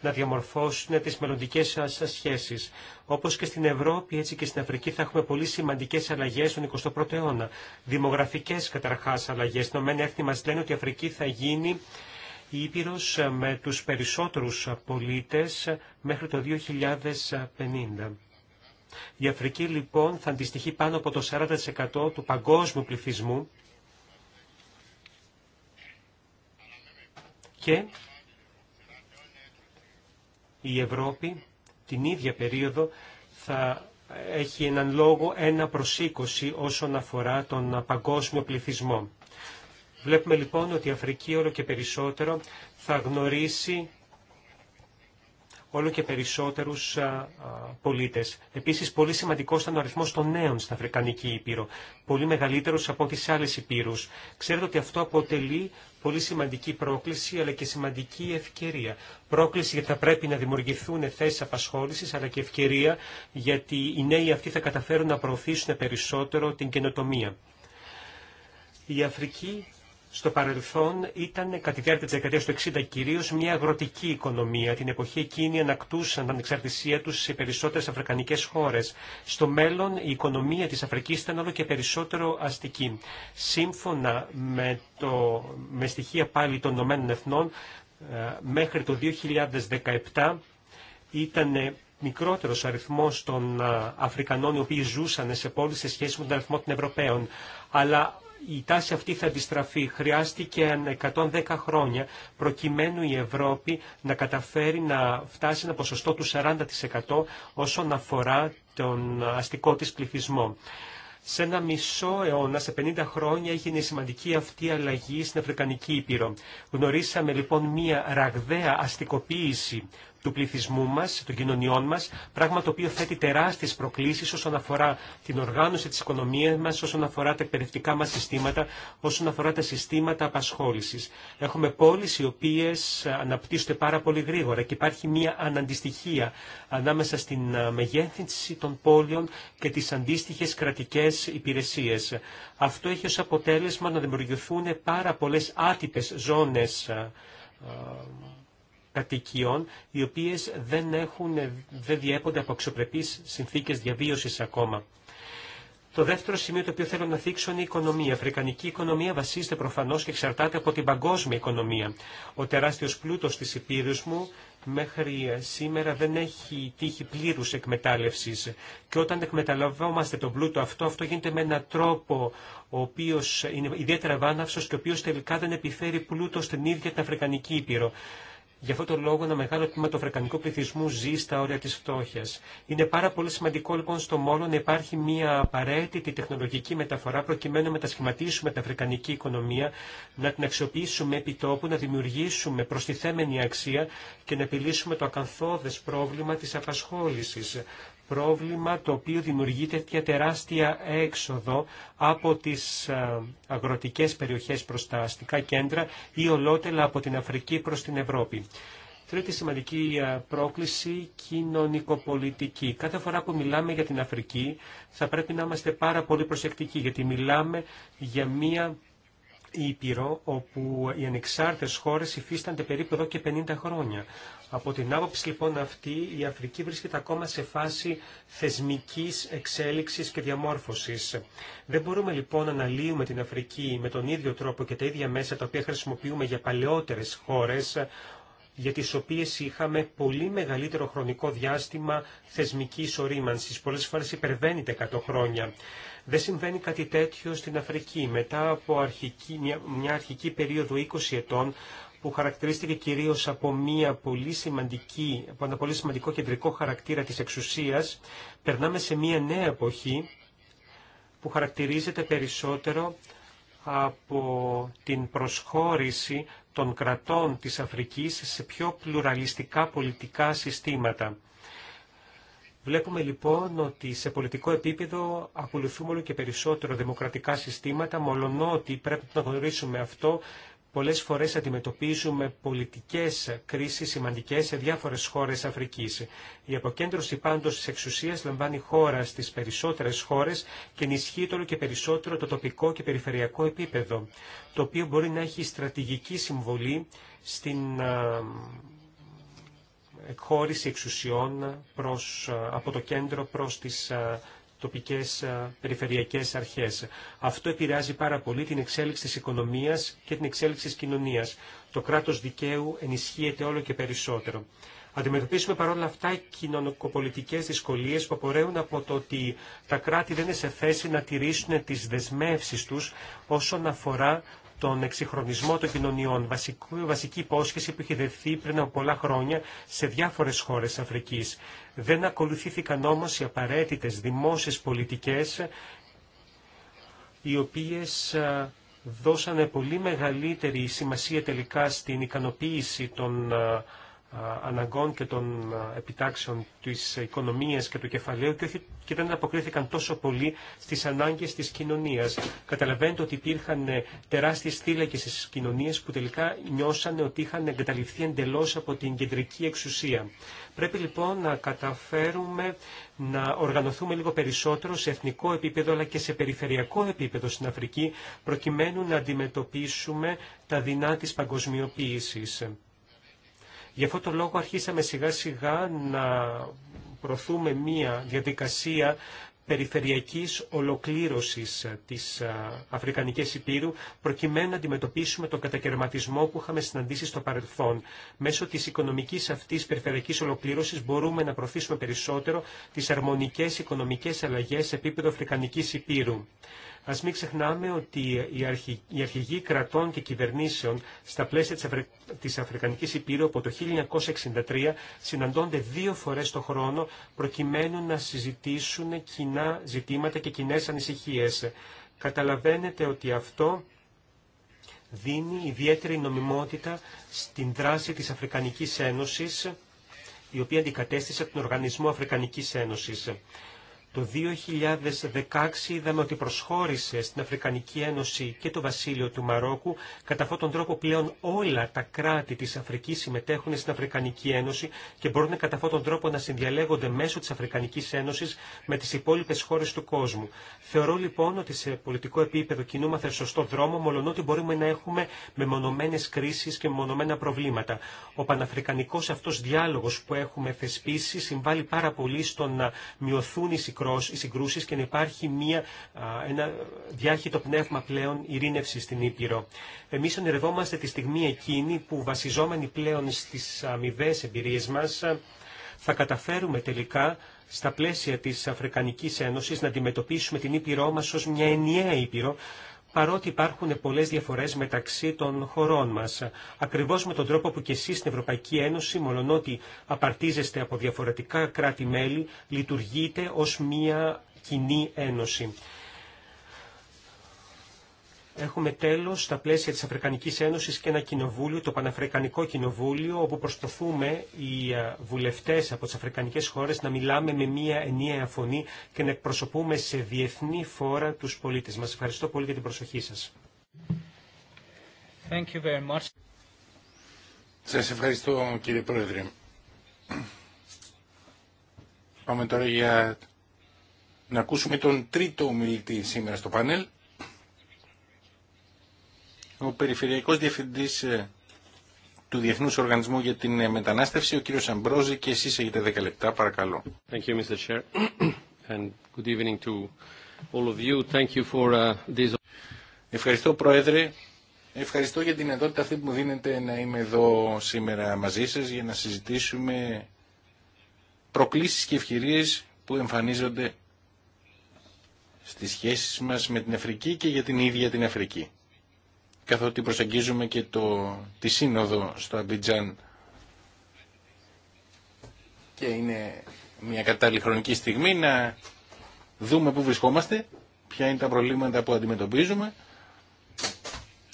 να διαμορφώσουν τις μελλοντικέ σας σχέσεις. Όπως και στην Ευρώπη, έτσι και στην Αφρική θα έχουμε πολύ σημαντικές αλλαγές στον 21ο αιώνα. Δημογραφικές καταρχάς αλλαγές. Το ΜΕΝ μας λένε ότι η Αφρική θα γίνει η με τους περισσότερους πολίτες μέχρι το 2050. Η Αφρική λοιπόν θα αντιστοιχεί πάνω από το 40% του παγκόσμιου πληθυσμού και η Ευρώπη την ίδια περίοδο θα έχει έναν λόγο ένα προς 20 όσον αφορά τον παγκόσμιο πληθυσμό. Βλέπουμε λοιπόν ότι η Αφρική όλο και περισσότερο θα γνωρίσει όλο και περισσότερους πολίτες. Επίση, πολύ σημαντικό ήταν ο αριθμό των νέων στην Αφρικανική Ήπειρο, πολύ μεγαλύτερος από ό,τι σε άλλες υπήρους. Ξέρετε ότι αυτό αποτελεί πολύ σημαντική πρόκληση, αλλά και σημαντική ευκαιρία. Πρόκληση γιατί θα πρέπει να δημιουργηθούν θέσει απασχόλησης, αλλά και ευκαιρία γιατί οι νέοι αυτοί θα καταφέρουν να προωθήσουν περισσότερο την καινοτομία. Η Αφρική στο παρελθόν ήταν κατά τη διάρκεια τη δεκαετία του 1960 κυρίω μια αγροτική οικονομία. Την εποχή εκείνη ανακτούσαν την ανεξαρτησία του σε περισσότερε αφρικανικέ χώρε. Στο μέλλον η οικονομία τη Αφρική ήταν όλο και περισσότερο αστική. Σύμφωνα με, το, με στοιχεία πάλι των Ηνωμένων Εθνών, ε, μέχρι το 2017 ήταν μικρότερος αριθμός των ε, Αφρικανών οι οποίοι ζούσαν σε πόλεις σε σχέση με τον αριθμό των Ευρωπαίων. Αλλά η τάση αυτή θα αντιστραφεί. Χρειάστηκε 110 χρόνια προκειμένου η Ευρώπη να καταφέρει να φτάσει ένα ποσοστό του 40% όσον αφορά τον αστικό της πληθυσμό. Σε ένα μισό αιώνα, σε 50 χρόνια, έγινε η σημαντική αυτή αλλαγή στην Αφρικανική Ήπειρο. Γνωρίσαμε λοιπόν μία ραγδαία αστικοποίηση του πληθυσμού μα, των κοινωνιών μα, πράγμα το οποίο θέτει τεράστιε προκλήσει όσον αφορά την οργάνωση τη οικονομία μα, όσον αφορά τα εκπαιδευτικά μα συστήματα, όσον αφορά τα συστήματα απασχόληση. Έχουμε πόλει οι οποίε αναπτύσσονται πάρα πολύ γρήγορα και υπάρχει μια αναντιστοιχία ανάμεσα στην μεγέθυνση των πόλεων και τι αντίστοιχε κρατικέ υπηρεσίε. Αυτό έχει ω αποτέλεσμα να δημιουργηθούν πάρα πολλέ άτυπε ζώνε ε, κατοικιών οι οποίες δεν, δεν διέπονται από αξιοπρεπείς συνθήκες διαβίωσης ακόμα. Το δεύτερο σημείο το οποίο θέλω να θίξω είναι η οικονομία. Η αφρικανική οικονομία βασίζεται προφανώς και εξαρτάται από την παγκόσμια οικονομία. Ο τεράστιος πλούτος της Υπήρους μου μέχρι σήμερα δεν έχει τύχει πλήρους εκμετάλλευσης. Και όταν εκμεταλλευόμαστε τον πλούτο αυτό, αυτό γίνεται με έναν τρόπο ο οποίο είναι ιδιαίτερα βάναυσος και ο οποίος τελικά δεν επιφέρει πλούτο στην ίδια την Αφρικανική Ήπειρο. Γι' αυτό το λόγο ένα μεγάλο τμήμα του αφρικανικού πληθυσμού ζει στα όρια τη φτώχεια. Είναι πάρα πολύ σημαντικό λοιπόν στο Μόλο να υπάρχει μια απαραίτητη τεχνολογική μεταφορά προκειμένου να μετασχηματίσουμε την αφρικανική οικονομία, να την αξιοποιήσουμε επί τόπου, να δημιουργήσουμε προστιθέμενη αξία και να επιλύσουμε το ακαθόδε πρόβλημα τη απασχόληση πρόβλημα το οποίο δημιουργείται τέτοια τεράστια έξοδο από τις ε, αγροτικές περιοχές προς τα αστικά κέντρα ή ολότελα από την Αφρική προς την Ευρώπη. Τρίτη σημαντική ε, πρόκληση, κοινωνικοπολιτική. Κάθε φορά που μιλάμε για την Αφρική θα πρέπει να είμαστε πάρα πολύ προσεκτικοί γιατί μιλάμε για μια Ήπειρο, όπου οι ανεξάρτητες χώρες υφίστανται περίπου εδώ και 50 χρόνια. Από την άποψη λοιπόν αυτή, η Αφρική βρίσκεται ακόμα σε φάση θεσμικής εξέλιξης και διαμόρφωσης. Δεν μπορούμε λοιπόν να αναλύουμε την Αφρική με τον ίδιο τρόπο και τα ίδια μέσα τα οποία χρησιμοποιούμε για παλαιότερες χώρες, για τις οποίες είχαμε πολύ μεγαλύτερο χρονικό διάστημα θεσμικής ορίμανσης. Πολλές φορές υπερβαίνει 100 χρόνια. Δεν συμβαίνει κάτι τέτοιο στην Αφρική. Μετά από αρχική, μια, μια αρχική περίοδο 20 ετών, που χαρακτηρίστηκε κυρίως από, μια πολύ σημαντική, από ένα πολύ σημαντικό κεντρικό χαρακτήρα της εξουσίας, περνάμε σε μια νέα εποχή που χαρακτηρίζεται περισσότερο από την προσχώρηση των κρατών της Αφρικής σε πιο πλουραλιστικά πολιτικά συστήματα. Βλέπουμε λοιπόν ότι σε πολιτικό επίπεδο ακολουθούμε όλο και περισσότερο δημοκρατικά συστήματα, ότι πρέπει να γνωρίσουμε αυτό. Πολλές φορές αντιμετωπίζουμε πολιτικές κρίσεις σημαντικές σε διάφορες χώρες Αφρικής. Η αποκέντρωση πάντως της εξουσίας λαμβάνει χώρα στις περισσότερες χώρες και ενισχύει όλο και περισσότερο το τοπικό και περιφερειακό επίπεδο, το οποίο μπορεί να έχει στρατηγική συμβολή στην εκχώρηση εξουσιών προς, από το κέντρο προς τις ε, τοπικές ε, περιφερειακές αρχές. Αυτό επηρεάζει πάρα πολύ την εξέλιξη της οικονομίας και την εξέλιξη της κοινωνίας. Το κράτος δικαίου ενισχύεται όλο και περισσότερο. Αντιμετωπίσουμε παρόλα αυτά κοινωνικοπολιτικές δυσκολίες που απορρέουν από το ότι τα κράτη δεν είναι σε θέση να τηρήσουν τι δεσμεύσει του όσον αφορά τον εξυγχρονισμό των κοινωνιών, βασική υπόσχεση που είχε δεθεί πριν από πολλά χρόνια σε διάφορες χώρες Αφρικής. Δεν ακολουθήθηκαν όμως οι απαραίτητες δημόσιες πολιτικές, οι οποίες δώσανε πολύ μεγαλύτερη σημασία τελικά στην ικανοποίηση των αναγκών και των επιτάξεων της οικονομίας και του κεφαλαίου και, όχι, και δεν αποκρίθηκαν τόσο πολύ στις ανάγκες της κοινωνίας. Καταλαβαίνετε ότι υπήρχαν ε, τεράστιες θύλακες στις κοινωνίες που τελικά νιώσανε ότι είχαν εγκαταλειφθεί εντελώς από την κεντρική εξουσία. Πρέπει λοιπόν να καταφέρουμε να οργανωθούμε λίγο περισσότερο σε εθνικό επίπεδο αλλά και σε περιφερειακό επίπεδο στην Αφρική προκειμένου να αντιμετωπίσουμε τα δεινά της παγκοσμιοποίησης. Γι' αυτό το λόγο αρχίσαμε σιγά σιγά να προωθούμε μία διαδικασία περιφερειακής ολοκλήρωσης της Αφρικανικής Υπήρου προκειμένου να αντιμετωπίσουμε τον κατακαιρματισμό που είχαμε συναντήσει στο παρελθόν. Μέσω της οικονομικής αυτής περιφερειακής ολοκλήρωσης μπορούμε να προωθήσουμε περισσότερο τις αρμονικές οικονομικές αλλαγές σε επίπεδο Αφρικανικής Υπήρου. Α μην ξεχνάμε ότι οι αρχηγοί κρατών και κυβερνήσεων στα πλαίσια της Αφρικανικής Υπήρου από το 1963 συναντώνται δύο φορές το χρόνο προκειμένου να συζητήσουν κοινά ζητήματα και κοινέ ανησυχίες. Καταλαβαίνετε ότι αυτό δίνει ιδιαίτερη νομιμότητα στην δράση της Αφρικανικής Ένωσης η οποία αντικατέστησε τον Οργανισμό Αφρικανικής Ένωσης. Το 2016 είδαμε ότι προσχώρησε στην Αφρικανική Ένωση και το Βασίλειο του Μαρόκου. Κατά αυτόν τον τρόπο πλέον όλα τα κράτη της Αφρικής συμμετέχουν στην Αφρικανική Ένωση και μπορούν κατά αυτόν τον τρόπο να συνδιαλέγονται μέσω της Αφρικανικής Ένωσης με τις υπόλοιπες χώρες του κόσμου. Θεωρώ λοιπόν ότι σε πολιτικό επίπεδο κινούμαστε σωστό δρόμο, μολονότι μπορούμε να έχουμε μεμονωμένες κρίσεις και μεμονωμένα προβλήματα. Ο Παναφρικανικό αυτό διάλογο που έχουμε θεσπίσει συμβάλλει πάρα πολύ στο να μειωθούν οι συγκρούσεις και να υπάρχει μια, ένα διάχυτο πνεύμα πλέον ειρήνευση στην Ήπειρο. Εμείς ονειρευόμαστε τη στιγμή εκείνη που βασιζόμενοι πλέον στις αμοιβέ εμπειρίες μας θα καταφέρουμε τελικά στα πλαίσια της Αφρικανικής Ένωσης να αντιμετωπίσουμε την Ήπειρό μας ως μια ενιαία Ήπειρο παρότι υπάρχουν πολλές διαφορές μεταξύ των χωρών μας. Ακριβώς με τον τρόπο που και εσείς στην Ευρωπαϊκή Ένωση, μολονότι απαρτίζεστε από διαφορετικά κράτη-μέλη, λειτουργείτε ως μία κοινή ένωση. Έχουμε τέλος στα πλαίσια της Αφρικανικής Ένωσης και ένα κοινοβούλιο, το Παναφρικανικό Κοινοβούλιο, όπου προσπαθούμε οι ε, βουλευτές από τις Αφρικανικές χώρες να μιλάμε με μία ενιαία φωνή και να εκπροσωπούμε σε διεθνή φόρα τους πολίτες μας. Ευχαριστώ πολύ για την προσοχή σας. Thank Σας ευχαριστώ κύριε Πρόεδρε. Πάμε τώρα για να ακούσουμε τον τρίτο ομιλητή σήμερα στο πάνελ ο Περιφερειακός Διευθυντής ε, του Διεθνούς Οργανισμού για την ε, Μετανάστευση, ο κύριος Αμπρόζη, και εσείς έχετε 10 λεπτά, παρακαλώ. Ευχαριστώ, Πρόεδρε. Ευχαριστώ για την δυνατότητα αυτή που μου δίνετε να είμαι εδώ σήμερα μαζί σας για να συζητήσουμε προκλήσεις και ευκαιρίες που εμφανίζονται στις σχέσεις μας με την Αφρική και για την ίδια την Αφρική καθότι προσεγγίζουμε και το, τη σύνοδο στο Αμπιτζάν και είναι μια κατάλληλη χρονική στιγμή να δούμε πού βρισκόμαστε, ποια είναι τα προβλήματα που αντιμετωπίζουμε,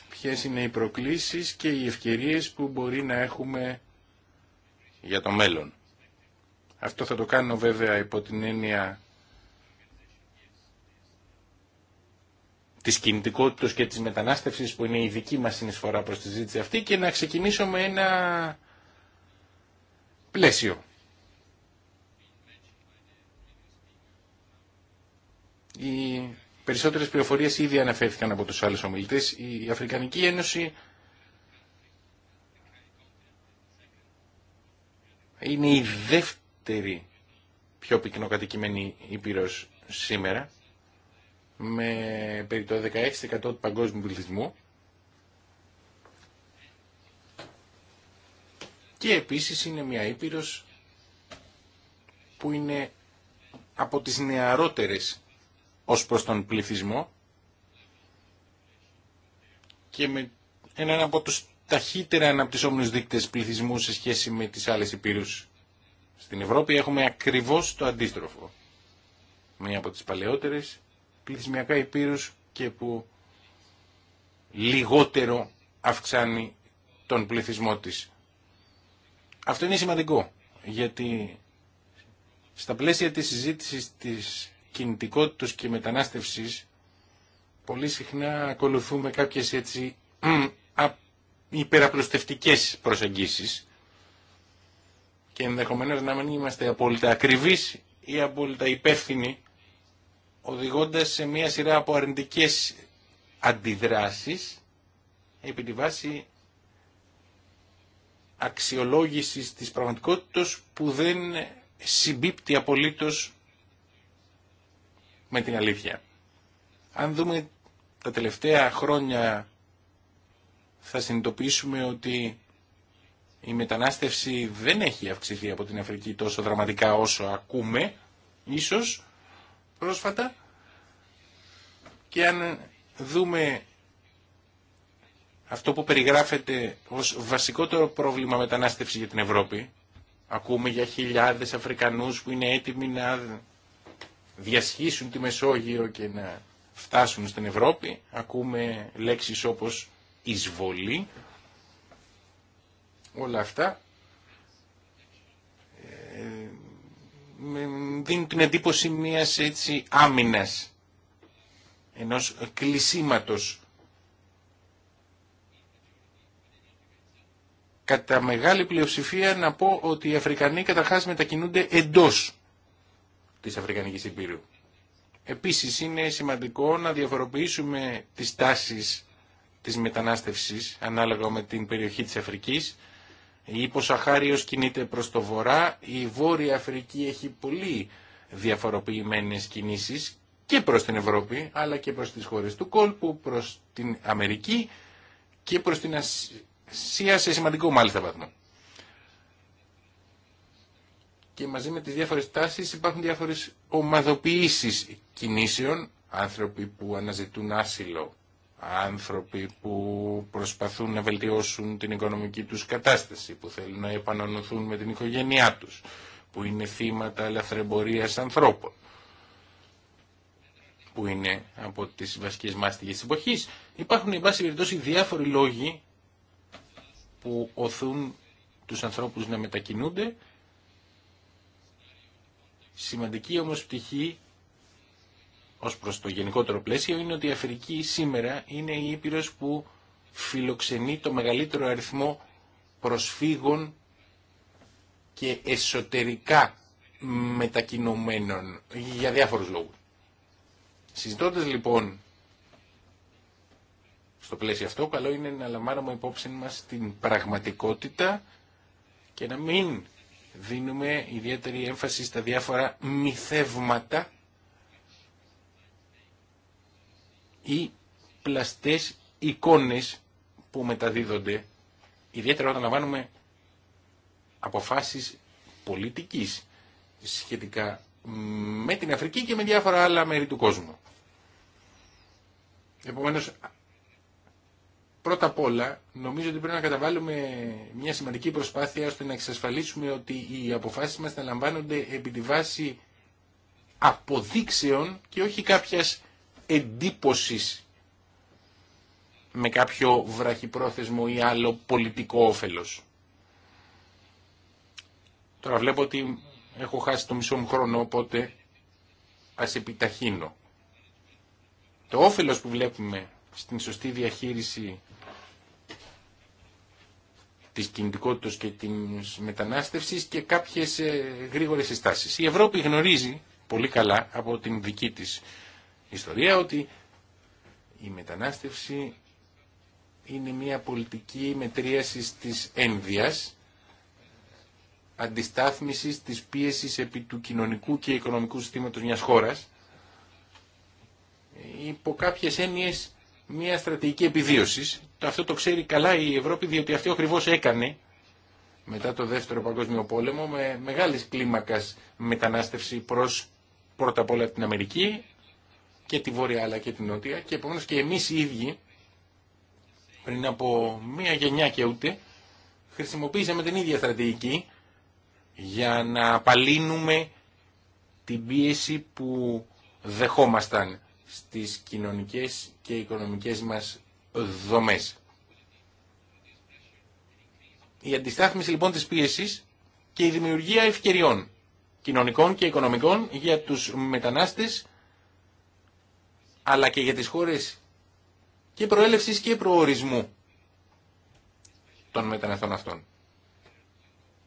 ποιες είναι οι προκλήσεις και οι ευκαιρίες που μπορεί να έχουμε για το μέλλον. Αυτό θα το κάνω βέβαια υπό την έννοια της κινητικότητας και της μετανάστευσης που είναι η δική μας συνεισφορά προς τη ζήτηση αυτή και να ξεκινήσω με ένα πλαίσιο. Οι περισσότερες πληροφορίες ήδη αναφέρθηκαν από τους άλλους ομιλητές. Η Αφρικανική Ένωση είναι η δεύτερη πιο πυκνοκατοικημένη ήπειρος σήμερα με περί το 16% του παγκόσμιου πληθυσμού και επίσης είναι μια Ήπειρος που είναι από τις νεαρότερες ως προς τον πληθυσμό και με έναν από τους ταχύτερα αναπτυσσόμενους δείκτες πληθυσμού σε σχέση με τις άλλες ήπειρους Στην Ευρώπη έχουμε ακριβώς το αντίστροφο. Μία από τις παλαιότερες πληθυσμιακά υπήρους και που λιγότερο αυξάνει τον πληθυσμό της. Αυτό είναι σημαντικό, γιατί στα πλαίσια της συζήτησης της κινητικότητας και μετανάστευσης πολύ συχνά ακολουθούμε κάποιες έτσι υπεραπλουστευτικές προσεγγίσεις και ενδεχομένως να μην είμαστε απόλυτα ακριβείς ή απόλυτα υπεύθυνοι οδηγώντας σε μια σειρά από αρνητικές αντιδράσεις επί τη βάση αξιολόγησης της πραγματικότητας που δεν συμπίπτει απολύτως με την αλήθεια. Αν δούμε τα τελευταία χρόνια θα συνειδητοποιήσουμε ότι η μετανάστευση δεν έχει αυξηθεί από την Αφρική τόσο δραματικά όσο ακούμε, ίσως πρόσφατα και αν δούμε αυτό που περιγράφεται ως βασικότερο πρόβλημα μετανάστευση για την Ευρώπη, ακούμε για χιλιάδες Αφρικανούς που είναι έτοιμοι να διασχίσουν τη Μεσόγειο και να φτάσουν στην Ευρώπη, ακούμε λέξεις όπως εισβολή, όλα αυτά δίνουν την εντύπωση μιας έτσι άμυνας, ενός κλεισίματος. Κατά μεγάλη πλειοψηφία να πω ότι οι Αφρικανοί καταρχάς μετακινούνται εντός της Αφρικανικής Υπήρου. Επίσης είναι σημαντικό να διαφοροποιήσουμε τις τάσεις της μετανάστευσης ανάλογα με την περιοχή της Αφρικής η αχάριος κινείται προς το βορρά, η Βόρεια Αφρική έχει πολύ διαφοροποιημένες κινήσεις και προς την Ευρώπη, αλλά και προς τις χώρες του κόλπου, προς την Αμερική και προς την Ασία σε σημαντικό μάλιστα βαθμό. Και μαζί με τις διάφορες τάσεις υπάρχουν διάφορες ομαδοποιήσεις κινήσεων, άνθρωποι που αναζητούν άσυλο άνθρωποι που προσπαθούν να βελτιώσουν την οικονομική τους κατάσταση, που θέλουν να επανανοθούν με την οικογένειά τους, που είναι θύματα λαθρεμπορίας ανθρώπων, που είναι από τις βασικές μάστιγες της εποχής. Υπάρχουν, εν περιπτώσει, διάφοροι λόγοι που οθούν τους ανθρώπους να μετακινούνται. Σημαντική όμως πτυχή Ω προ το γενικότερο πλαίσιο είναι ότι η Αφρική σήμερα είναι η Ήπειρος που φιλοξενεί το μεγαλύτερο αριθμό προσφύγων και εσωτερικά μετακινωμένων για διάφορους λόγους. Συζητώντας λοιπόν στο πλαίσιο αυτό, καλό είναι να λαμβάνουμε υπόψη μας την πραγματικότητα και να μην δίνουμε ιδιαίτερη έμφαση στα διάφορα μυθεύματα ή πλαστές εικόνες που μεταδίδονται, ιδιαίτερα όταν λαμβάνουμε αποφάσεις πολιτικής σχετικά με την Αφρική και με διάφορα άλλα μέρη του κόσμου. Επομένως, πρώτα απ' όλα, νομίζω ότι πρέπει να καταβάλουμε μια σημαντική προσπάθεια ώστε να εξασφαλίσουμε ότι οι αποφάσεις μας θα λαμβάνονται επί τη βάση αποδείξεων και όχι κάποιας Εντύπωση με κάποιο βραχυπρόθεσμο ή άλλο πολιτικό όφελος. Τώρα βλέπω ότι έχω χάσει το μισό μου χρόνο, οπότε ας επιταχύνω. Το όφελος που βλέπουμε στην σωστή διαχείριση της κινητικότητας και της μετανάστευσης και κάποιες ε, γρήγορες συστάσεις. Η Ευρώπη γνωρίζει πολύ καλά από την δική της ιστορία ότι η μετανάστευση είναι μια πολιτική μετρίασης της ένδυας, αντιστάθμισης της πίεσης επί του κοινωνικού και οικονομικού συστήματος μιας χώρας, υπό κάποιες έννοιες μια στρατηγική επιβίωσης. Αυτό το ξέρει καλά η Ευρώπη, διότι αυτό ακριβώ έκανε μετά το Δεύτερο Παγκόσμιο Πόλεμο με μεγάλης κλίμακας μετανάστευση προς πρώτα απ' όλα την Αμερική, και τη Βόρεια αλλά και την Νότια και επομένως και εμείς οι ίδιοι πριν από μία γενιά και ούτε χρησιμοποίησαμε την ίδια στρατηγική για να απαλύνουμε την πίεση που δεχόμασταν στις κοινωνικές και οικονομικές μας δομές. Η αντιστάθμιση λοιπόν της πίεσης και η δημιουργία ευκαιριών κοινωνικών και οικονομικών για τους μετανάστες αλλά και για τις χώρες και προέλευσης και προορισμού των μεταναστών αυτών.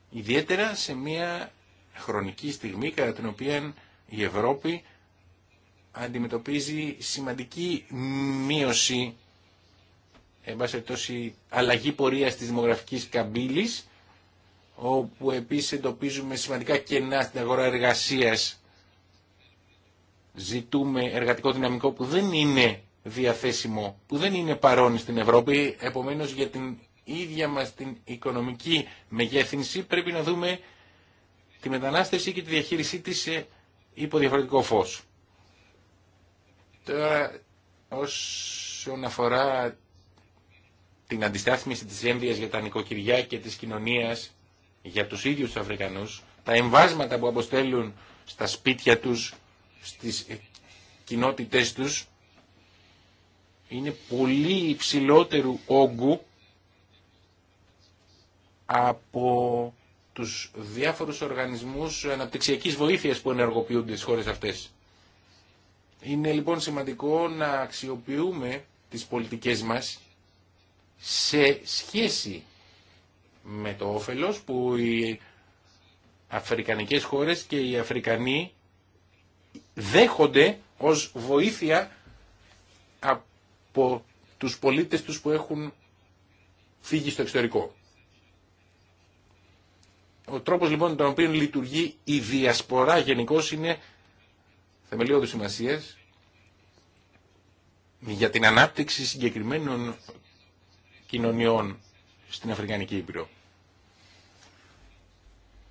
Ιδιαίτερα σε μια χρονική στιγμή κατά την οποία η Ευρώπη αντιμετωπίζει σημαντική μείωση εν πάση αλλαγή πορείας της δημογραφικής καμπύλης όπου επίσης εντοπίζουμε σημαντικά κενά στην αγορά εργασίας ζητούμε εργατικό δυναμικό που δεν είναι διαθέσιμο, που δεν είναι παρόν στην Ευρώπη, επομένως για την ίδια μας την οικονομική μεγέθυνση πρέπει να δούμε τη μετανάστευση και τη διαχείρισή της σε υποδιαφορετικό φως. Τώρα, όσον αφορά την αντιστάθμιση της ένδυας για τα νοικοκυριά και της κοινωνίας για τους ίδιους τους Αφρικανούς, τα εμβάσματα που αποστέλουν στα σπίτια τους στις ε, κοινότητές τους είναι πολύ υψηλότερου όγκου από τους διάφορους οργανισμούς αναπτυξιακής βοήθειας που ενεργοποιούνται στις χώρες αυτές. Είναι λοιπόν σημαντικό να αξιοποιούμε τις πολιτικές μας σε σχέση με το όφελος που οι αφρικανικές χώρες και οι Αφρικανοί δέχονται ως βοήθεια από τους πολίτες τους που έχουν φύγει στο εξωτερικό. Ο τρόπος λοιπόν τον οποίο λειτουργεί η διασπορά γενικώ είναι θεμελιώδης σημασία για την ανάπτυξη συγκεκριμένων κοινωνιών στην Αφρικανική Ήπειρο.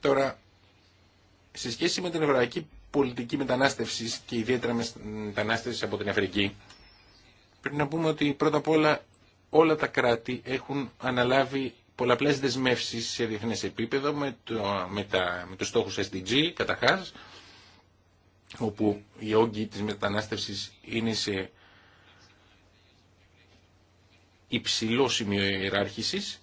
Τώρα, σε σχέση με την Ευρωπαϊκή πολιτική μετανάστευση και ιδιαίτερα μετανάστευση από την Αφρική, πρέπει να πούμε ότι πρώτα απ' όλα όλα τα κράτη έχουν αναλάβει πολλαπλές δεσμεύσει σε διεθνές επίπεδο με, το, με, με τους στόχους SDG καταρχά, όπου οι όγκοι της μετανάστευση είναι σε υψηλό σημείο ιεράρχησης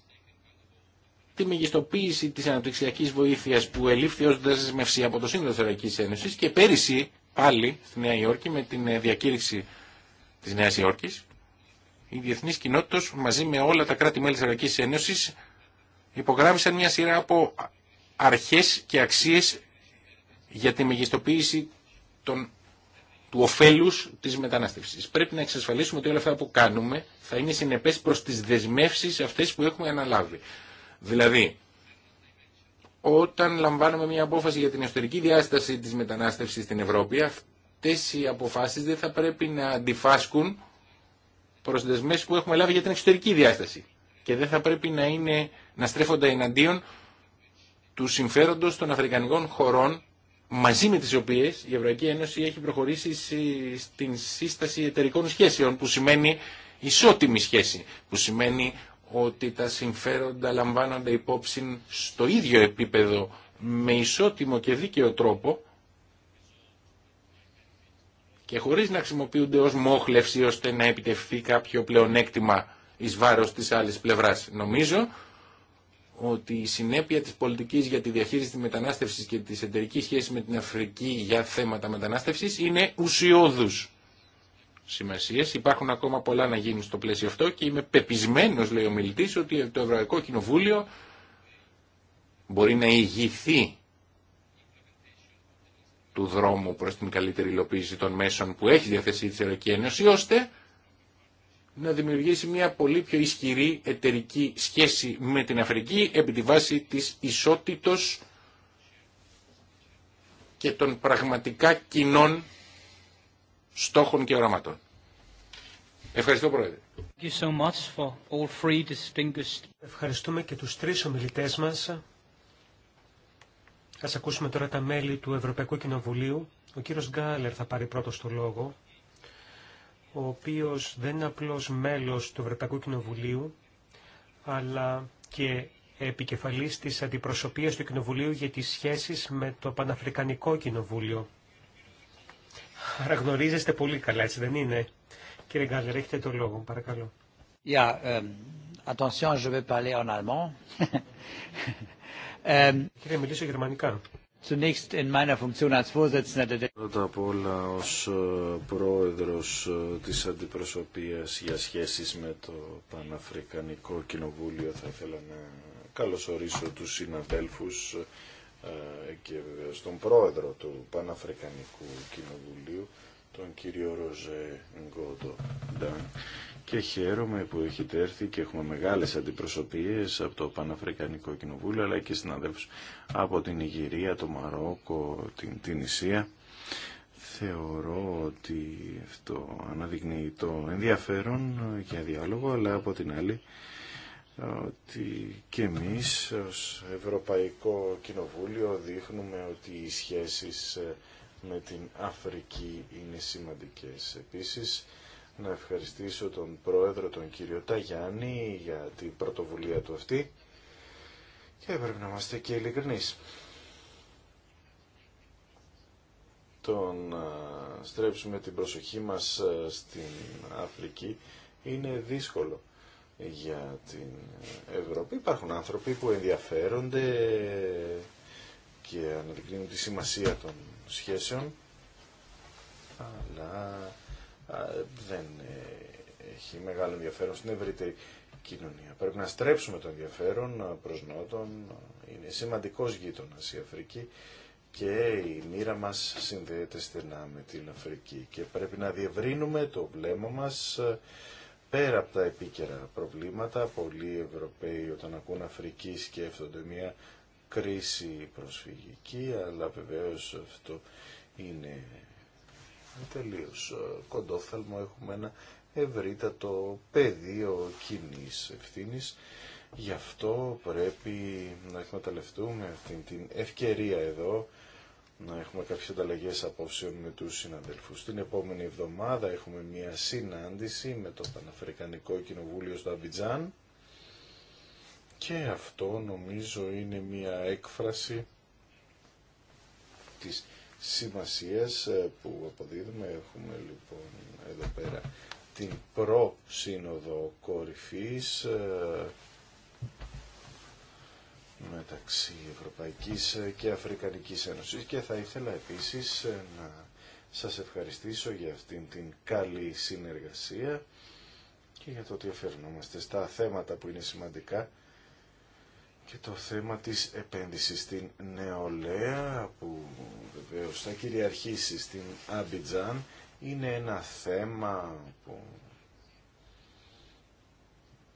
τη μεγιστοποίηση τη αναπτυξιακής βοήθεια που ελήφθη ω δεσμευσή από το Σύνδεσμο Ευρωπαϊκή Ένωση και πέρυσι πάλι στη Νέα Υόρκη με την ε, διακήρυξη τη Νέα Υόρκης η διεθνή κοινότητα μαζί με όλα τα κράτη-μέλη τη Ευρωπαϊκή Ένωση, υπογράμμισαν μια σειρά από αρχέ και αξίε για τη μεγιστοποίηση των, του ωφέλους της μετανάστευσης. Πρέπει να εξασφαλίσουμε ότι όλα αυτά που κάνουμε θα είναι συνεπές προς τις δεσμεύσεις αυτές που έχουμε αναλάβει. Δηλαδή, όταν λαμβάνουμε μια απόφαση για την εσωτερική διάσταση της μετανάστευσης στην Ευρώπη, αυτές οι αποφάσεις δεν θα πρέπει να αντιφάσκουν προς δεσμές που έχουμε λάβει για την εξωτερική διάσταση και δεν θα πρέπει να, είναι, να στρέφονται εναντίον του συμφέροντος των Αφρικανικών χωρών μαζί με τις οποίες η Ευρωπαϊκή Ένωση έχει προχωρήσει στην σύσταση εταιρικών σχέσεων που σημαίνει ισότιμη σχέση, που σημαίνει ότι τα συμφέροντα λαμβάνονται υπόψη στο ίδιο επίπεδο με ισότιμο και δίκαιο τρόπο και χωρίς να χρησιμοποιούνται ως μόχλευση ώστε να επιτευχθεί κάποιο πλεονέκτημα εις βάρος της άλλης πλευράς. Νομίζω ότι η συνέπεια της πολιτικής για τη διαχείριση της μετανάστευσης και της εταιρικής σχέσης με την Αφρική για θέματα μετανάστευσης είναι ουσιώδους σημασία. Υπάρχουν ακόμα πολλά να γίνουν στο πλαίσιο αυτό και είμαι πεπισμένο, λέει ο μιλητή, ότι το Ευρωπαϊκό Κοινοβούλιο μπορεί να ηγηθεί του δρόμου προς την καλύτερη υλοποίηση των μέσων που έχει διαθέσει η Ευρωπαϊκή Ένωση, ώστε να δημιουργήσει μια πολύ πιο ισχυρή εταιρική σχέση με την Αφρική επί τη βάση της ισότητος και των πραγματικά κοινών στόχων και οραμάτων. Ευχαριστώ, Πρόεδρε. Ευχαριστούμε και τους τρεις ομιλητές μας. Ας ακούσουμε τώρα τα μέλη του Ευρωπαϊκού Κοινοβουλίου. Ο κύριος Γκάλερ θα πάρει πρώτος το λόγο, ο οποίος δεν είναι απλώς μέλος του Ευρωπαϊκού Κοινοβουλίου, αλλά και επικεφαλής της αντιπροσωπείας του Κοινοβουλίου για τις σχέσεις με το Παναφρικανικό Κοινοβούλιο. Άρα γνωρίζεστε πολύ καλά, έτσι δεν είναι. Κύριε Γκάλερ, έχετε το λόγο, παρακαλώ. Yeah, um, attention, je vais parler en allemand. Um, Κύριε, μιλήσω γερμανικά. Zunächst in meiner Funktion als Vorsitzender Πρώτα απ' όλα ως ε, πρόεδρος ε, της αντιπροσωπείας για σχέσεις με το Παναφρικανικό Κοινοβούλιο θα ήθελα να καλωσορίσω τους συναδέλφους ε, ε, και στον πρόεδρο του Παναφρικανικού Κοινοβουλίου, τον κύριο Ροζέ Γκόντο Ντάν. Και χαίρομαι που έχετε έρθει και έχουμε μεγάλες αντιπροσωπείες από το Παναφρικανικό Κοινοβούλιο, αλλά και συναδέλφους από την Ιγυρία, το Μαρόκο, την, την Ισία. Θεωρώ ότι αυτό αναδεικνύει το ενδιαφέρον για διάλογο, αλλά από την άλλη ότι και εμείς ως Ευρωπαϊκό Κοινοβούλιο δείχνουμε ότι οι σχέσεις ε, με την Αφρική είναι σημαντικές. Επίσης, να ευχαριστήσω τον Πρόεδρο, τον κύριο Ταγιάννη, για την πρωτοβουλία του αυτή και πρέπει να είμαστε και ειλικρινείς. Το να στρέψουμε την προσοχή μας στην Αφρική είναι δύσκολο για την Ευρώπη. Υπάρχουν άνθρωποι που ενδιαφέρονται και αναδεικνύουν τη σημασία των σχέσεων, αλλά δεν έχει μεγάλο ενδιαφέρον στην ευρύτερη κοινωνία. Πρέπει να στρέψουμε το ενδιαφέρον προς Νότον. Είναι σημαντικός γείτονας η Αφρική και η μοίρα μας συνδέεται στενά με την Αφρική και πρέπει να διευρύνουμε το βλέμμα μας πέρα από τα επίκαιρα προβλήματα. Πολλοί Ευρωπαίοι όταν ακούν Αφρική σκέφτονται μια κρίση προσφυγική, αλλά βεβαίως αυτό είναι τελείω ε, κοντόφθαλμο. Έχουμε ένα ευρύτατο πεδίο κοινή ευθύνη. Γι' αυτό πρέπει να εκμεταλλευτούμε αυτή την ευκαιρία εδώ να έχουμε κάποιες ανταλλαγές απόψεων με τους συναδελφούς. Την επόμενη εβδομάδα έχουμε μια συνάντηση με το Παναφρικανικό Κοινοβούλιο στο Αμπιτζάν και αυτό νομίζω είναι μια έκφραση της σημασίας ε, που αποδίδουμε. Έχουμε λοιπόν εδώ πέρα την προ-σύνοδο κορυφής ε, μεταξύ Ευρωπαϊκής και Αφρικανικής Ένωσης και θα ήθελα επίσης να σας ευχαριστήσω για αυτήν την καλή συνεργασία και για το ότι αφαιρνόμαστε στα θέματα που είναι σημαντικά και το θέμα της επένδυσης στην νεολαία που βεβαίως θα κυριαρχήσει στην Αμπιτζάν είναι ένα θέμα που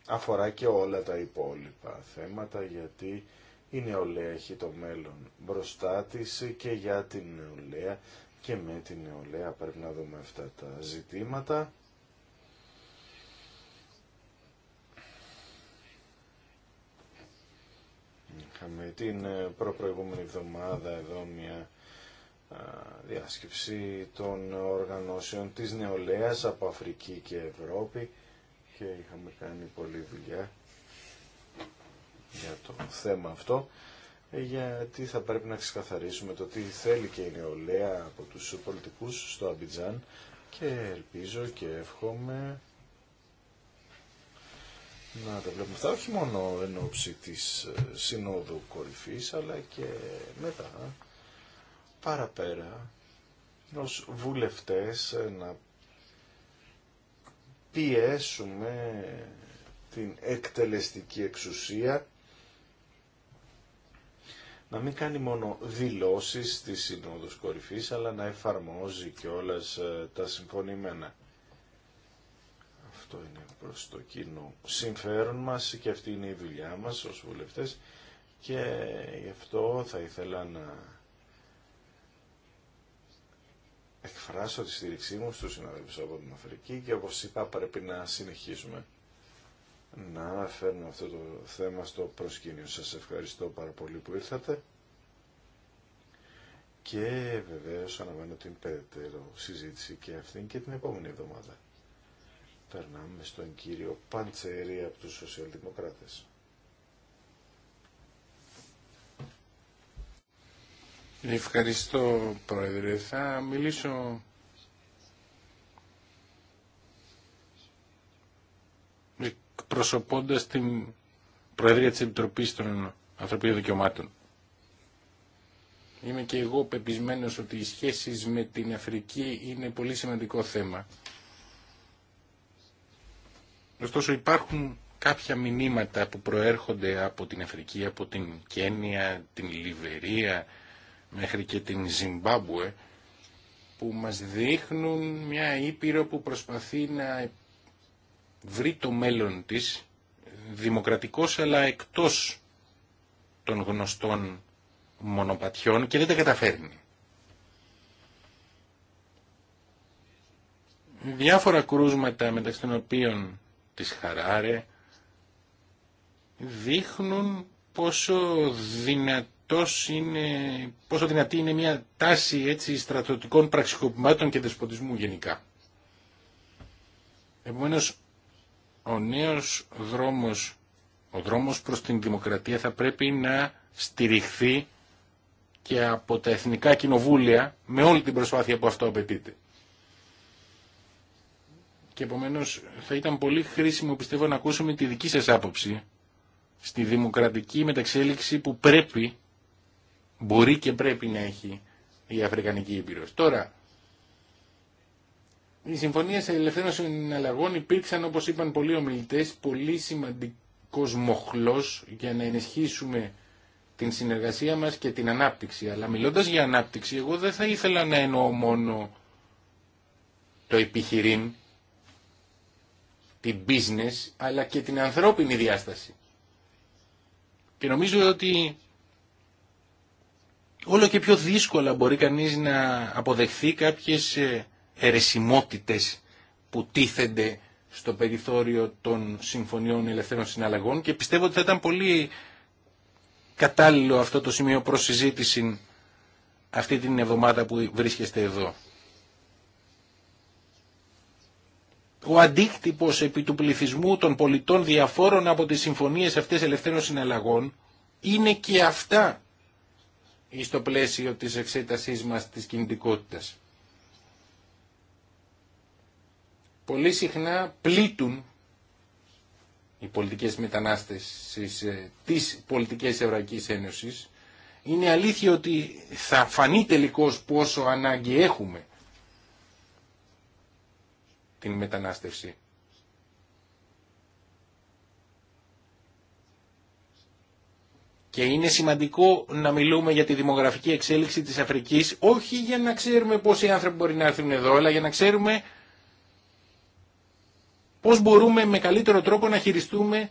αφορά και όλα τα υπόλοιπα θέματα γιατί η νεολαία έχει το μέλλον μπροστά της και για την νεολαία και με την νεολαία πρέπει να δούμε αυτά τα ζητήματα. Είχαμε την ε, προπροηγούμενη εβδομάδα εδώ μια διάσκεψη των οργανώσεων της νεολαίας από Αφρική και Ευρώπη και είχαμε κάνει πολλή δουλειά για το θέμα αυτό ε, γιατί θα πρέπει να ξεκαθαρίσουμε το τι θέλει και η νεολαία από τους πολιτικούς στο Αμπιτζάν και ελπίζω και εύχομαι να τα βλέπουμε αυτά όχι μόνο εν ώψη της ε, Συνόδου Κορυφής αλλά και μετά παραπέρα ως βουλευτές ε, να πιέσουμε την εκτελεστική εξουσία να μην κάνει μόνο δηλώσεις της Συνόδους Κορυφής, αλλά να εφαρμόζει και όλες ε, τα συμφωνημένα. Αυτό είναι προς το κοινό συμφέρον μας και αυτή είναι η δουλειά μας ως βουλευτές και γι' αυτό θα ήθελα να εκφράσω τη στήριξή μου στους συναδέλφους από την Αφρική και όπως είπα πρέπει να συνεχίσουμε να φέρνουμε αυτό το θέμα στο προσκήνιο. Σας ευχαριστώ πάρα πολύ που ήρθατε και βεβαίως αναμένω την περαιτέρω συζήτηση και αυτήν και την επόμενη εβδομάδα. Περνάμε στον κύριο Παντσερή από τους Σοσιαλδημοκράτες. Ευχαριστώ Πρόεδρε. Θα μιλήσω εκπροσωπώντας την Προεδρία της Επιτροπής των Ανθρωπίνων Δικαιωμάτων. Είμαι και εγώ πεπισμένος ότι οι σχέσεις με την Αφρική είναι πολύ σημαντικό θέμα. Ωστόσο υπάρχουν κάποια μηνύματα που προέρχονται από την Αφρική, από την Κένια, την Λιβερία, μέχρι και την Ζιμπάμπουε που μας δείχνουν μια Ήπειρο που προσπαθεί να βρει το μέλλον της δημοκρατικός αλλά εκτός των γνωστών μονοπατιών και δεν τα καταφέρνει. Διάφορα κρούσματα μεταξύ των οποίων της Χαράρε δείχνουν πόσο δυνατή είναι, πόσο δυνατή είναι μια τάση έτσι, στρατιωτικών πραξικοπημάτων και δεσποτισμού γενικά. Επομένως, ο νέος δρόμος, ο δρόμος προς την δημοκρατία θα πρέπει να στηριχθεί και από τα εθνικά κοινοβούλια με όλη την προσπάθεια που αυτό απαιτείται. Και επομένως θα ήταν πολύ χρήσιμο πιστεύω να ακούσουμε τη δική σας άποψη στη δημοκρατική μεταξέλιξη που πρέπει μπορεί και πρέπει να έχει η Αφρικανική Ήπειρος. Τώρα, οι συμφωνίε ελευθέρων συναλλαγών υπήρξαν, όπως είπαν πολλοί ομιλητές, πολύ σημαντικός μοχλός για να ενισχύσουμε την συνεργασία μας και την ανάπτυξη. Αλλά μιλώντας για ανάπτυξη, εγώ δεν θα ήθελα να εννοώ μόνο το επιχειρήν, την business, αλλά και την ανθρώπινη διάσταση. Και νομίζω ότι όλο και πιο δύσκολα μπορεί κανείς να αποδεχθεί κάποιες ερεσιμότητες που τίθενται στο περιθώριο των συμφωνιών ελευθέρων συναλλαγών και πιστεύω ότι θα ήταν πολύ κατάλληλο αυτό το σημείο προς συζήτηση αυτή την εβδομάδα που βρίσκεστε εδώ. Ο αντίκτυπος επί του πληθυσμού των πολιτών διαφόρων από τις συμφωνίες αυτές ελευθέρων συναλλαγών είναι και αυτά ή στο πλαίσιο της εξέτασής μας της κινητικότητας. Πολύ συχνά πλήττουν οι πολιτικές μετανάστες ε, της πολιτικής Ευρωπαϊκής Ένωσης. Είναι αλήθεια ότι θα φανεί τελικώς πόσο ανάγκη έχουμε την μετανάστευση. Και είναι σημαντικό να μιλούμε για τη δημογραφική εξέλιξη της Αφρικής, όχι για να ξέρουμε πόσοι άνθρωποι μπορεί να έρθουν εδώ, αλλά για να ξέρουμε πώς μπορούμε με καλύτερο τρόπο να χειριστούμε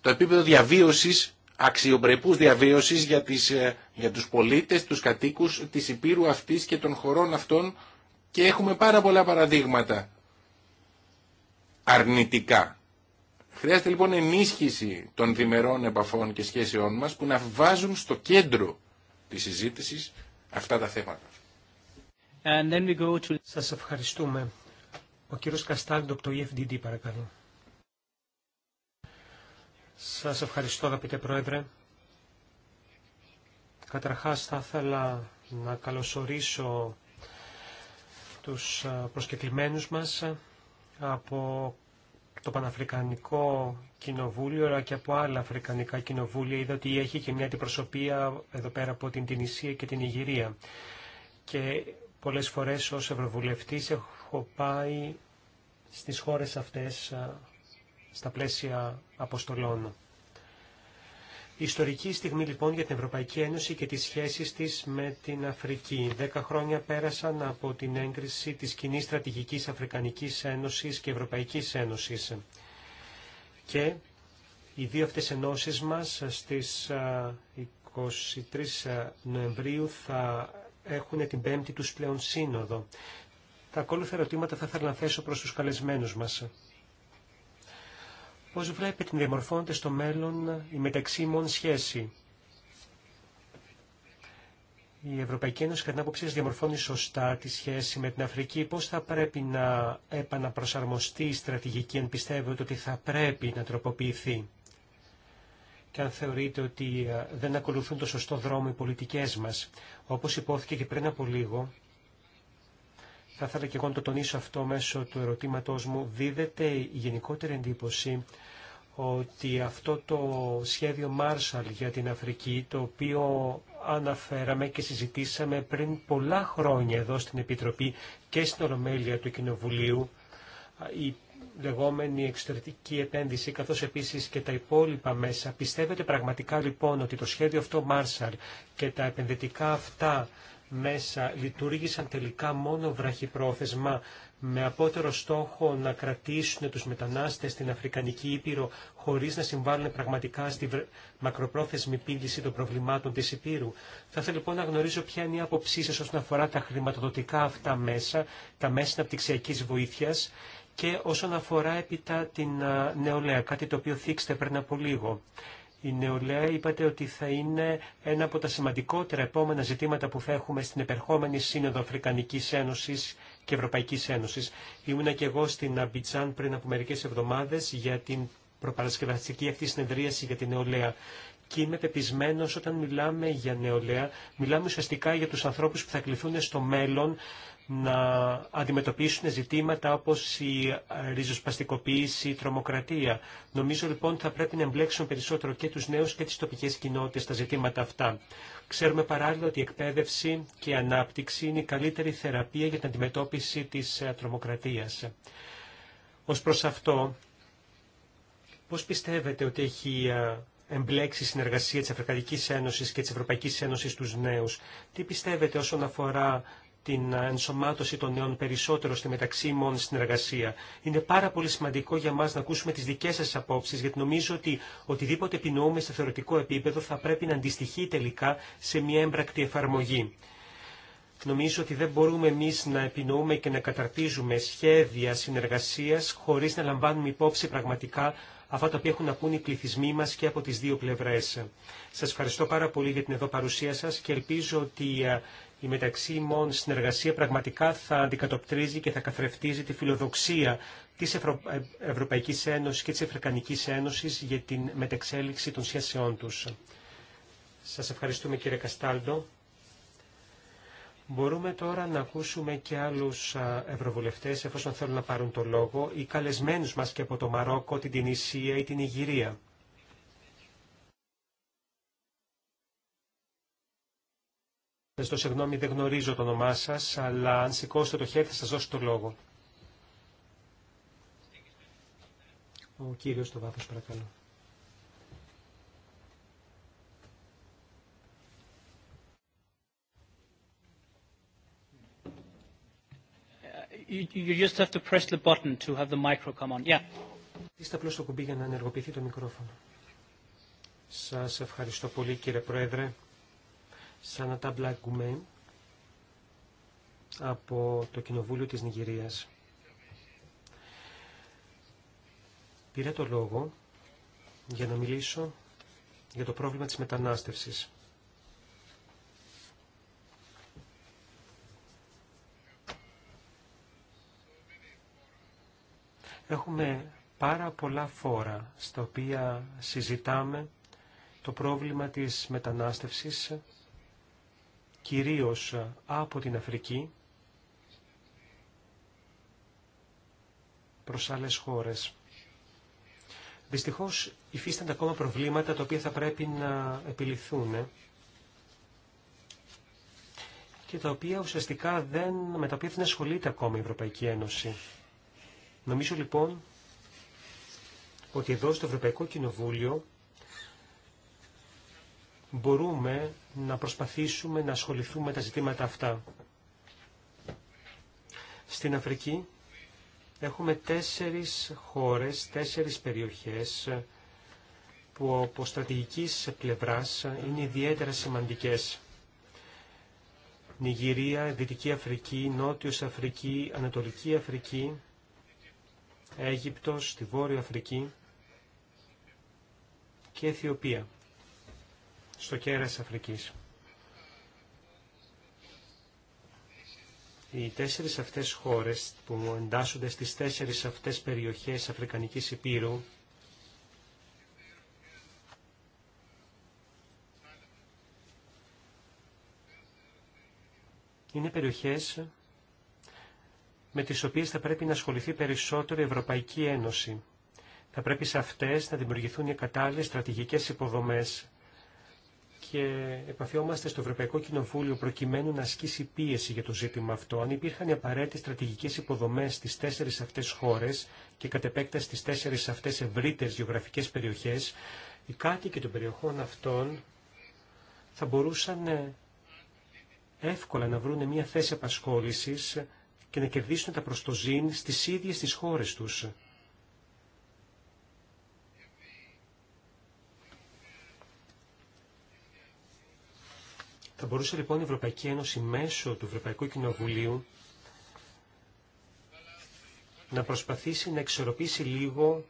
το επίπεδο διαβίωσης, αξιοπρεπούς διαβίωσης για, τις, ε, για τους πολίτες, τους κατοίκους της Υπήρου αυτής και των χωρών αυτών και έχουμε πάρα πολλά παραδείγματα αρνητικά Χρειάζεται λοιπόν ενίσχυση των διμερών επαφών και σχέσεών μας που να βάζουν στο κέντρο της συζήτησης αυτά τα θέματα. to... Σας ευχαριστούμε. Ο κύριος Καστάλντο από το EFDD παρακαλώ. Σας ευχαριστώ αγαπητέ Πρόεδρε. Καταρχάς θα ήθελα να καλωσορίσω τους ε, προσκεκλημένους μας ε, από το Παναφρικανικό Κοινοβούλιο αλλά και από άλλα Αφρικανικά Κοινοβούλια είδα ότι έχει και μια αντιπροσωπεία εδώ πέρα από την Τινησία και την Ιγυρία. Και πολλές φορές ως Ευρωβουλευτής έχω πάει στις χώρες αυτές στα πλαίσια αποστολών. Ιστορική στιγμή λοιπόν για την Ευρωπαϊκή Ένωση και τις σχέσεις της με την Αφρική. Δέκα χρόνια πέρασαν από την έγκριση της κοινή στρατηγικής Αφρικανικής Ένωσης και Ευρωπαϊκής Ένωσης. Και οι δύο αυτές ενώσεις μας στις 23 Νοεμβρίου θα έχουν την πέμπτη τους πλέον σύνοδο. Τα ακόλουθα ερωτήματα θα ήθελα να θέσω προς τους καλεσμένους μας. Πώς βλέπετε να διαμορφώνεται στο μέλλον η μεταξύ μόν σχέση. Η Ευρωπαϊκή Ένωση κατά την άποψή σας διαμορφώνει σωστά τη σχέση με την Αφρική. Πώς θα πρέπει να επαναπροσαρμοστεί η στρατηγική αν πιστεύετε ότι θα πρέπει να τροποποιηθεί. Και αν θεωρείτε ότι ε, δεν ακολουθούν το σωστό δρόμο οι πολιτικές μας. Όπως υπόθηκε και πριν από λίγο, θα ήθελα και εγώ να το τονίσω αυτό μέσω του ερωτήματός μου. Δίδεται η γενικότερη εντύπωση ότι αυτό το σχέδιο Marshall για την Αφρική, το οποίο αναφέραμε και συζητήσαμε πριν πολλά χρόνια εδώ στην Επιτροπή και στην Ολομέλεια του Κοινοβουλίου, η λεγόμενη εξωτερική επένδυση, καθώς επίσης και τα υπόλοιπα μέσα. Πιστεύετε πραγματικά λοιπόν ότι το σχέδιο αυτό Marshall και τα επενδυτικά αυτά μέσα λειτουργήσαν τελικά μόνο βραχυπρόθεσμα με απότερο στόχο να κρατήσουν τους μετανάστες στην Αφρικανική Ήπειρο χωρίς να συμβάλλουν πραγματικά στη μακροπρόθεσμη πύληση των προβλημάτων της Ήπειρου. Θα ήθελα λοιπόν να γνωρίζω ποια είναι η άποψή σας όσον αφορά τα χρηματοδοτικά αυτά μέσα, τα μέσα αναπτυξιακής βοήθειας και όσον αφορά έπειτα την νεολαία, κάτι το οποίο θίξτε πριν από λίγο. Η νεολαία είπατε ότι θα είναι ένα από τα σημαντικότερα επόμενα ζητήματα που θα έχουμε στην επερχόμενη Σύνοδο Αφρικανικής Ένωσης και Ευρωπαϊκής Ένωσης. Ήμουνα και εγώ στην Αμπιτζάν πριν από μερικές εβδομάδες για την προπαρασκευαστική αυτή συνεδρίαση για τη νεολαία. Και είμαι πεπισμένο όταν μιλάμε για νεολαία, μιλάμε ουσιαστικά για τους ανθρώπους που θα κληθούν στο μέλλον να αντιμετωπίσουν ζητήματα όπως η ε, ριζοσπαστικοποίηση, η τρομοκρατία. Νομίζω λοιπόν θα πρέπει να εμπλέξουν περισσότερο και τους νέους και τις τοπικές κοινότητες στα ζητήματα αυτά. Ξέρουμε παράλληλα ότι η εκπαίδευση και η ανάπτυξη είναι η καλύτερη θεραπεία για την αντιμετώπιση της ε, τρομοκρατίας. Ως προς αυτό, πώς πιστεύετε ότι έχει ε, εμπλέξει η συνεργασία της Αφρικανικής Ένωσης και της Ευρωπαϊκής Ένωσης τους νέους. Τι πιστεύετε όσον αφορά την ενσωμάτωση των νέων περισσότερο στη μεταξύ μόνο συνεργασία. Είναι πάρα πολύ σημαντικό για μας να ακούσουμε τις δικές σας απόψεις, γιατί νομίζω ότι οτιδήποτε επινοούμε σε θεωρητικό επίπεδο θα πρέπει να αντιστοιχεί τελικά σε μια έμπρακτη εφαρμογή. Νομίζω ότι δεν μπορούμε εμείς να επινοούμε και να καταρτίζουμε σχέδια συνεργασίας χωρίς να λαμβάνουμε υπόψη πραγματικά αυτά τα οποία έχουν να πούν οι πληθυσμοί μας και από τις δύο πλευρές. Σας ευχαριστώ πάρα πολύ για την εδώ παρουσία σας και ελπίζω ότι ε, η μεταξύ ημών συνεργασία πραγματικά θα αντικατοπτρίζει και θα καθρεφτίζει τη φιλοδοξία της Ευρω... Ε, Ευρωπαϊκής Ένωσης και της Αφρικανικής Ένωσης για την μετεξέλιξη των σχέσεών τους. Σας ευχαριστούμε κύριε Καστάλντο. Μπορούμε τώρα να ακούσουμε και άλλους ευρωβουλευτές εφόσον θέλουν να πάρουν το λόγο ή καλεσμένους μας και από το Μαρόκο, την Τινησία ή την Ιγυρία. Ζητώ συγγνώμη, δεν γνωρίζω το όνομά σας, αλλά αν σηκώσετε το χέρι θα σας δώσω το λόγο. Ο κύριος στο βάθος, παρακαλώ. You just have to press the button to have the micro come on. Yeah. Είστε απλώς το κουμπί για να ενεργοποιηθεί το μικρόφωνο. Σας ευχαριστώ πολύ κύριε Πρόεδρε σαν τα από το Κοινοβούλιο της Νιγηρίας. Πήρα το λόγο για να μιλήσω για το πρόβλημα της μετανάστευσης. Έχουμε πάρα πολλά φόρα στα οποία συζητάμε το πρόβλημα της μετανάστευσης κυρίως ε, από την Αφρική προς άλλες χώρες. Δυστυχώς υφίστανται ακόμα προβλήματα τα οποία θα πρέπει να επιληθούν ε, και τα οποία ουσιαστικά δεν, με τα οποία δεν ασχολείται ακόμα η Ευρωπαϊκή Ένωση. Νομίζω λοιπόν ότι εδώ στο Ευρωπαϊκό Κοινοβούλιο μπορούμε να προσπαθήσουμε να ασχοληθούμε με τα ζητήματα αυτά. Στην Αφρική έχουμε τέσσερις χώρες, τέσσερις περιοχές που από στρατηγικής πλευράς είναι ιδιαίτερα σημαντικές. Νιγηρία, Δυτική Αφρική, Νότιος Αφρική, Ανατολική Αφρική, Αίγυπτος, τη Βόρεια Αφρική και Αιθιοπία στο κέρας Αφρικής. Οι τέσσερις αυτές χώρες που εντάσσονται στις τέσσερις αυτές περιοχές Αφρικανικής Επίρου είναι περιοχές με τις οποίες θα πρέπει να ασχοληθεί περισσότερο η Ευρωπαϊκή Ένωση. Θα πρέπει σε αυτές να δημιουργηθούν οι κατάλληλες στρατηγικές υποδομές και επαφιόμαστε στο Ευρωπαϊκό Κοινοβούλιο προκειμένου να ασκήσει πίεση για το ζήτημα αυτό. Αν υπήρχαν οι απαραίτητε στρατηγικέ υποδομέ στι τέσσερι αυτέ χώρε και κατ' επέκταση στι τέσσερι αυτέ ευρύτερε γεωγραφικέ περιοχέ, οι κάτοικοι των περιοχών αυτών θα μπορούσαν ε, εύκολα να βρουν μια θέση απασχόληση και να κερδίσουν τα προστοζήν στι ίδιε τι χώρε του. Θα μπορούσε λοιπόν η Ευρωπαϊκή Ένωση μέσω του Ευρωπαϊκού Κοινοβουλίου να προσπαθήσει να εξορροπήσει λίγο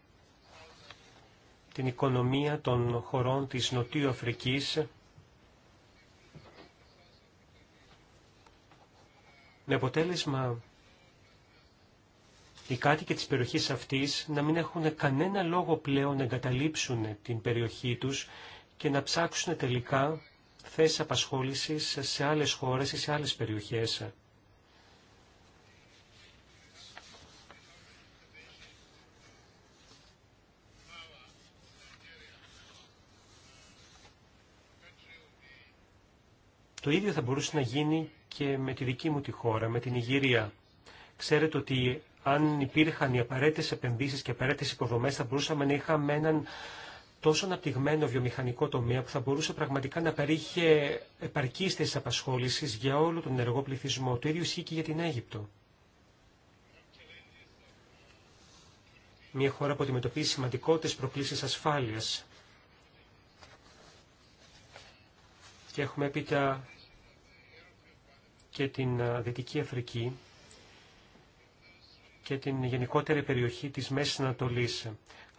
την οικονομία των χωρών της Νοτιού Αφρικής με αποτέλεσμα οι κάτοικοι της περιοχής αυτής να μην έχουν κανένα λόγο πλέον να εγκαταλείψουν την περιοχή τους και να ψάξουν τελικά Θέσει απασχόληση σε άλλες χώρες ή σε άλλες περιοχές. Το ίδιο θα μπορούσε να γίνει και με τη δική μου τη χώρα, με την Ιγυρία. Ξέρετε ότι αν υπήρχαν οι απαραίτητε επενδύσεις και απαραίτητε υποδομές θα μπορούσαμε να είχαμε έναν τόσο αναπτυγμένο βιομηχανικό τομέα που θα μπορούσε πραγματικά να παρήχε επαρκή θέση απασχόληση για όλο τον ενεργό πληθυσμό. Το ίδιο ισχύει και για την Αίγυπτο. Μια χώρα που αντιμετωπίζει σημαντικότερε προκλήσει ασφάλεια. Και έχουμε έπειτα και την Δυτική Αφρική και την γενικότερη περιοχή της Μέσης Ανατολής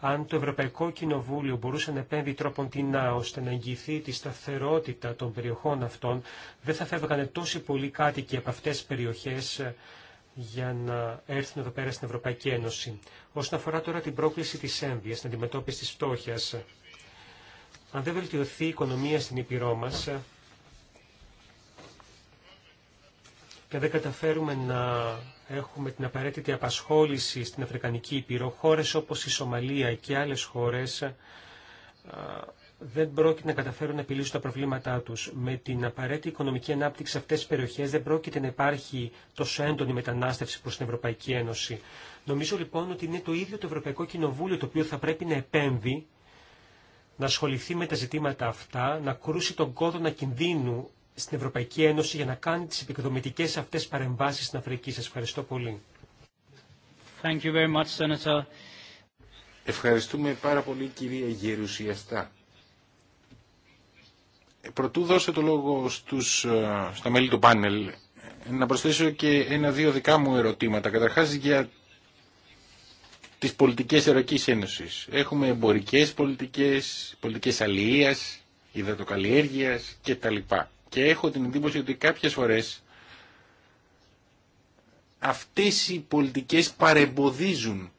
αν το Ευρωπαϊκό Κοινοβούλιο μπορούσε να επέμβει τρόπον την ώστε να εγγυηθεί τη σταθερότητα των περιοχών αυτών, δεν θα φεύγανε τόσοι πολλοί κάτοικοι από αυτές τις περιοχές ε, για να έρθουν εδώ πέρα στην Ευρωπαϊκή Ένωση. Όσον αφορά τώρα την πρόκληση της έμβια, την αντιμετώπιση της φτώχειας, ε, αν δεν βελτιωθεί η οικονομία στην Ήπειρό μας, ε, και δεν καταφέρουμε να έχουμε την απαραίτητη απασχόληση στην Αφρικανική Ήπειρο, χώρες όπως η Σομαλία και άλλες χώρες δεν πρόκειται να καταφέρουν να επιλύσουν τα προβλήματά τους. Με την απαραίτητη οικονομική ανάπτυξη σε αυτές τις περιοχές δεν πρόκειται να υπάρχει τόσο έντονη μετανάστευση προς την Ευρωπαϊκή Ένωση. Νομίζω λοιπόν ότι είναι το ίδιο το Ευρωπαϊκό Κοινοβούλιο το οποίο θα πρέπει να επέμβει να ασχοληθεί με τα ζητήματα αυτά, να κρούσει τον κόδωνα κινδύνου στην Ευρωπαϊκή Ένωση για να κάνει τις επικοδομητικές αυτές παρεμβάσεις στην Αφρική. Σας ευχαριστώ πολύ. Ευχαριστούμε πάρα πολύ κυρία Γερουσιαστά. Πρωτού δώσω το λόγο ε, στα μέλη του πάνελ ε, να προσθέσω και ένα-δύο δικά μου ερωτήματα. Καταρχάς για τις πολιτικές Ευρωπαϊκής Ένωσης. Έχουμε εμπορικές πολιτικές, πολιτικές αλληλείας, υδατοκαλλιέργειας κτλ. Και έχω την εντύπωση ότι κάποιες φορές αυτές οι πολιτικές παρεμποδίζουν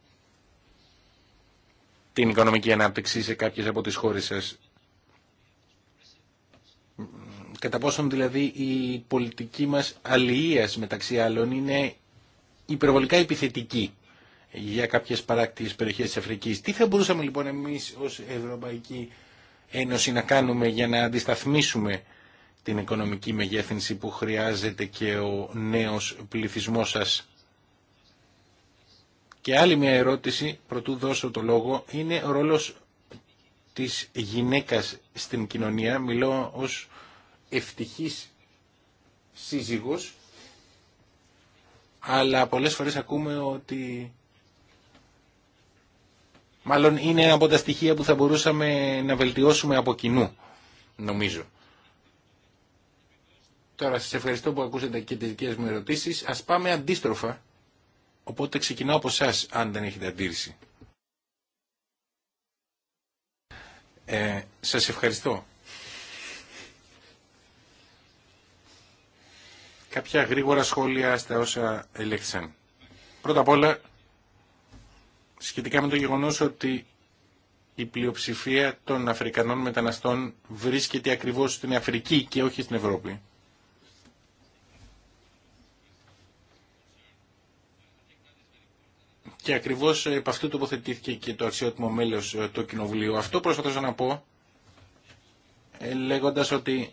την οικονομική ανάπτυξη σε κάποιες από τις χώρες σας. Κατά πόσον δηλαδή η πολιτική μας αλληλείας μεταξύ άλλων είναι υπερβολικά επιθετική για κάποιες παράκτιες περιοχές της Αφρικής. Τι θα μπορούσαμε λοιπόν εμείς ως Ευρωπαϊκή Ένωση να κάνουμε για να αντισταθμίσουμε την οικονομική μεγέθυνση που χρειάζεται και ο νέος πληθυσμός σας. Και άλλη μια ερώτηση, προτού δώσω το λόγο, είναι ο ρόλος της γυναίκας στην κοινωνία. Μιλώ ως ευτυχής σύζυγος, αλλά πολλές φορές ακούμε ότι μάλλον είναι από τα στοιχεία που θα μπορούσαμε να βελτιώσουμε από κοινού, νομίζω. Τώρα σας ευχαριστώ που ακούσατε και τις δικέ μου ερωτήσει. Ας πάμε αντίστροφα, οπότε ξεκινάω από εσά αν δεν έχετε αντίρρηση. Ε, σας ευχαριστώ. Κάποια γρήγορα σχόλια στα όσα ελέγχθησαν. Πρώτα απ' όλα, σχετικά με το γεγονός ότι η πλειοψηφία των Αφρικανών μεταναστών βρίσκεται ακριβώς στην Αφρική και όχι στην Ευρώπη. Και ακριβώ ε, επ' αυτού τοποθετήθηκε και το αξιότιμο μέλο ε, του Κοινοβουλίου. Αυτό προσπαθούσα να πω ε, λέγοντα ότι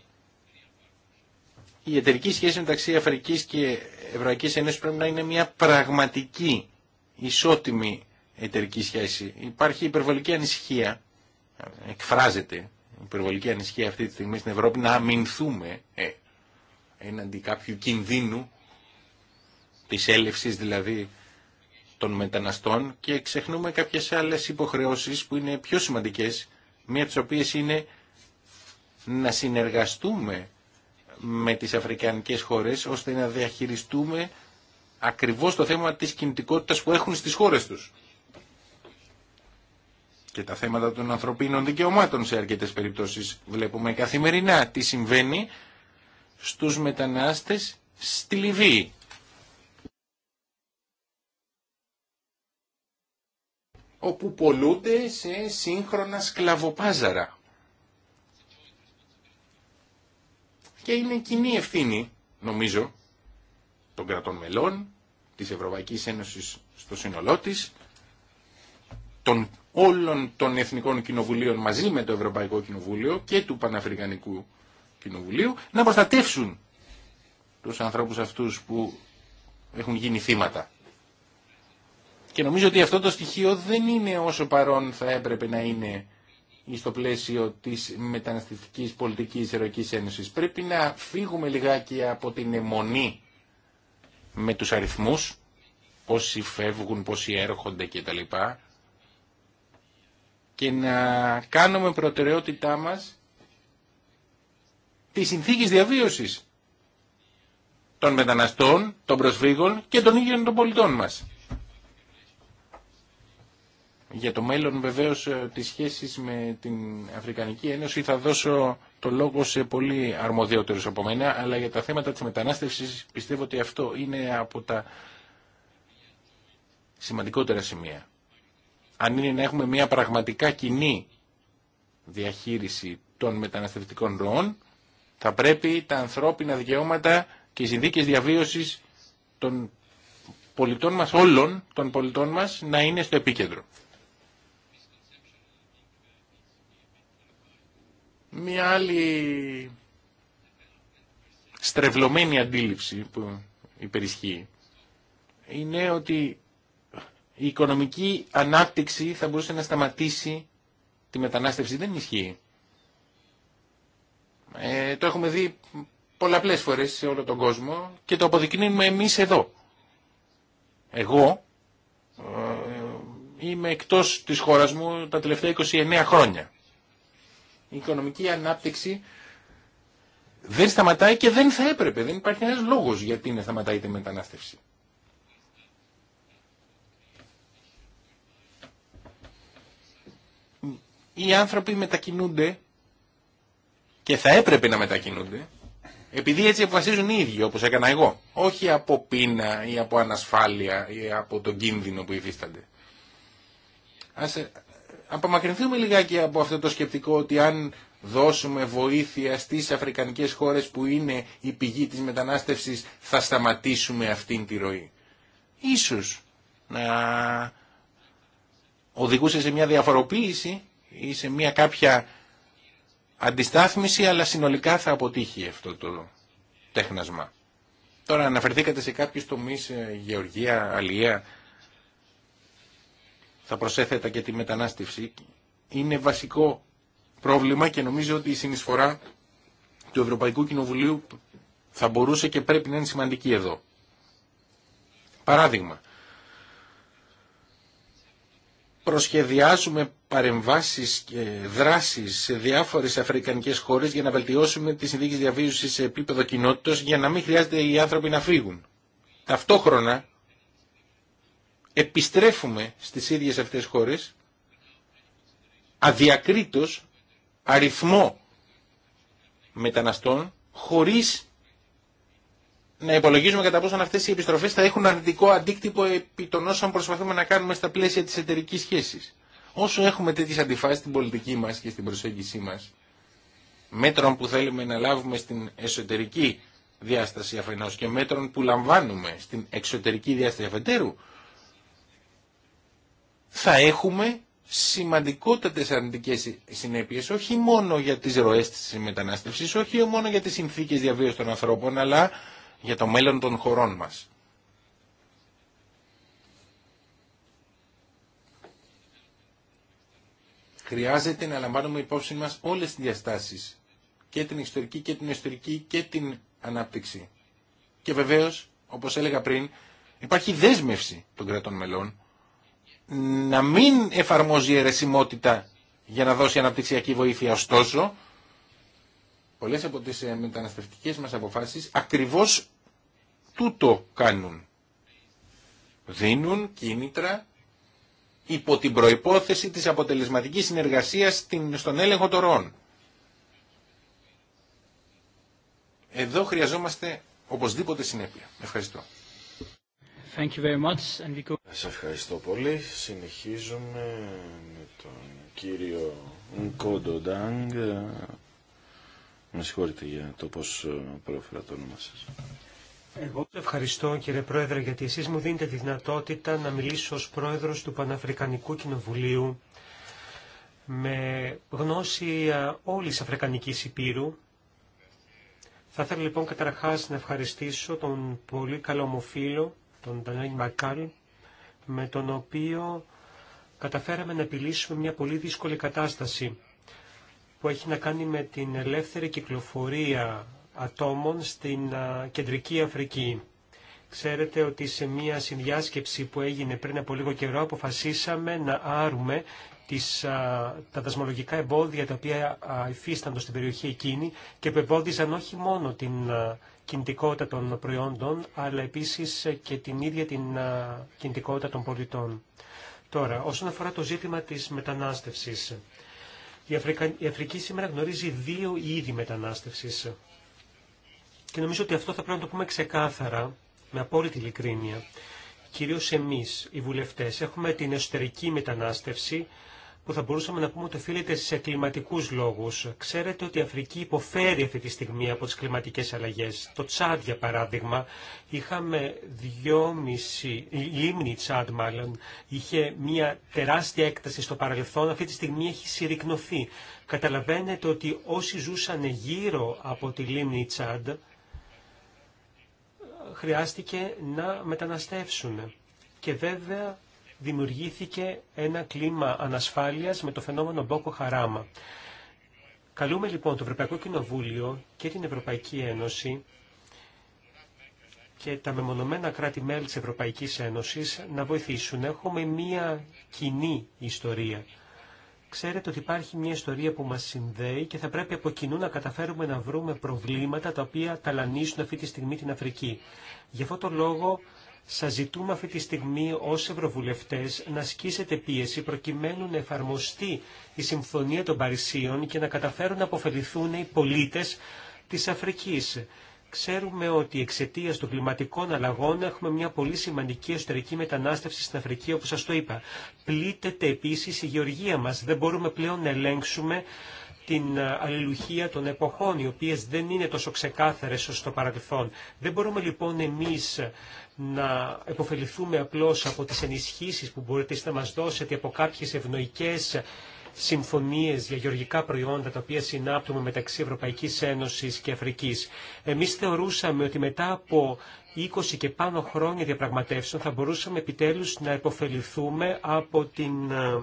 η εταιρική σχέση μεταξύ Αφρική και Ευρωπαϊκή Ένωση πρέπει να είναι μια πραγματική, ισότιμη εταιρική σχέση. Υπάρχει υπερβολική ανησυχία, εκφράζεται υπερβολική ανησυχία αυτή τη στιγμή στην Ευρώπη να αμυνθούμε ε, έναντι κάποιου κινδύνου της έλευσης δηλαδή των μεταναστών και ξεχνούμε κάποιες άλλες υποχρεώσεις που είναι πιο σημαντικές, μία από τις είναι να συνεργαστούμε με τις αφρικανικές χώρες ώστε να διαχειριστούμε ακριβώς το θέμα της κινητικότητας που έχουν στις χώρες τους. Και τα θέματα των ανθρωπίνων δικαιωμάτων σε αρκετές περιπτώσεις βλέπουμε καθημερινά τι συμβαίνει στους μετανάστες στη Λιβύη. όπου πολλούνται σε σύγχρονα σκλαβοπάζαρα. Και είναι κοινή ευθύνη, νομίζω, των κρατών μελών, της Ευρωπαϊκής Ένωσης στο σύνολό τη, των όλων των Εθνικών Κοινοβουλίων μαζί με το Ευρωπαϊκό Κοινοβούλιο και του Παναφρικανικού Κοινοβουλίου, να προστατεύσουν τους ανθρώπους αυτούς που έχουν γίνει θύματα και νομίζω ότι αυτό το στοιχείο δεν είναι όσο παρόν θα έπρεπε να είναι στο πλαίσιο της μεταναστευτικής πολιτικής Ευρωπαϊκής Ένωσης. Πρέπει να φύγουμε λιγάκι από την αιμονή με τους αριθμούς, πόσοι φεύγουν, πόσοι έρχονται κτλ. Και να κάνουμε προτεραιότητά μας τις συνθήκες διαβίωσης των μεταναστών, των προσφύγων και των ίδιων των πολιτών μας για το μέλλον βεβαίως ε, τις σχέσεις με την Αφρικανική Ένωση θα δώσω το λόγο σε πολύ αρμοδιότερους από μένα, αλλά για τα θέματα της μετανάστευσης πιστεύω ότι αυτό είναι από τα σημαντικότερα σημεία. Αν είναι να έχουμε μια πραγματικά κοινή διαχείριση των μεταναστευτικών ροών, θα πρέπει τα ανθρώπινα δικαιώματα και οι συνδίκες διαβίωσης των πολιτών μας, όλων των πολιτών μας, να είναι στο επίκεντρο. Μία άλλη στρεβλωμένη αντίληψη που υπερισχύει είναι ότι η οικονομική ανάπτυξη θα μπορούσε να σταματήσει τη μετανάστευση. Δεν ισχύει. Ε, το έχουμε δει πολλαπλές φορές σε όλο τον κόσμο και το αποδεικνύουμε εμείς εδώ. Εγώ ε, είμαι εκτός της χώρας μου τα τελευταία 29 χρόνια η οικονομική ανάπτυξη δεν σταματάει και δεν θα έπρεπε. Δεν υπάρχει ένας λόγος γιατί να σταματάει τη μετανάστευση. Οι άνθρωποι μετακινούνται και θα έπρεπε να μετακινούνται επειδή έτσι αποφασίζουν οι ίδιοι όπως έκανα εγώ. Όχι από πείνα ή από ανασφάλεια ή από τον κίνδυνο που υφίστανται. Ας απομακρυνθούμε λιγάκι από αυτό το σκεπτικό ότι αν δώσουμε βοήθεια στις αφρικανικές χώρες που είναι η πηγή της μετανάστευσης θα σταματήσουμε αυτήν τη ροή. Ίσως να οδηγούσε σε μια διαφοροποίηση ή σε μια κάποια αντιστάθμιση αλλά συνολικά θα αποτύχει αυτό το τέχνασμα. Τώρα αναφερθήκατε σε κάποιους τομείς, ε, γεωργία, αλία, θα προσέθετα και τη μετανάστευση, είναι βασικό πρόβλημα και νομίζω ότι η συνεισφορά του Ευρωπαϊκού Κοινοβουλίου θα μπορούσε και πρέπει να είναι σημαντική εδώ. Παράδειγμα, προσχεδιάζουμε παρεμβάσεις και δράσεις σε διάφορες αφρικανικές χώρες για να βελτιώσουμε τις συνθήκες διαβίωσης σε επίπεδο κοινότητας για να μην χρειάζεται οι άνθρωποι να φύγουν. Ταυτόχρονα επιστρέφουμε στις ίδιες αυτές χώρες αδιακρίτως αριθμό μεταναστών χωρίς να υπολογίζουμε κατά πόσο αυτές οι επιστροφές θα έχουν αρνητικό αντίκτυπο επί των όσων προσπαθούμε να κάνουμε στα πλαίσια της εταιρική σχέσης. Όσο έχουμε τέτοιες αντιφάσεις στην πολιτική μας και στην προσέγγιση μας, μέτρων που θέλουμε να λάβουμε στην εσωτερική διάσταση αφενός και μέτρων που λαμβάνουμε στην εξωτερική διάσταση αφετέρου, θα έχουμε σημαντικότατες αρνητικές συνέπειες όχι μόνο για τις ροές της μετανάστευσης, όχι μόνο για τις συνθήκες διαβίωσης των ανθρώπων, αλλά για το μέλλον των χωρών μας. Χρειάζεται να λαμβάνουμε υπόψη μας όλες τις διαστάσεις, και την ιστορική και την ιστορική και την ανάπτυξη. Και βεβαίως, όπως έλεγα πριν, υπάρχει δέσμευση των κρατών μελών να μην εφαρμόζει αιρεσιμότητα για να δώσει αναπτυξιακή βοήθεια. Ωστόσο, πολλές από τις ε, μεταναστευτικές μας αποφάσεις ακριβώς τούτο κάνουν. Δίνουν κίνητρα υπό την προϋπόθεση της αποτελεσματικής συνεργασίας στον έλεγχο των ροών. Εδώ χρειαζόμαστε οπωσδήποτε συνέπεια. Ευχαριστώ. Σας ευχαριστώ πολύ. Συνεχίζουμε με τον κύριο Νκόντο Ντάγκ. Με συγχωρείτε για το πώς ε, πρόφερα το όνομα σας. Εγώ σας ευχαριστώ κύριε Πρόεδρε γιατί εσείς μου δίνετε τη δυνατότητα να μιλήσω ως Πρόεδρος του Παναφρικανικού Κοινοβουλίου με γνώση ε, όλης Αφρικανικής Υπήρου. Θα ήθελα λοιπόν καταρχάς να ευχαριστήσω τον πολύ καλό μου φίλο τον Ντανέλ μακάρι με τον οποίο καταφέραμε να επιλύσουμε μια πολύ δύσκολη κατάσταση που έχει να κάνει με την ελεύθερη κυκλοφορία ατόμων στην Κεντρική Αφρική. Ξέρετε ότι σε μια συνδιάσκεψη που έγινε πριν από λίγο καιρό αποφασίσαμε να άρουμε τις, τα δασμολογικά εμπόδια τα οποία υφίστανται στην περιοχή εκείνη και που εμπόδιζαν όχι μόνο την κινητικότητα των προϊόντων, αλλά επίσης ε, και την ίδια την κινητικότητα των πολιτών. Τώρα, όσον αφορά το ζήτημα της μετανάστευσης, η, Αφρικα... Αφρική σήμερα γνωρίζει δύο είδη μετανάστευσης. Και νομίζω ότι αυτό θα πρέπει να το πούμε ξεκάθαρα, με απόλυτη ειλικρίνεια. Κυρίως εμείς, οι βουλευτές, έχουμε την εσωτερική μετανάστευση, που θα μπορούσαμε να πούμε ότι οφείλεται σε κλιματικούς λόγους. Ξέρετε ότι η Αφρική υποφέρει αυτή τη στιγμή από τις κλιματικές αλλαγές. Το Τσάντ, για παράδειγμα, είχαμε δυόμιση, η λίμνη Τσάντ μάλλον, είχε μια τεράστια έκταση στο παρελθόν, αυτή τη στιγμή έχει συρρυκνωθεί. Καταλαβαίνετε ότι όσοι ζούσαν γύρω από τη λίμνη Τσάντ, χρειάστηκε να μεταναστεύσουν. Και βέβαια δημιουργήθηκε ένα κλίμα ανασφάλειας με το φαινόμενο Μπόκο Χαράμα. Καλούμε λοιπόν το Ευρωπαϊκό Κοινοβούλιο και την Ευρωπαϊκή Ένωση και τα μεμονωμένα κράτη-μέλη της Ευρωπαϊκής Ένωσης να βοηθήσουν. Έχουμε μία κοινή ιστορία. Ξέρετε ότι υπάρχει μια ιστορία που μας συνδέει και θα πρέπει από κοινού να καταφέρουμε να βρούμε προβλήματα τα οποία ταλανίζουν αυτή τη στιγμή την Αφρική. Γι' αυτό το λόγο Σα ζητούμε αυτή τη στιγμή ω ευρωβουλευτέ να ασκήσετε πίεση προκειμένου να εφαρμοστεί η Συμφωνία των Παρισίων και να καταφέρουν να αποφεληθούν οι πολίτε τη Αφρική. Ξέρουμε ότι εξαιτία των κλιματικών αλλαγών έχουμε μια πολύ σημαντική εσωτερική μετανάστευση στην Αφρική, όπω σα το είπα. Πλήττεται επίση η γεωργία μα. Δεν μπορούμε πλέον να ελέγξουμε την αλληλουχία των εποχών, οι οποίες δεν είναι τόσο ξεκάθαρες ω το παρελθόν. Δεν μπορούμε λοιπόν εμείς να επωφεληθούμε απλώς από τις ενισχύσεις που μπορείτε να μας δώσετε από κάποιες ευνοϊκές συμφωνίες για γεωργικά προϊόντα τα οποία συνάπτουμε μεταξύ Ευρωπαϊκής Ένωσης και Αφρικής. Εμείς θεωρούσαμε ότι μετά από 20 και πάνω χρόνια διαπραγματεύσεων θα μπορούσαμε επιτέλους να υποφεληθούμε από την ε,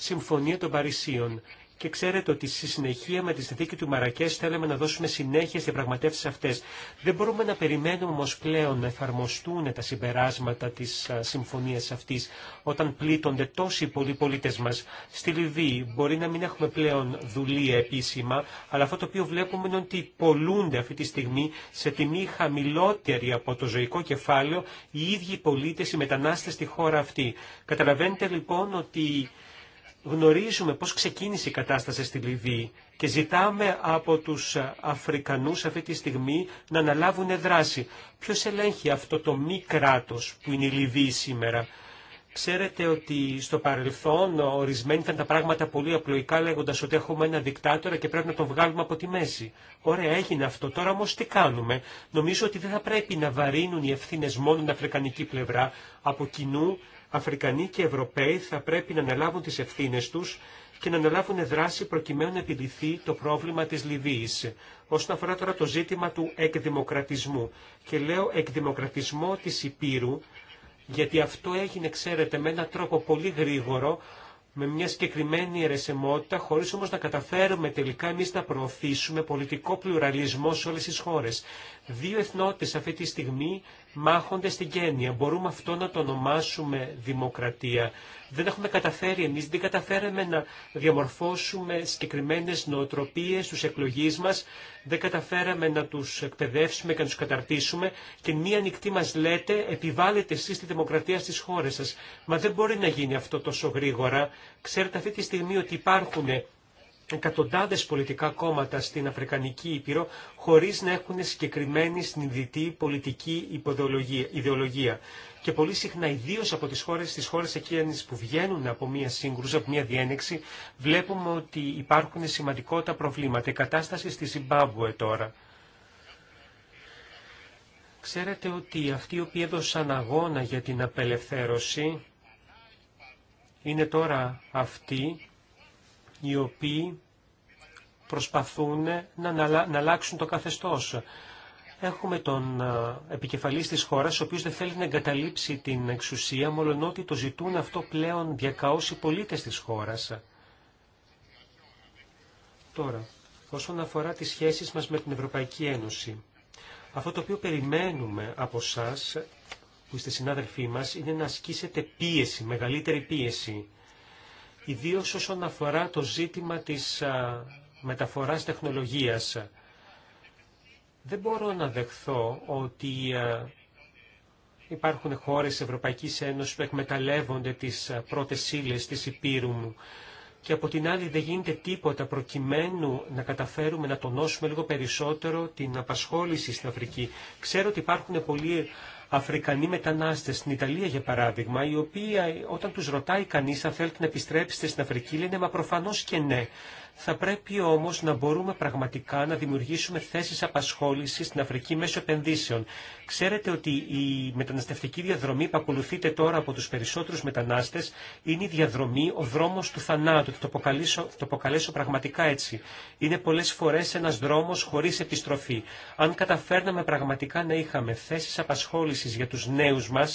Συμφωνία των Παρισίων και ξέρετε ότι στη συνεχεία με τη συνθήκη του Μαρακέ θέλαμε να δώσουμε συνέχεια στι διαπραγματεύσει αυτέ. Δεν μπορούμε να περιμένουμε όμω πλέον να εφαρμοστούν τα συμπεράσματα τη συμφωνία αυτή όταν πλήττονται τόσοι πολλοί πολίτε μα. Στη Λιβύη μπορεί να μην έχουμε πλέον δουλεία επίσημα, αλλά αυτό το οποίο βλέπουμε είναι ότι πολλούνται αυτή τη στιγμή σε τιμή χαμηλότερη από το ζωικό κεφάλαιο οι ίδιοι πολίτε, οι μετανάστε στη χώρα αυτή. Καταλαβαίνετε λοιπόν ότι γνωρίζουμε πώς ξεκίνησε η κατάσταση στη Λιβύη και ζητάμε από τους Αφρικανούς αυτή τη στιγμή να αναλάβουν δράση. Ποιος ελέγχει αυτό το μη κράτος που είναι η Λιβύη σήμερα. Ξέρετε ότι στο παρελθόν ορισμένοι ήταν τα πράγματα πολύ απλοϊκά λέγοντας ότι έχουμε ένα δικτάτορα και πρέπει να τον βγάλουμε από τη μέση. Ωραία, έγινε αυτό. Τώρα όμω τι κάνουμε. Νομίζω ότι δεν θα πρέπει να βαρύνουν οι ευθύνες μόνο την αφρικανική πλευρά. Από κοινού Αφρικανοί και Ευρωπαίοι θα πρέπει να αναλάβουν τις ευθύνες τους και να αναλάβουν δράση προκειμένου να επιληθεί το πρόβλημα της Λιβύης. Όσον αφορά τώρα το ζήτημα του εκδημοκρατισμού και λέω εκδημοκρατισμό της Υπήρου γιατί αυτό έγινε, ξέρετε, με έναν τρόπο πολύ γρήγορο με μια συγκεκριμένη αιρεσιμότητα, χωρί όμω να καταφέρουμε τελικά εμεί να προωθήσουμε πολιτικό πλουραλισμό σε όλε τι χώρε. Δύο εθνότητε αυτή τη στιγμή μάχονται στην γένεια. Μπορούμε αυτό να το ονομάσουμε δημοκρατία. Δεν έχουμε καταφέρει εμείς, δεν καταφέραμε να διαμορφώσουμε συγκεκριμένες νοοτροπίες στους εκλογείς μας, δεν καταφέραμε να τους εκπαιδεύσουμε και να τους καταρτήσουμε και μία νυχτή μας λέτε επιβάλλετε εσείς τη δημοκρατία στις χώρες σας. Μα δεν μπορεί να γίνει αυτό τόσο γρήγορα. Ξέρετε αυτή τη στιγμή ότι υπάρχουν εκατοντάδες πολιτικά κόμματα στην Αφρικανική Ήπειρο χωρίς να έχουν συγκεκριμένη συνειδητή πολιτική ιδεολογία. Και πολύ συχνά, ιδίω από τις χώρες, τις χώρες εκείνες που βγαίνουν από μια σύγκρουση, από μια διένεξη, βλέπουμε ότι υπάρχουν σημαντικότητα προβλήματα. Η κατάσταση στη Ζιμπάμπουε τώρα. Ξέρετε ότι αυτοί οι οποίοι έδωσαν αγώνα για την απελευθέρωση είναι τώρα αυτοί οι οποίοι προσπαθούν να αλλάξουν το καθεστώς. Έχουμε τον ε, επικεφαλής της χώρας, ο οποίος δεν θέλει να εγκαταλείψει την εξουσία, μόλον ότι το ζητούν αυτό πλέον διακαώς οι πολίτες της χώρας. Τώρα, όσον αφορά τις σχέσεις μας με την Ευρωπαϊκή Ένωση, αυτό το οποίο περιμένουμε από εσά που είστε συνάδελφοί μας, είναι να ασκήσετε πίεση, μεγαλύτερη πίεση ιδίως όσον αφορά το ζήτημα της μεταφοράς τεχνολογίας. Δεν μπορώ να δεχθώ ότι υπάρχουν χώρες Ευρωπαϊκής Ένωσης που εκμεταλλεύονται τις πρώτες σύλλες της Υπήρου μου και από την άλλη δεν γίνεται τίποτα προκειμένου να καταφέρουμε να τονώσουμε λίγο περισσότερο την απασχόληση στην Αφρική. Ξέρω ότι υπάρχουν πολλοί Αφρικανοί μετανάστες στην Ιταλία για παράδειγμα, οι οποίοι ε, όταν τους ρωτάει κανείς αν θέλετε να επιστρέψετε στην Αφρική λένε μα προφανώ και ναι. Θα πρέπει όμω να μπορούμε πραγματικά να δημιουργήσουμε θέσει απασχόληση στην Αφρική μέσω επενδύσεων. Ξέρετε ότι η μεταναστευτική διαδρομή που ακολουθείται τώρα από του περισσότερου μετανάστε είναι η διαδρομή, ο δρόμο του θανάτου. Το αποκαλέσω, το αποκαλέσω πραγματικά έτσι. Είναι πολλέ φορέ ένα δρόμο χωρί επιστροφή. Αν καταφέρναμε πραγματικά να είχαμε θέσει απασχόληση για του νέου μα,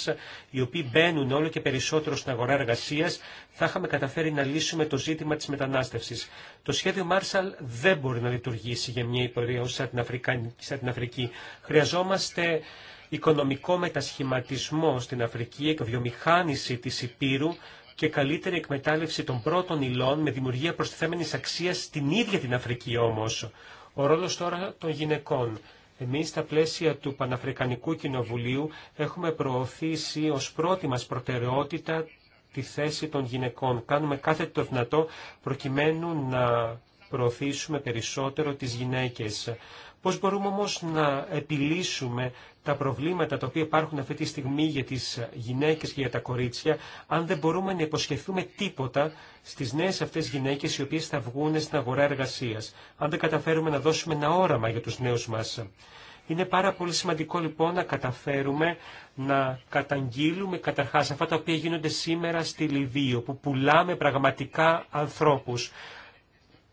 οι οποίοι μπαίνουν όλο και περισσότερο στην αγορά εργασία, θα είχαμε καταφέρει να λύσουμε το ζήτημα τη μετανάστευση. Το σχέδιο Μάρσαλ δεν μπορεί να λειτουργήσει για μια υπορία σαν την, Αφρική, σαν την Αφρική. Χρειαζόμαστε οικονομικό μετασχηματισμό στην Αφρική, εκβιομηχάνηση της Υπήρου και καλύτερη εκμετάλλευση των πρώτων υλών με δημιουργία προστιθέμενης αξίας στην ίδια την Αφρική όμως. Ο ρόλος τώρα των γυναικών. Εμείς στα πλαίσια του Παναφρικανικού Κοινοβουλίου έχουμε προωθήσει ως πρώτη μας προτεραιότητα τη θέση των γυναικών. Κάνουμε κάθε το δυνατό προκειμένου να προωθήσουμε περισσότερο τις γυναίκες. Πώς μπορούμε όμως να επιλύσουμε τα προβλήματα τα οποία υπάρχουν αυτή τη στιγμή για τις γυναίκες και για τα κορίτσια, αν δεν μπορούμε να υποσχεθούμε τίποτα στις νέες αυτές γυναίκες οι οποίες θα βγουν στην αγορά εργασίας, αν δεν καταφέρουμε να δώσουμε ένα όραμα για τους νέους μας. Είναι πάρα πολύ σημαντικό λοιπόν να καταφέρουμε να καταγγείλουμε καταρχάς αυτά τα οποία γίνονται σήμερα στη Λιβύη, όπου πουλάμε πραγματικά ανθρώπους.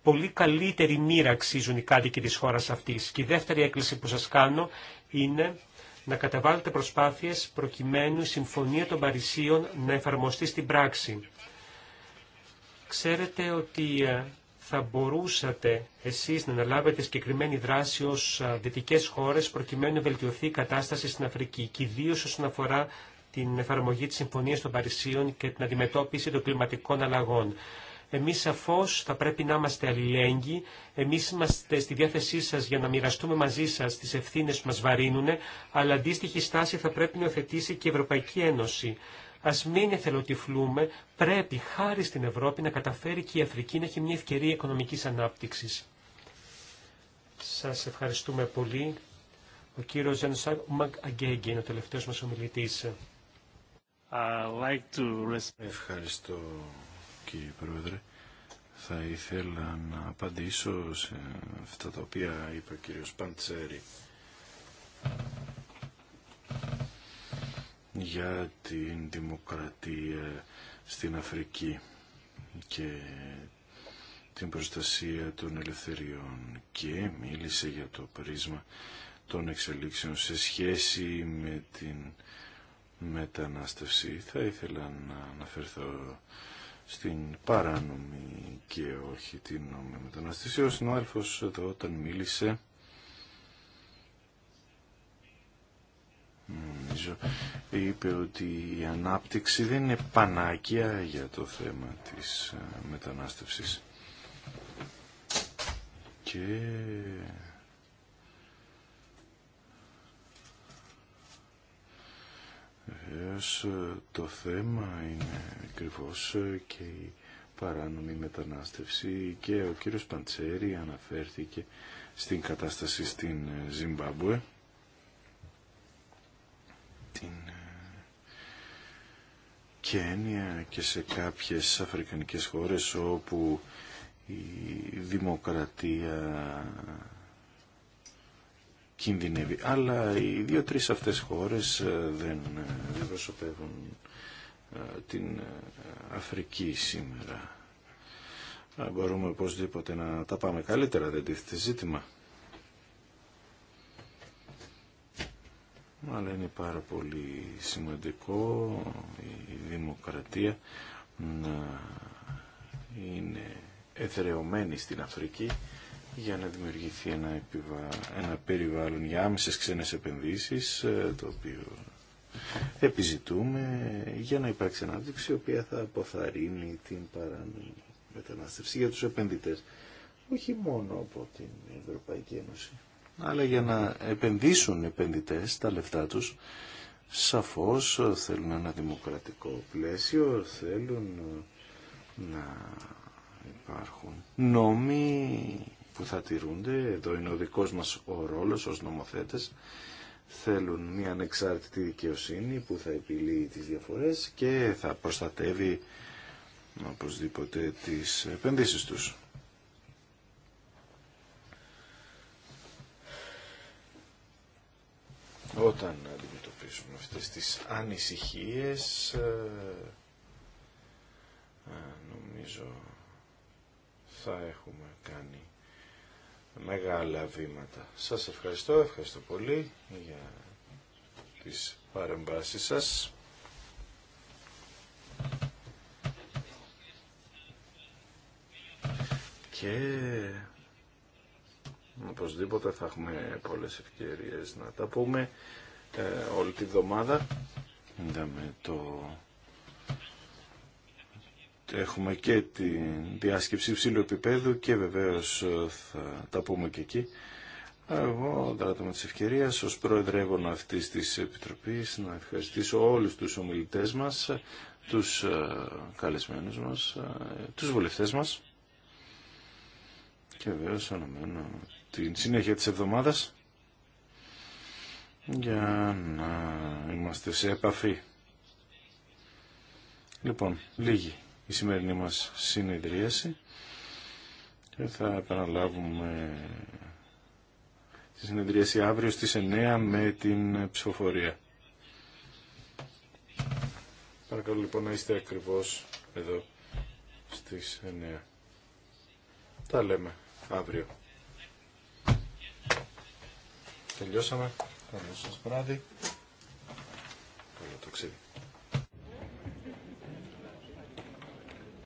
Πολύ καλύτερη μοίρα αξίζουν οι κάτοικοι της χώρας αυτής. Και η δεύτερη έκκληση που σας κάνω είναι να καταβάλλετε προσπάθειες προκειμένου η Συμφωνία των Παρισίων να εφαρμοστεί στην πράξη. Ξέρετε ότι ε, θα μπορούσατε εσείς να αναλάβετε συγκεκριμένη δράση ως δυτικές χώρες προκειμένου να βελτιωθεί η κατάσταση στην Αφρική και ιδίω όσον αφορά την εφαρμογή της Συμφωνίας των Παρισίων και την αντιμετώπιση των κλιματικών αλλαγών. Εμείς σαφώς θα πρέπει να είμαστε αλληλέγγυοι, εμείς είμαστε στη διάθεσή σας για να μοιραστούμε μαζί σας τις ευθύνες που μας βαρύνουν, αλλά αντίστοιχη στάση θα πρέπει να υιοθετήσει και η Ευρωπαϊκή Ένωση. Α μην εθελοτυφλούμε, πρέπει χάρη στην Ευρώπη να καταφέρει και η Αφρική να έχει μια ευκαιρία οικονομική ανάπτυξη. Σα ευχαριστούμε πολύ. Ο κύριο Μαγκ Μαγκαγκέγκη είναι ο τελευταίο μα ομιλητή. Like to... Ευχαριστώ κύριε Πρόεδρε. Θα ήθελα να απαντήσω σε αυτά τα οποία είπε ο κύριος Παντσέρη για την δημοκρατία στην Αφρική και την προστασία των ελευθεριών και μίλησε για το πρίσμα των εξελίξεων σε σχέση με την μετανάστευση. Θα ήθελα να αναφερθώ στην παράνομη και όχι την νόμιμη μετανάστευση. Ο συνάδελφος εδώ όταν μίλησε νομίζω είπε ότι η ανάπτυξη δεν είναι πανάκια για το θέμα της ε, μετανάστευσης. Και... Βεβαίως ε, το θέμα είναι ακριβώ ε, και η παράνομη μετανάστευση και ο κύριος Παντσέρη αναφέρθηκε στην κατάσταση στην Ζιμπάμπουε την ε, Κένια και σε κάποιες αφρικανικές χώρες όπου η δημοκρατία κινδυνεύει. Αλλά οι δύο-τρεις αυτές χώρες ε, ε, δεν προσωπεύουν την Αφρική σήμερα. Μπορούμε οπωσδήποτε να τα πάμε καλύτερα, δεν τίθεται ζήτημα. αλλά είναι πάρα πολύ σημαντικό η δημοκρατία να είναι εθερεωμένη στην Αφρική για να δημιουργηθεί ένα, επιβα... ένα περιβάλλον για άμεσες ξένες επενδύσεις ε, το οποίο επιζητούμε για να υπάρξει ανάπτυξη η οποία θα αποθαρρύνει την παράνομη μετανάστευση για τους επενδυτές όχι μόνο από την Ευρωπαϊκή Ένωση αλλά για να επενδύσουν οι επενδυτές τα λεφτά τους, σαφώς θέλουν ένα δημοκρατικό πλαίσιο, θέλουν να υπάρχουν νόμοι που θα τηρούνται, εδώ είναι ο δικός μας ο ρόλος ως νομοθέτες, θέλουν μια ανεξάρτητη δικαιοσύνη που θα επιλύει τις διαφορές και θα προστατεύει οπωσδήποτε τις επενδύσεις τους. Όταν αντιμετωπίσουμε αυτές τις ανησυχίες, ε, ε, νομίζω θα έχουμε κάνει μεγάλα βήματα. Σας ευχαριστώ, ευχαριστώ πολύ για τις παρεμβάσεις σας. Και Οπωσδήποτε θα έχουμε πολλές ευκαιρίες να τα πούμε ε, όλη τη βδομάδα. Είδαμε το... Έχουμε και τη διάσκεψη ψηλού επίπεδου και βεβαίως ε, θα τα πούμε και εκεί. Εγώ δράτω με τις ευκαιρίες ως προεδρεύων αυτής της Επιτροπής να ευχαριστήσω όλους τους ομιλητές μας, τους ε, καλεσμένους μας, τους βουλευτές μας και βεβαίως αναμένω την συνέχεια της εβδομάδας για να είμαστε σε επαφή. Λοιπόν, λίγη η σημερινή μας συνεδρίαση και θα επαναλάβουμε τη συνεδρίαση αύριο στις 9 με την ψηφοφορία. Παρακαλώ λοιπόν να είστε ακριβώς εδώ στις 9. Τα λέμε αύριο. Τελειώσαμε. Καλό σας βράδυ. Καλό ταξίδι.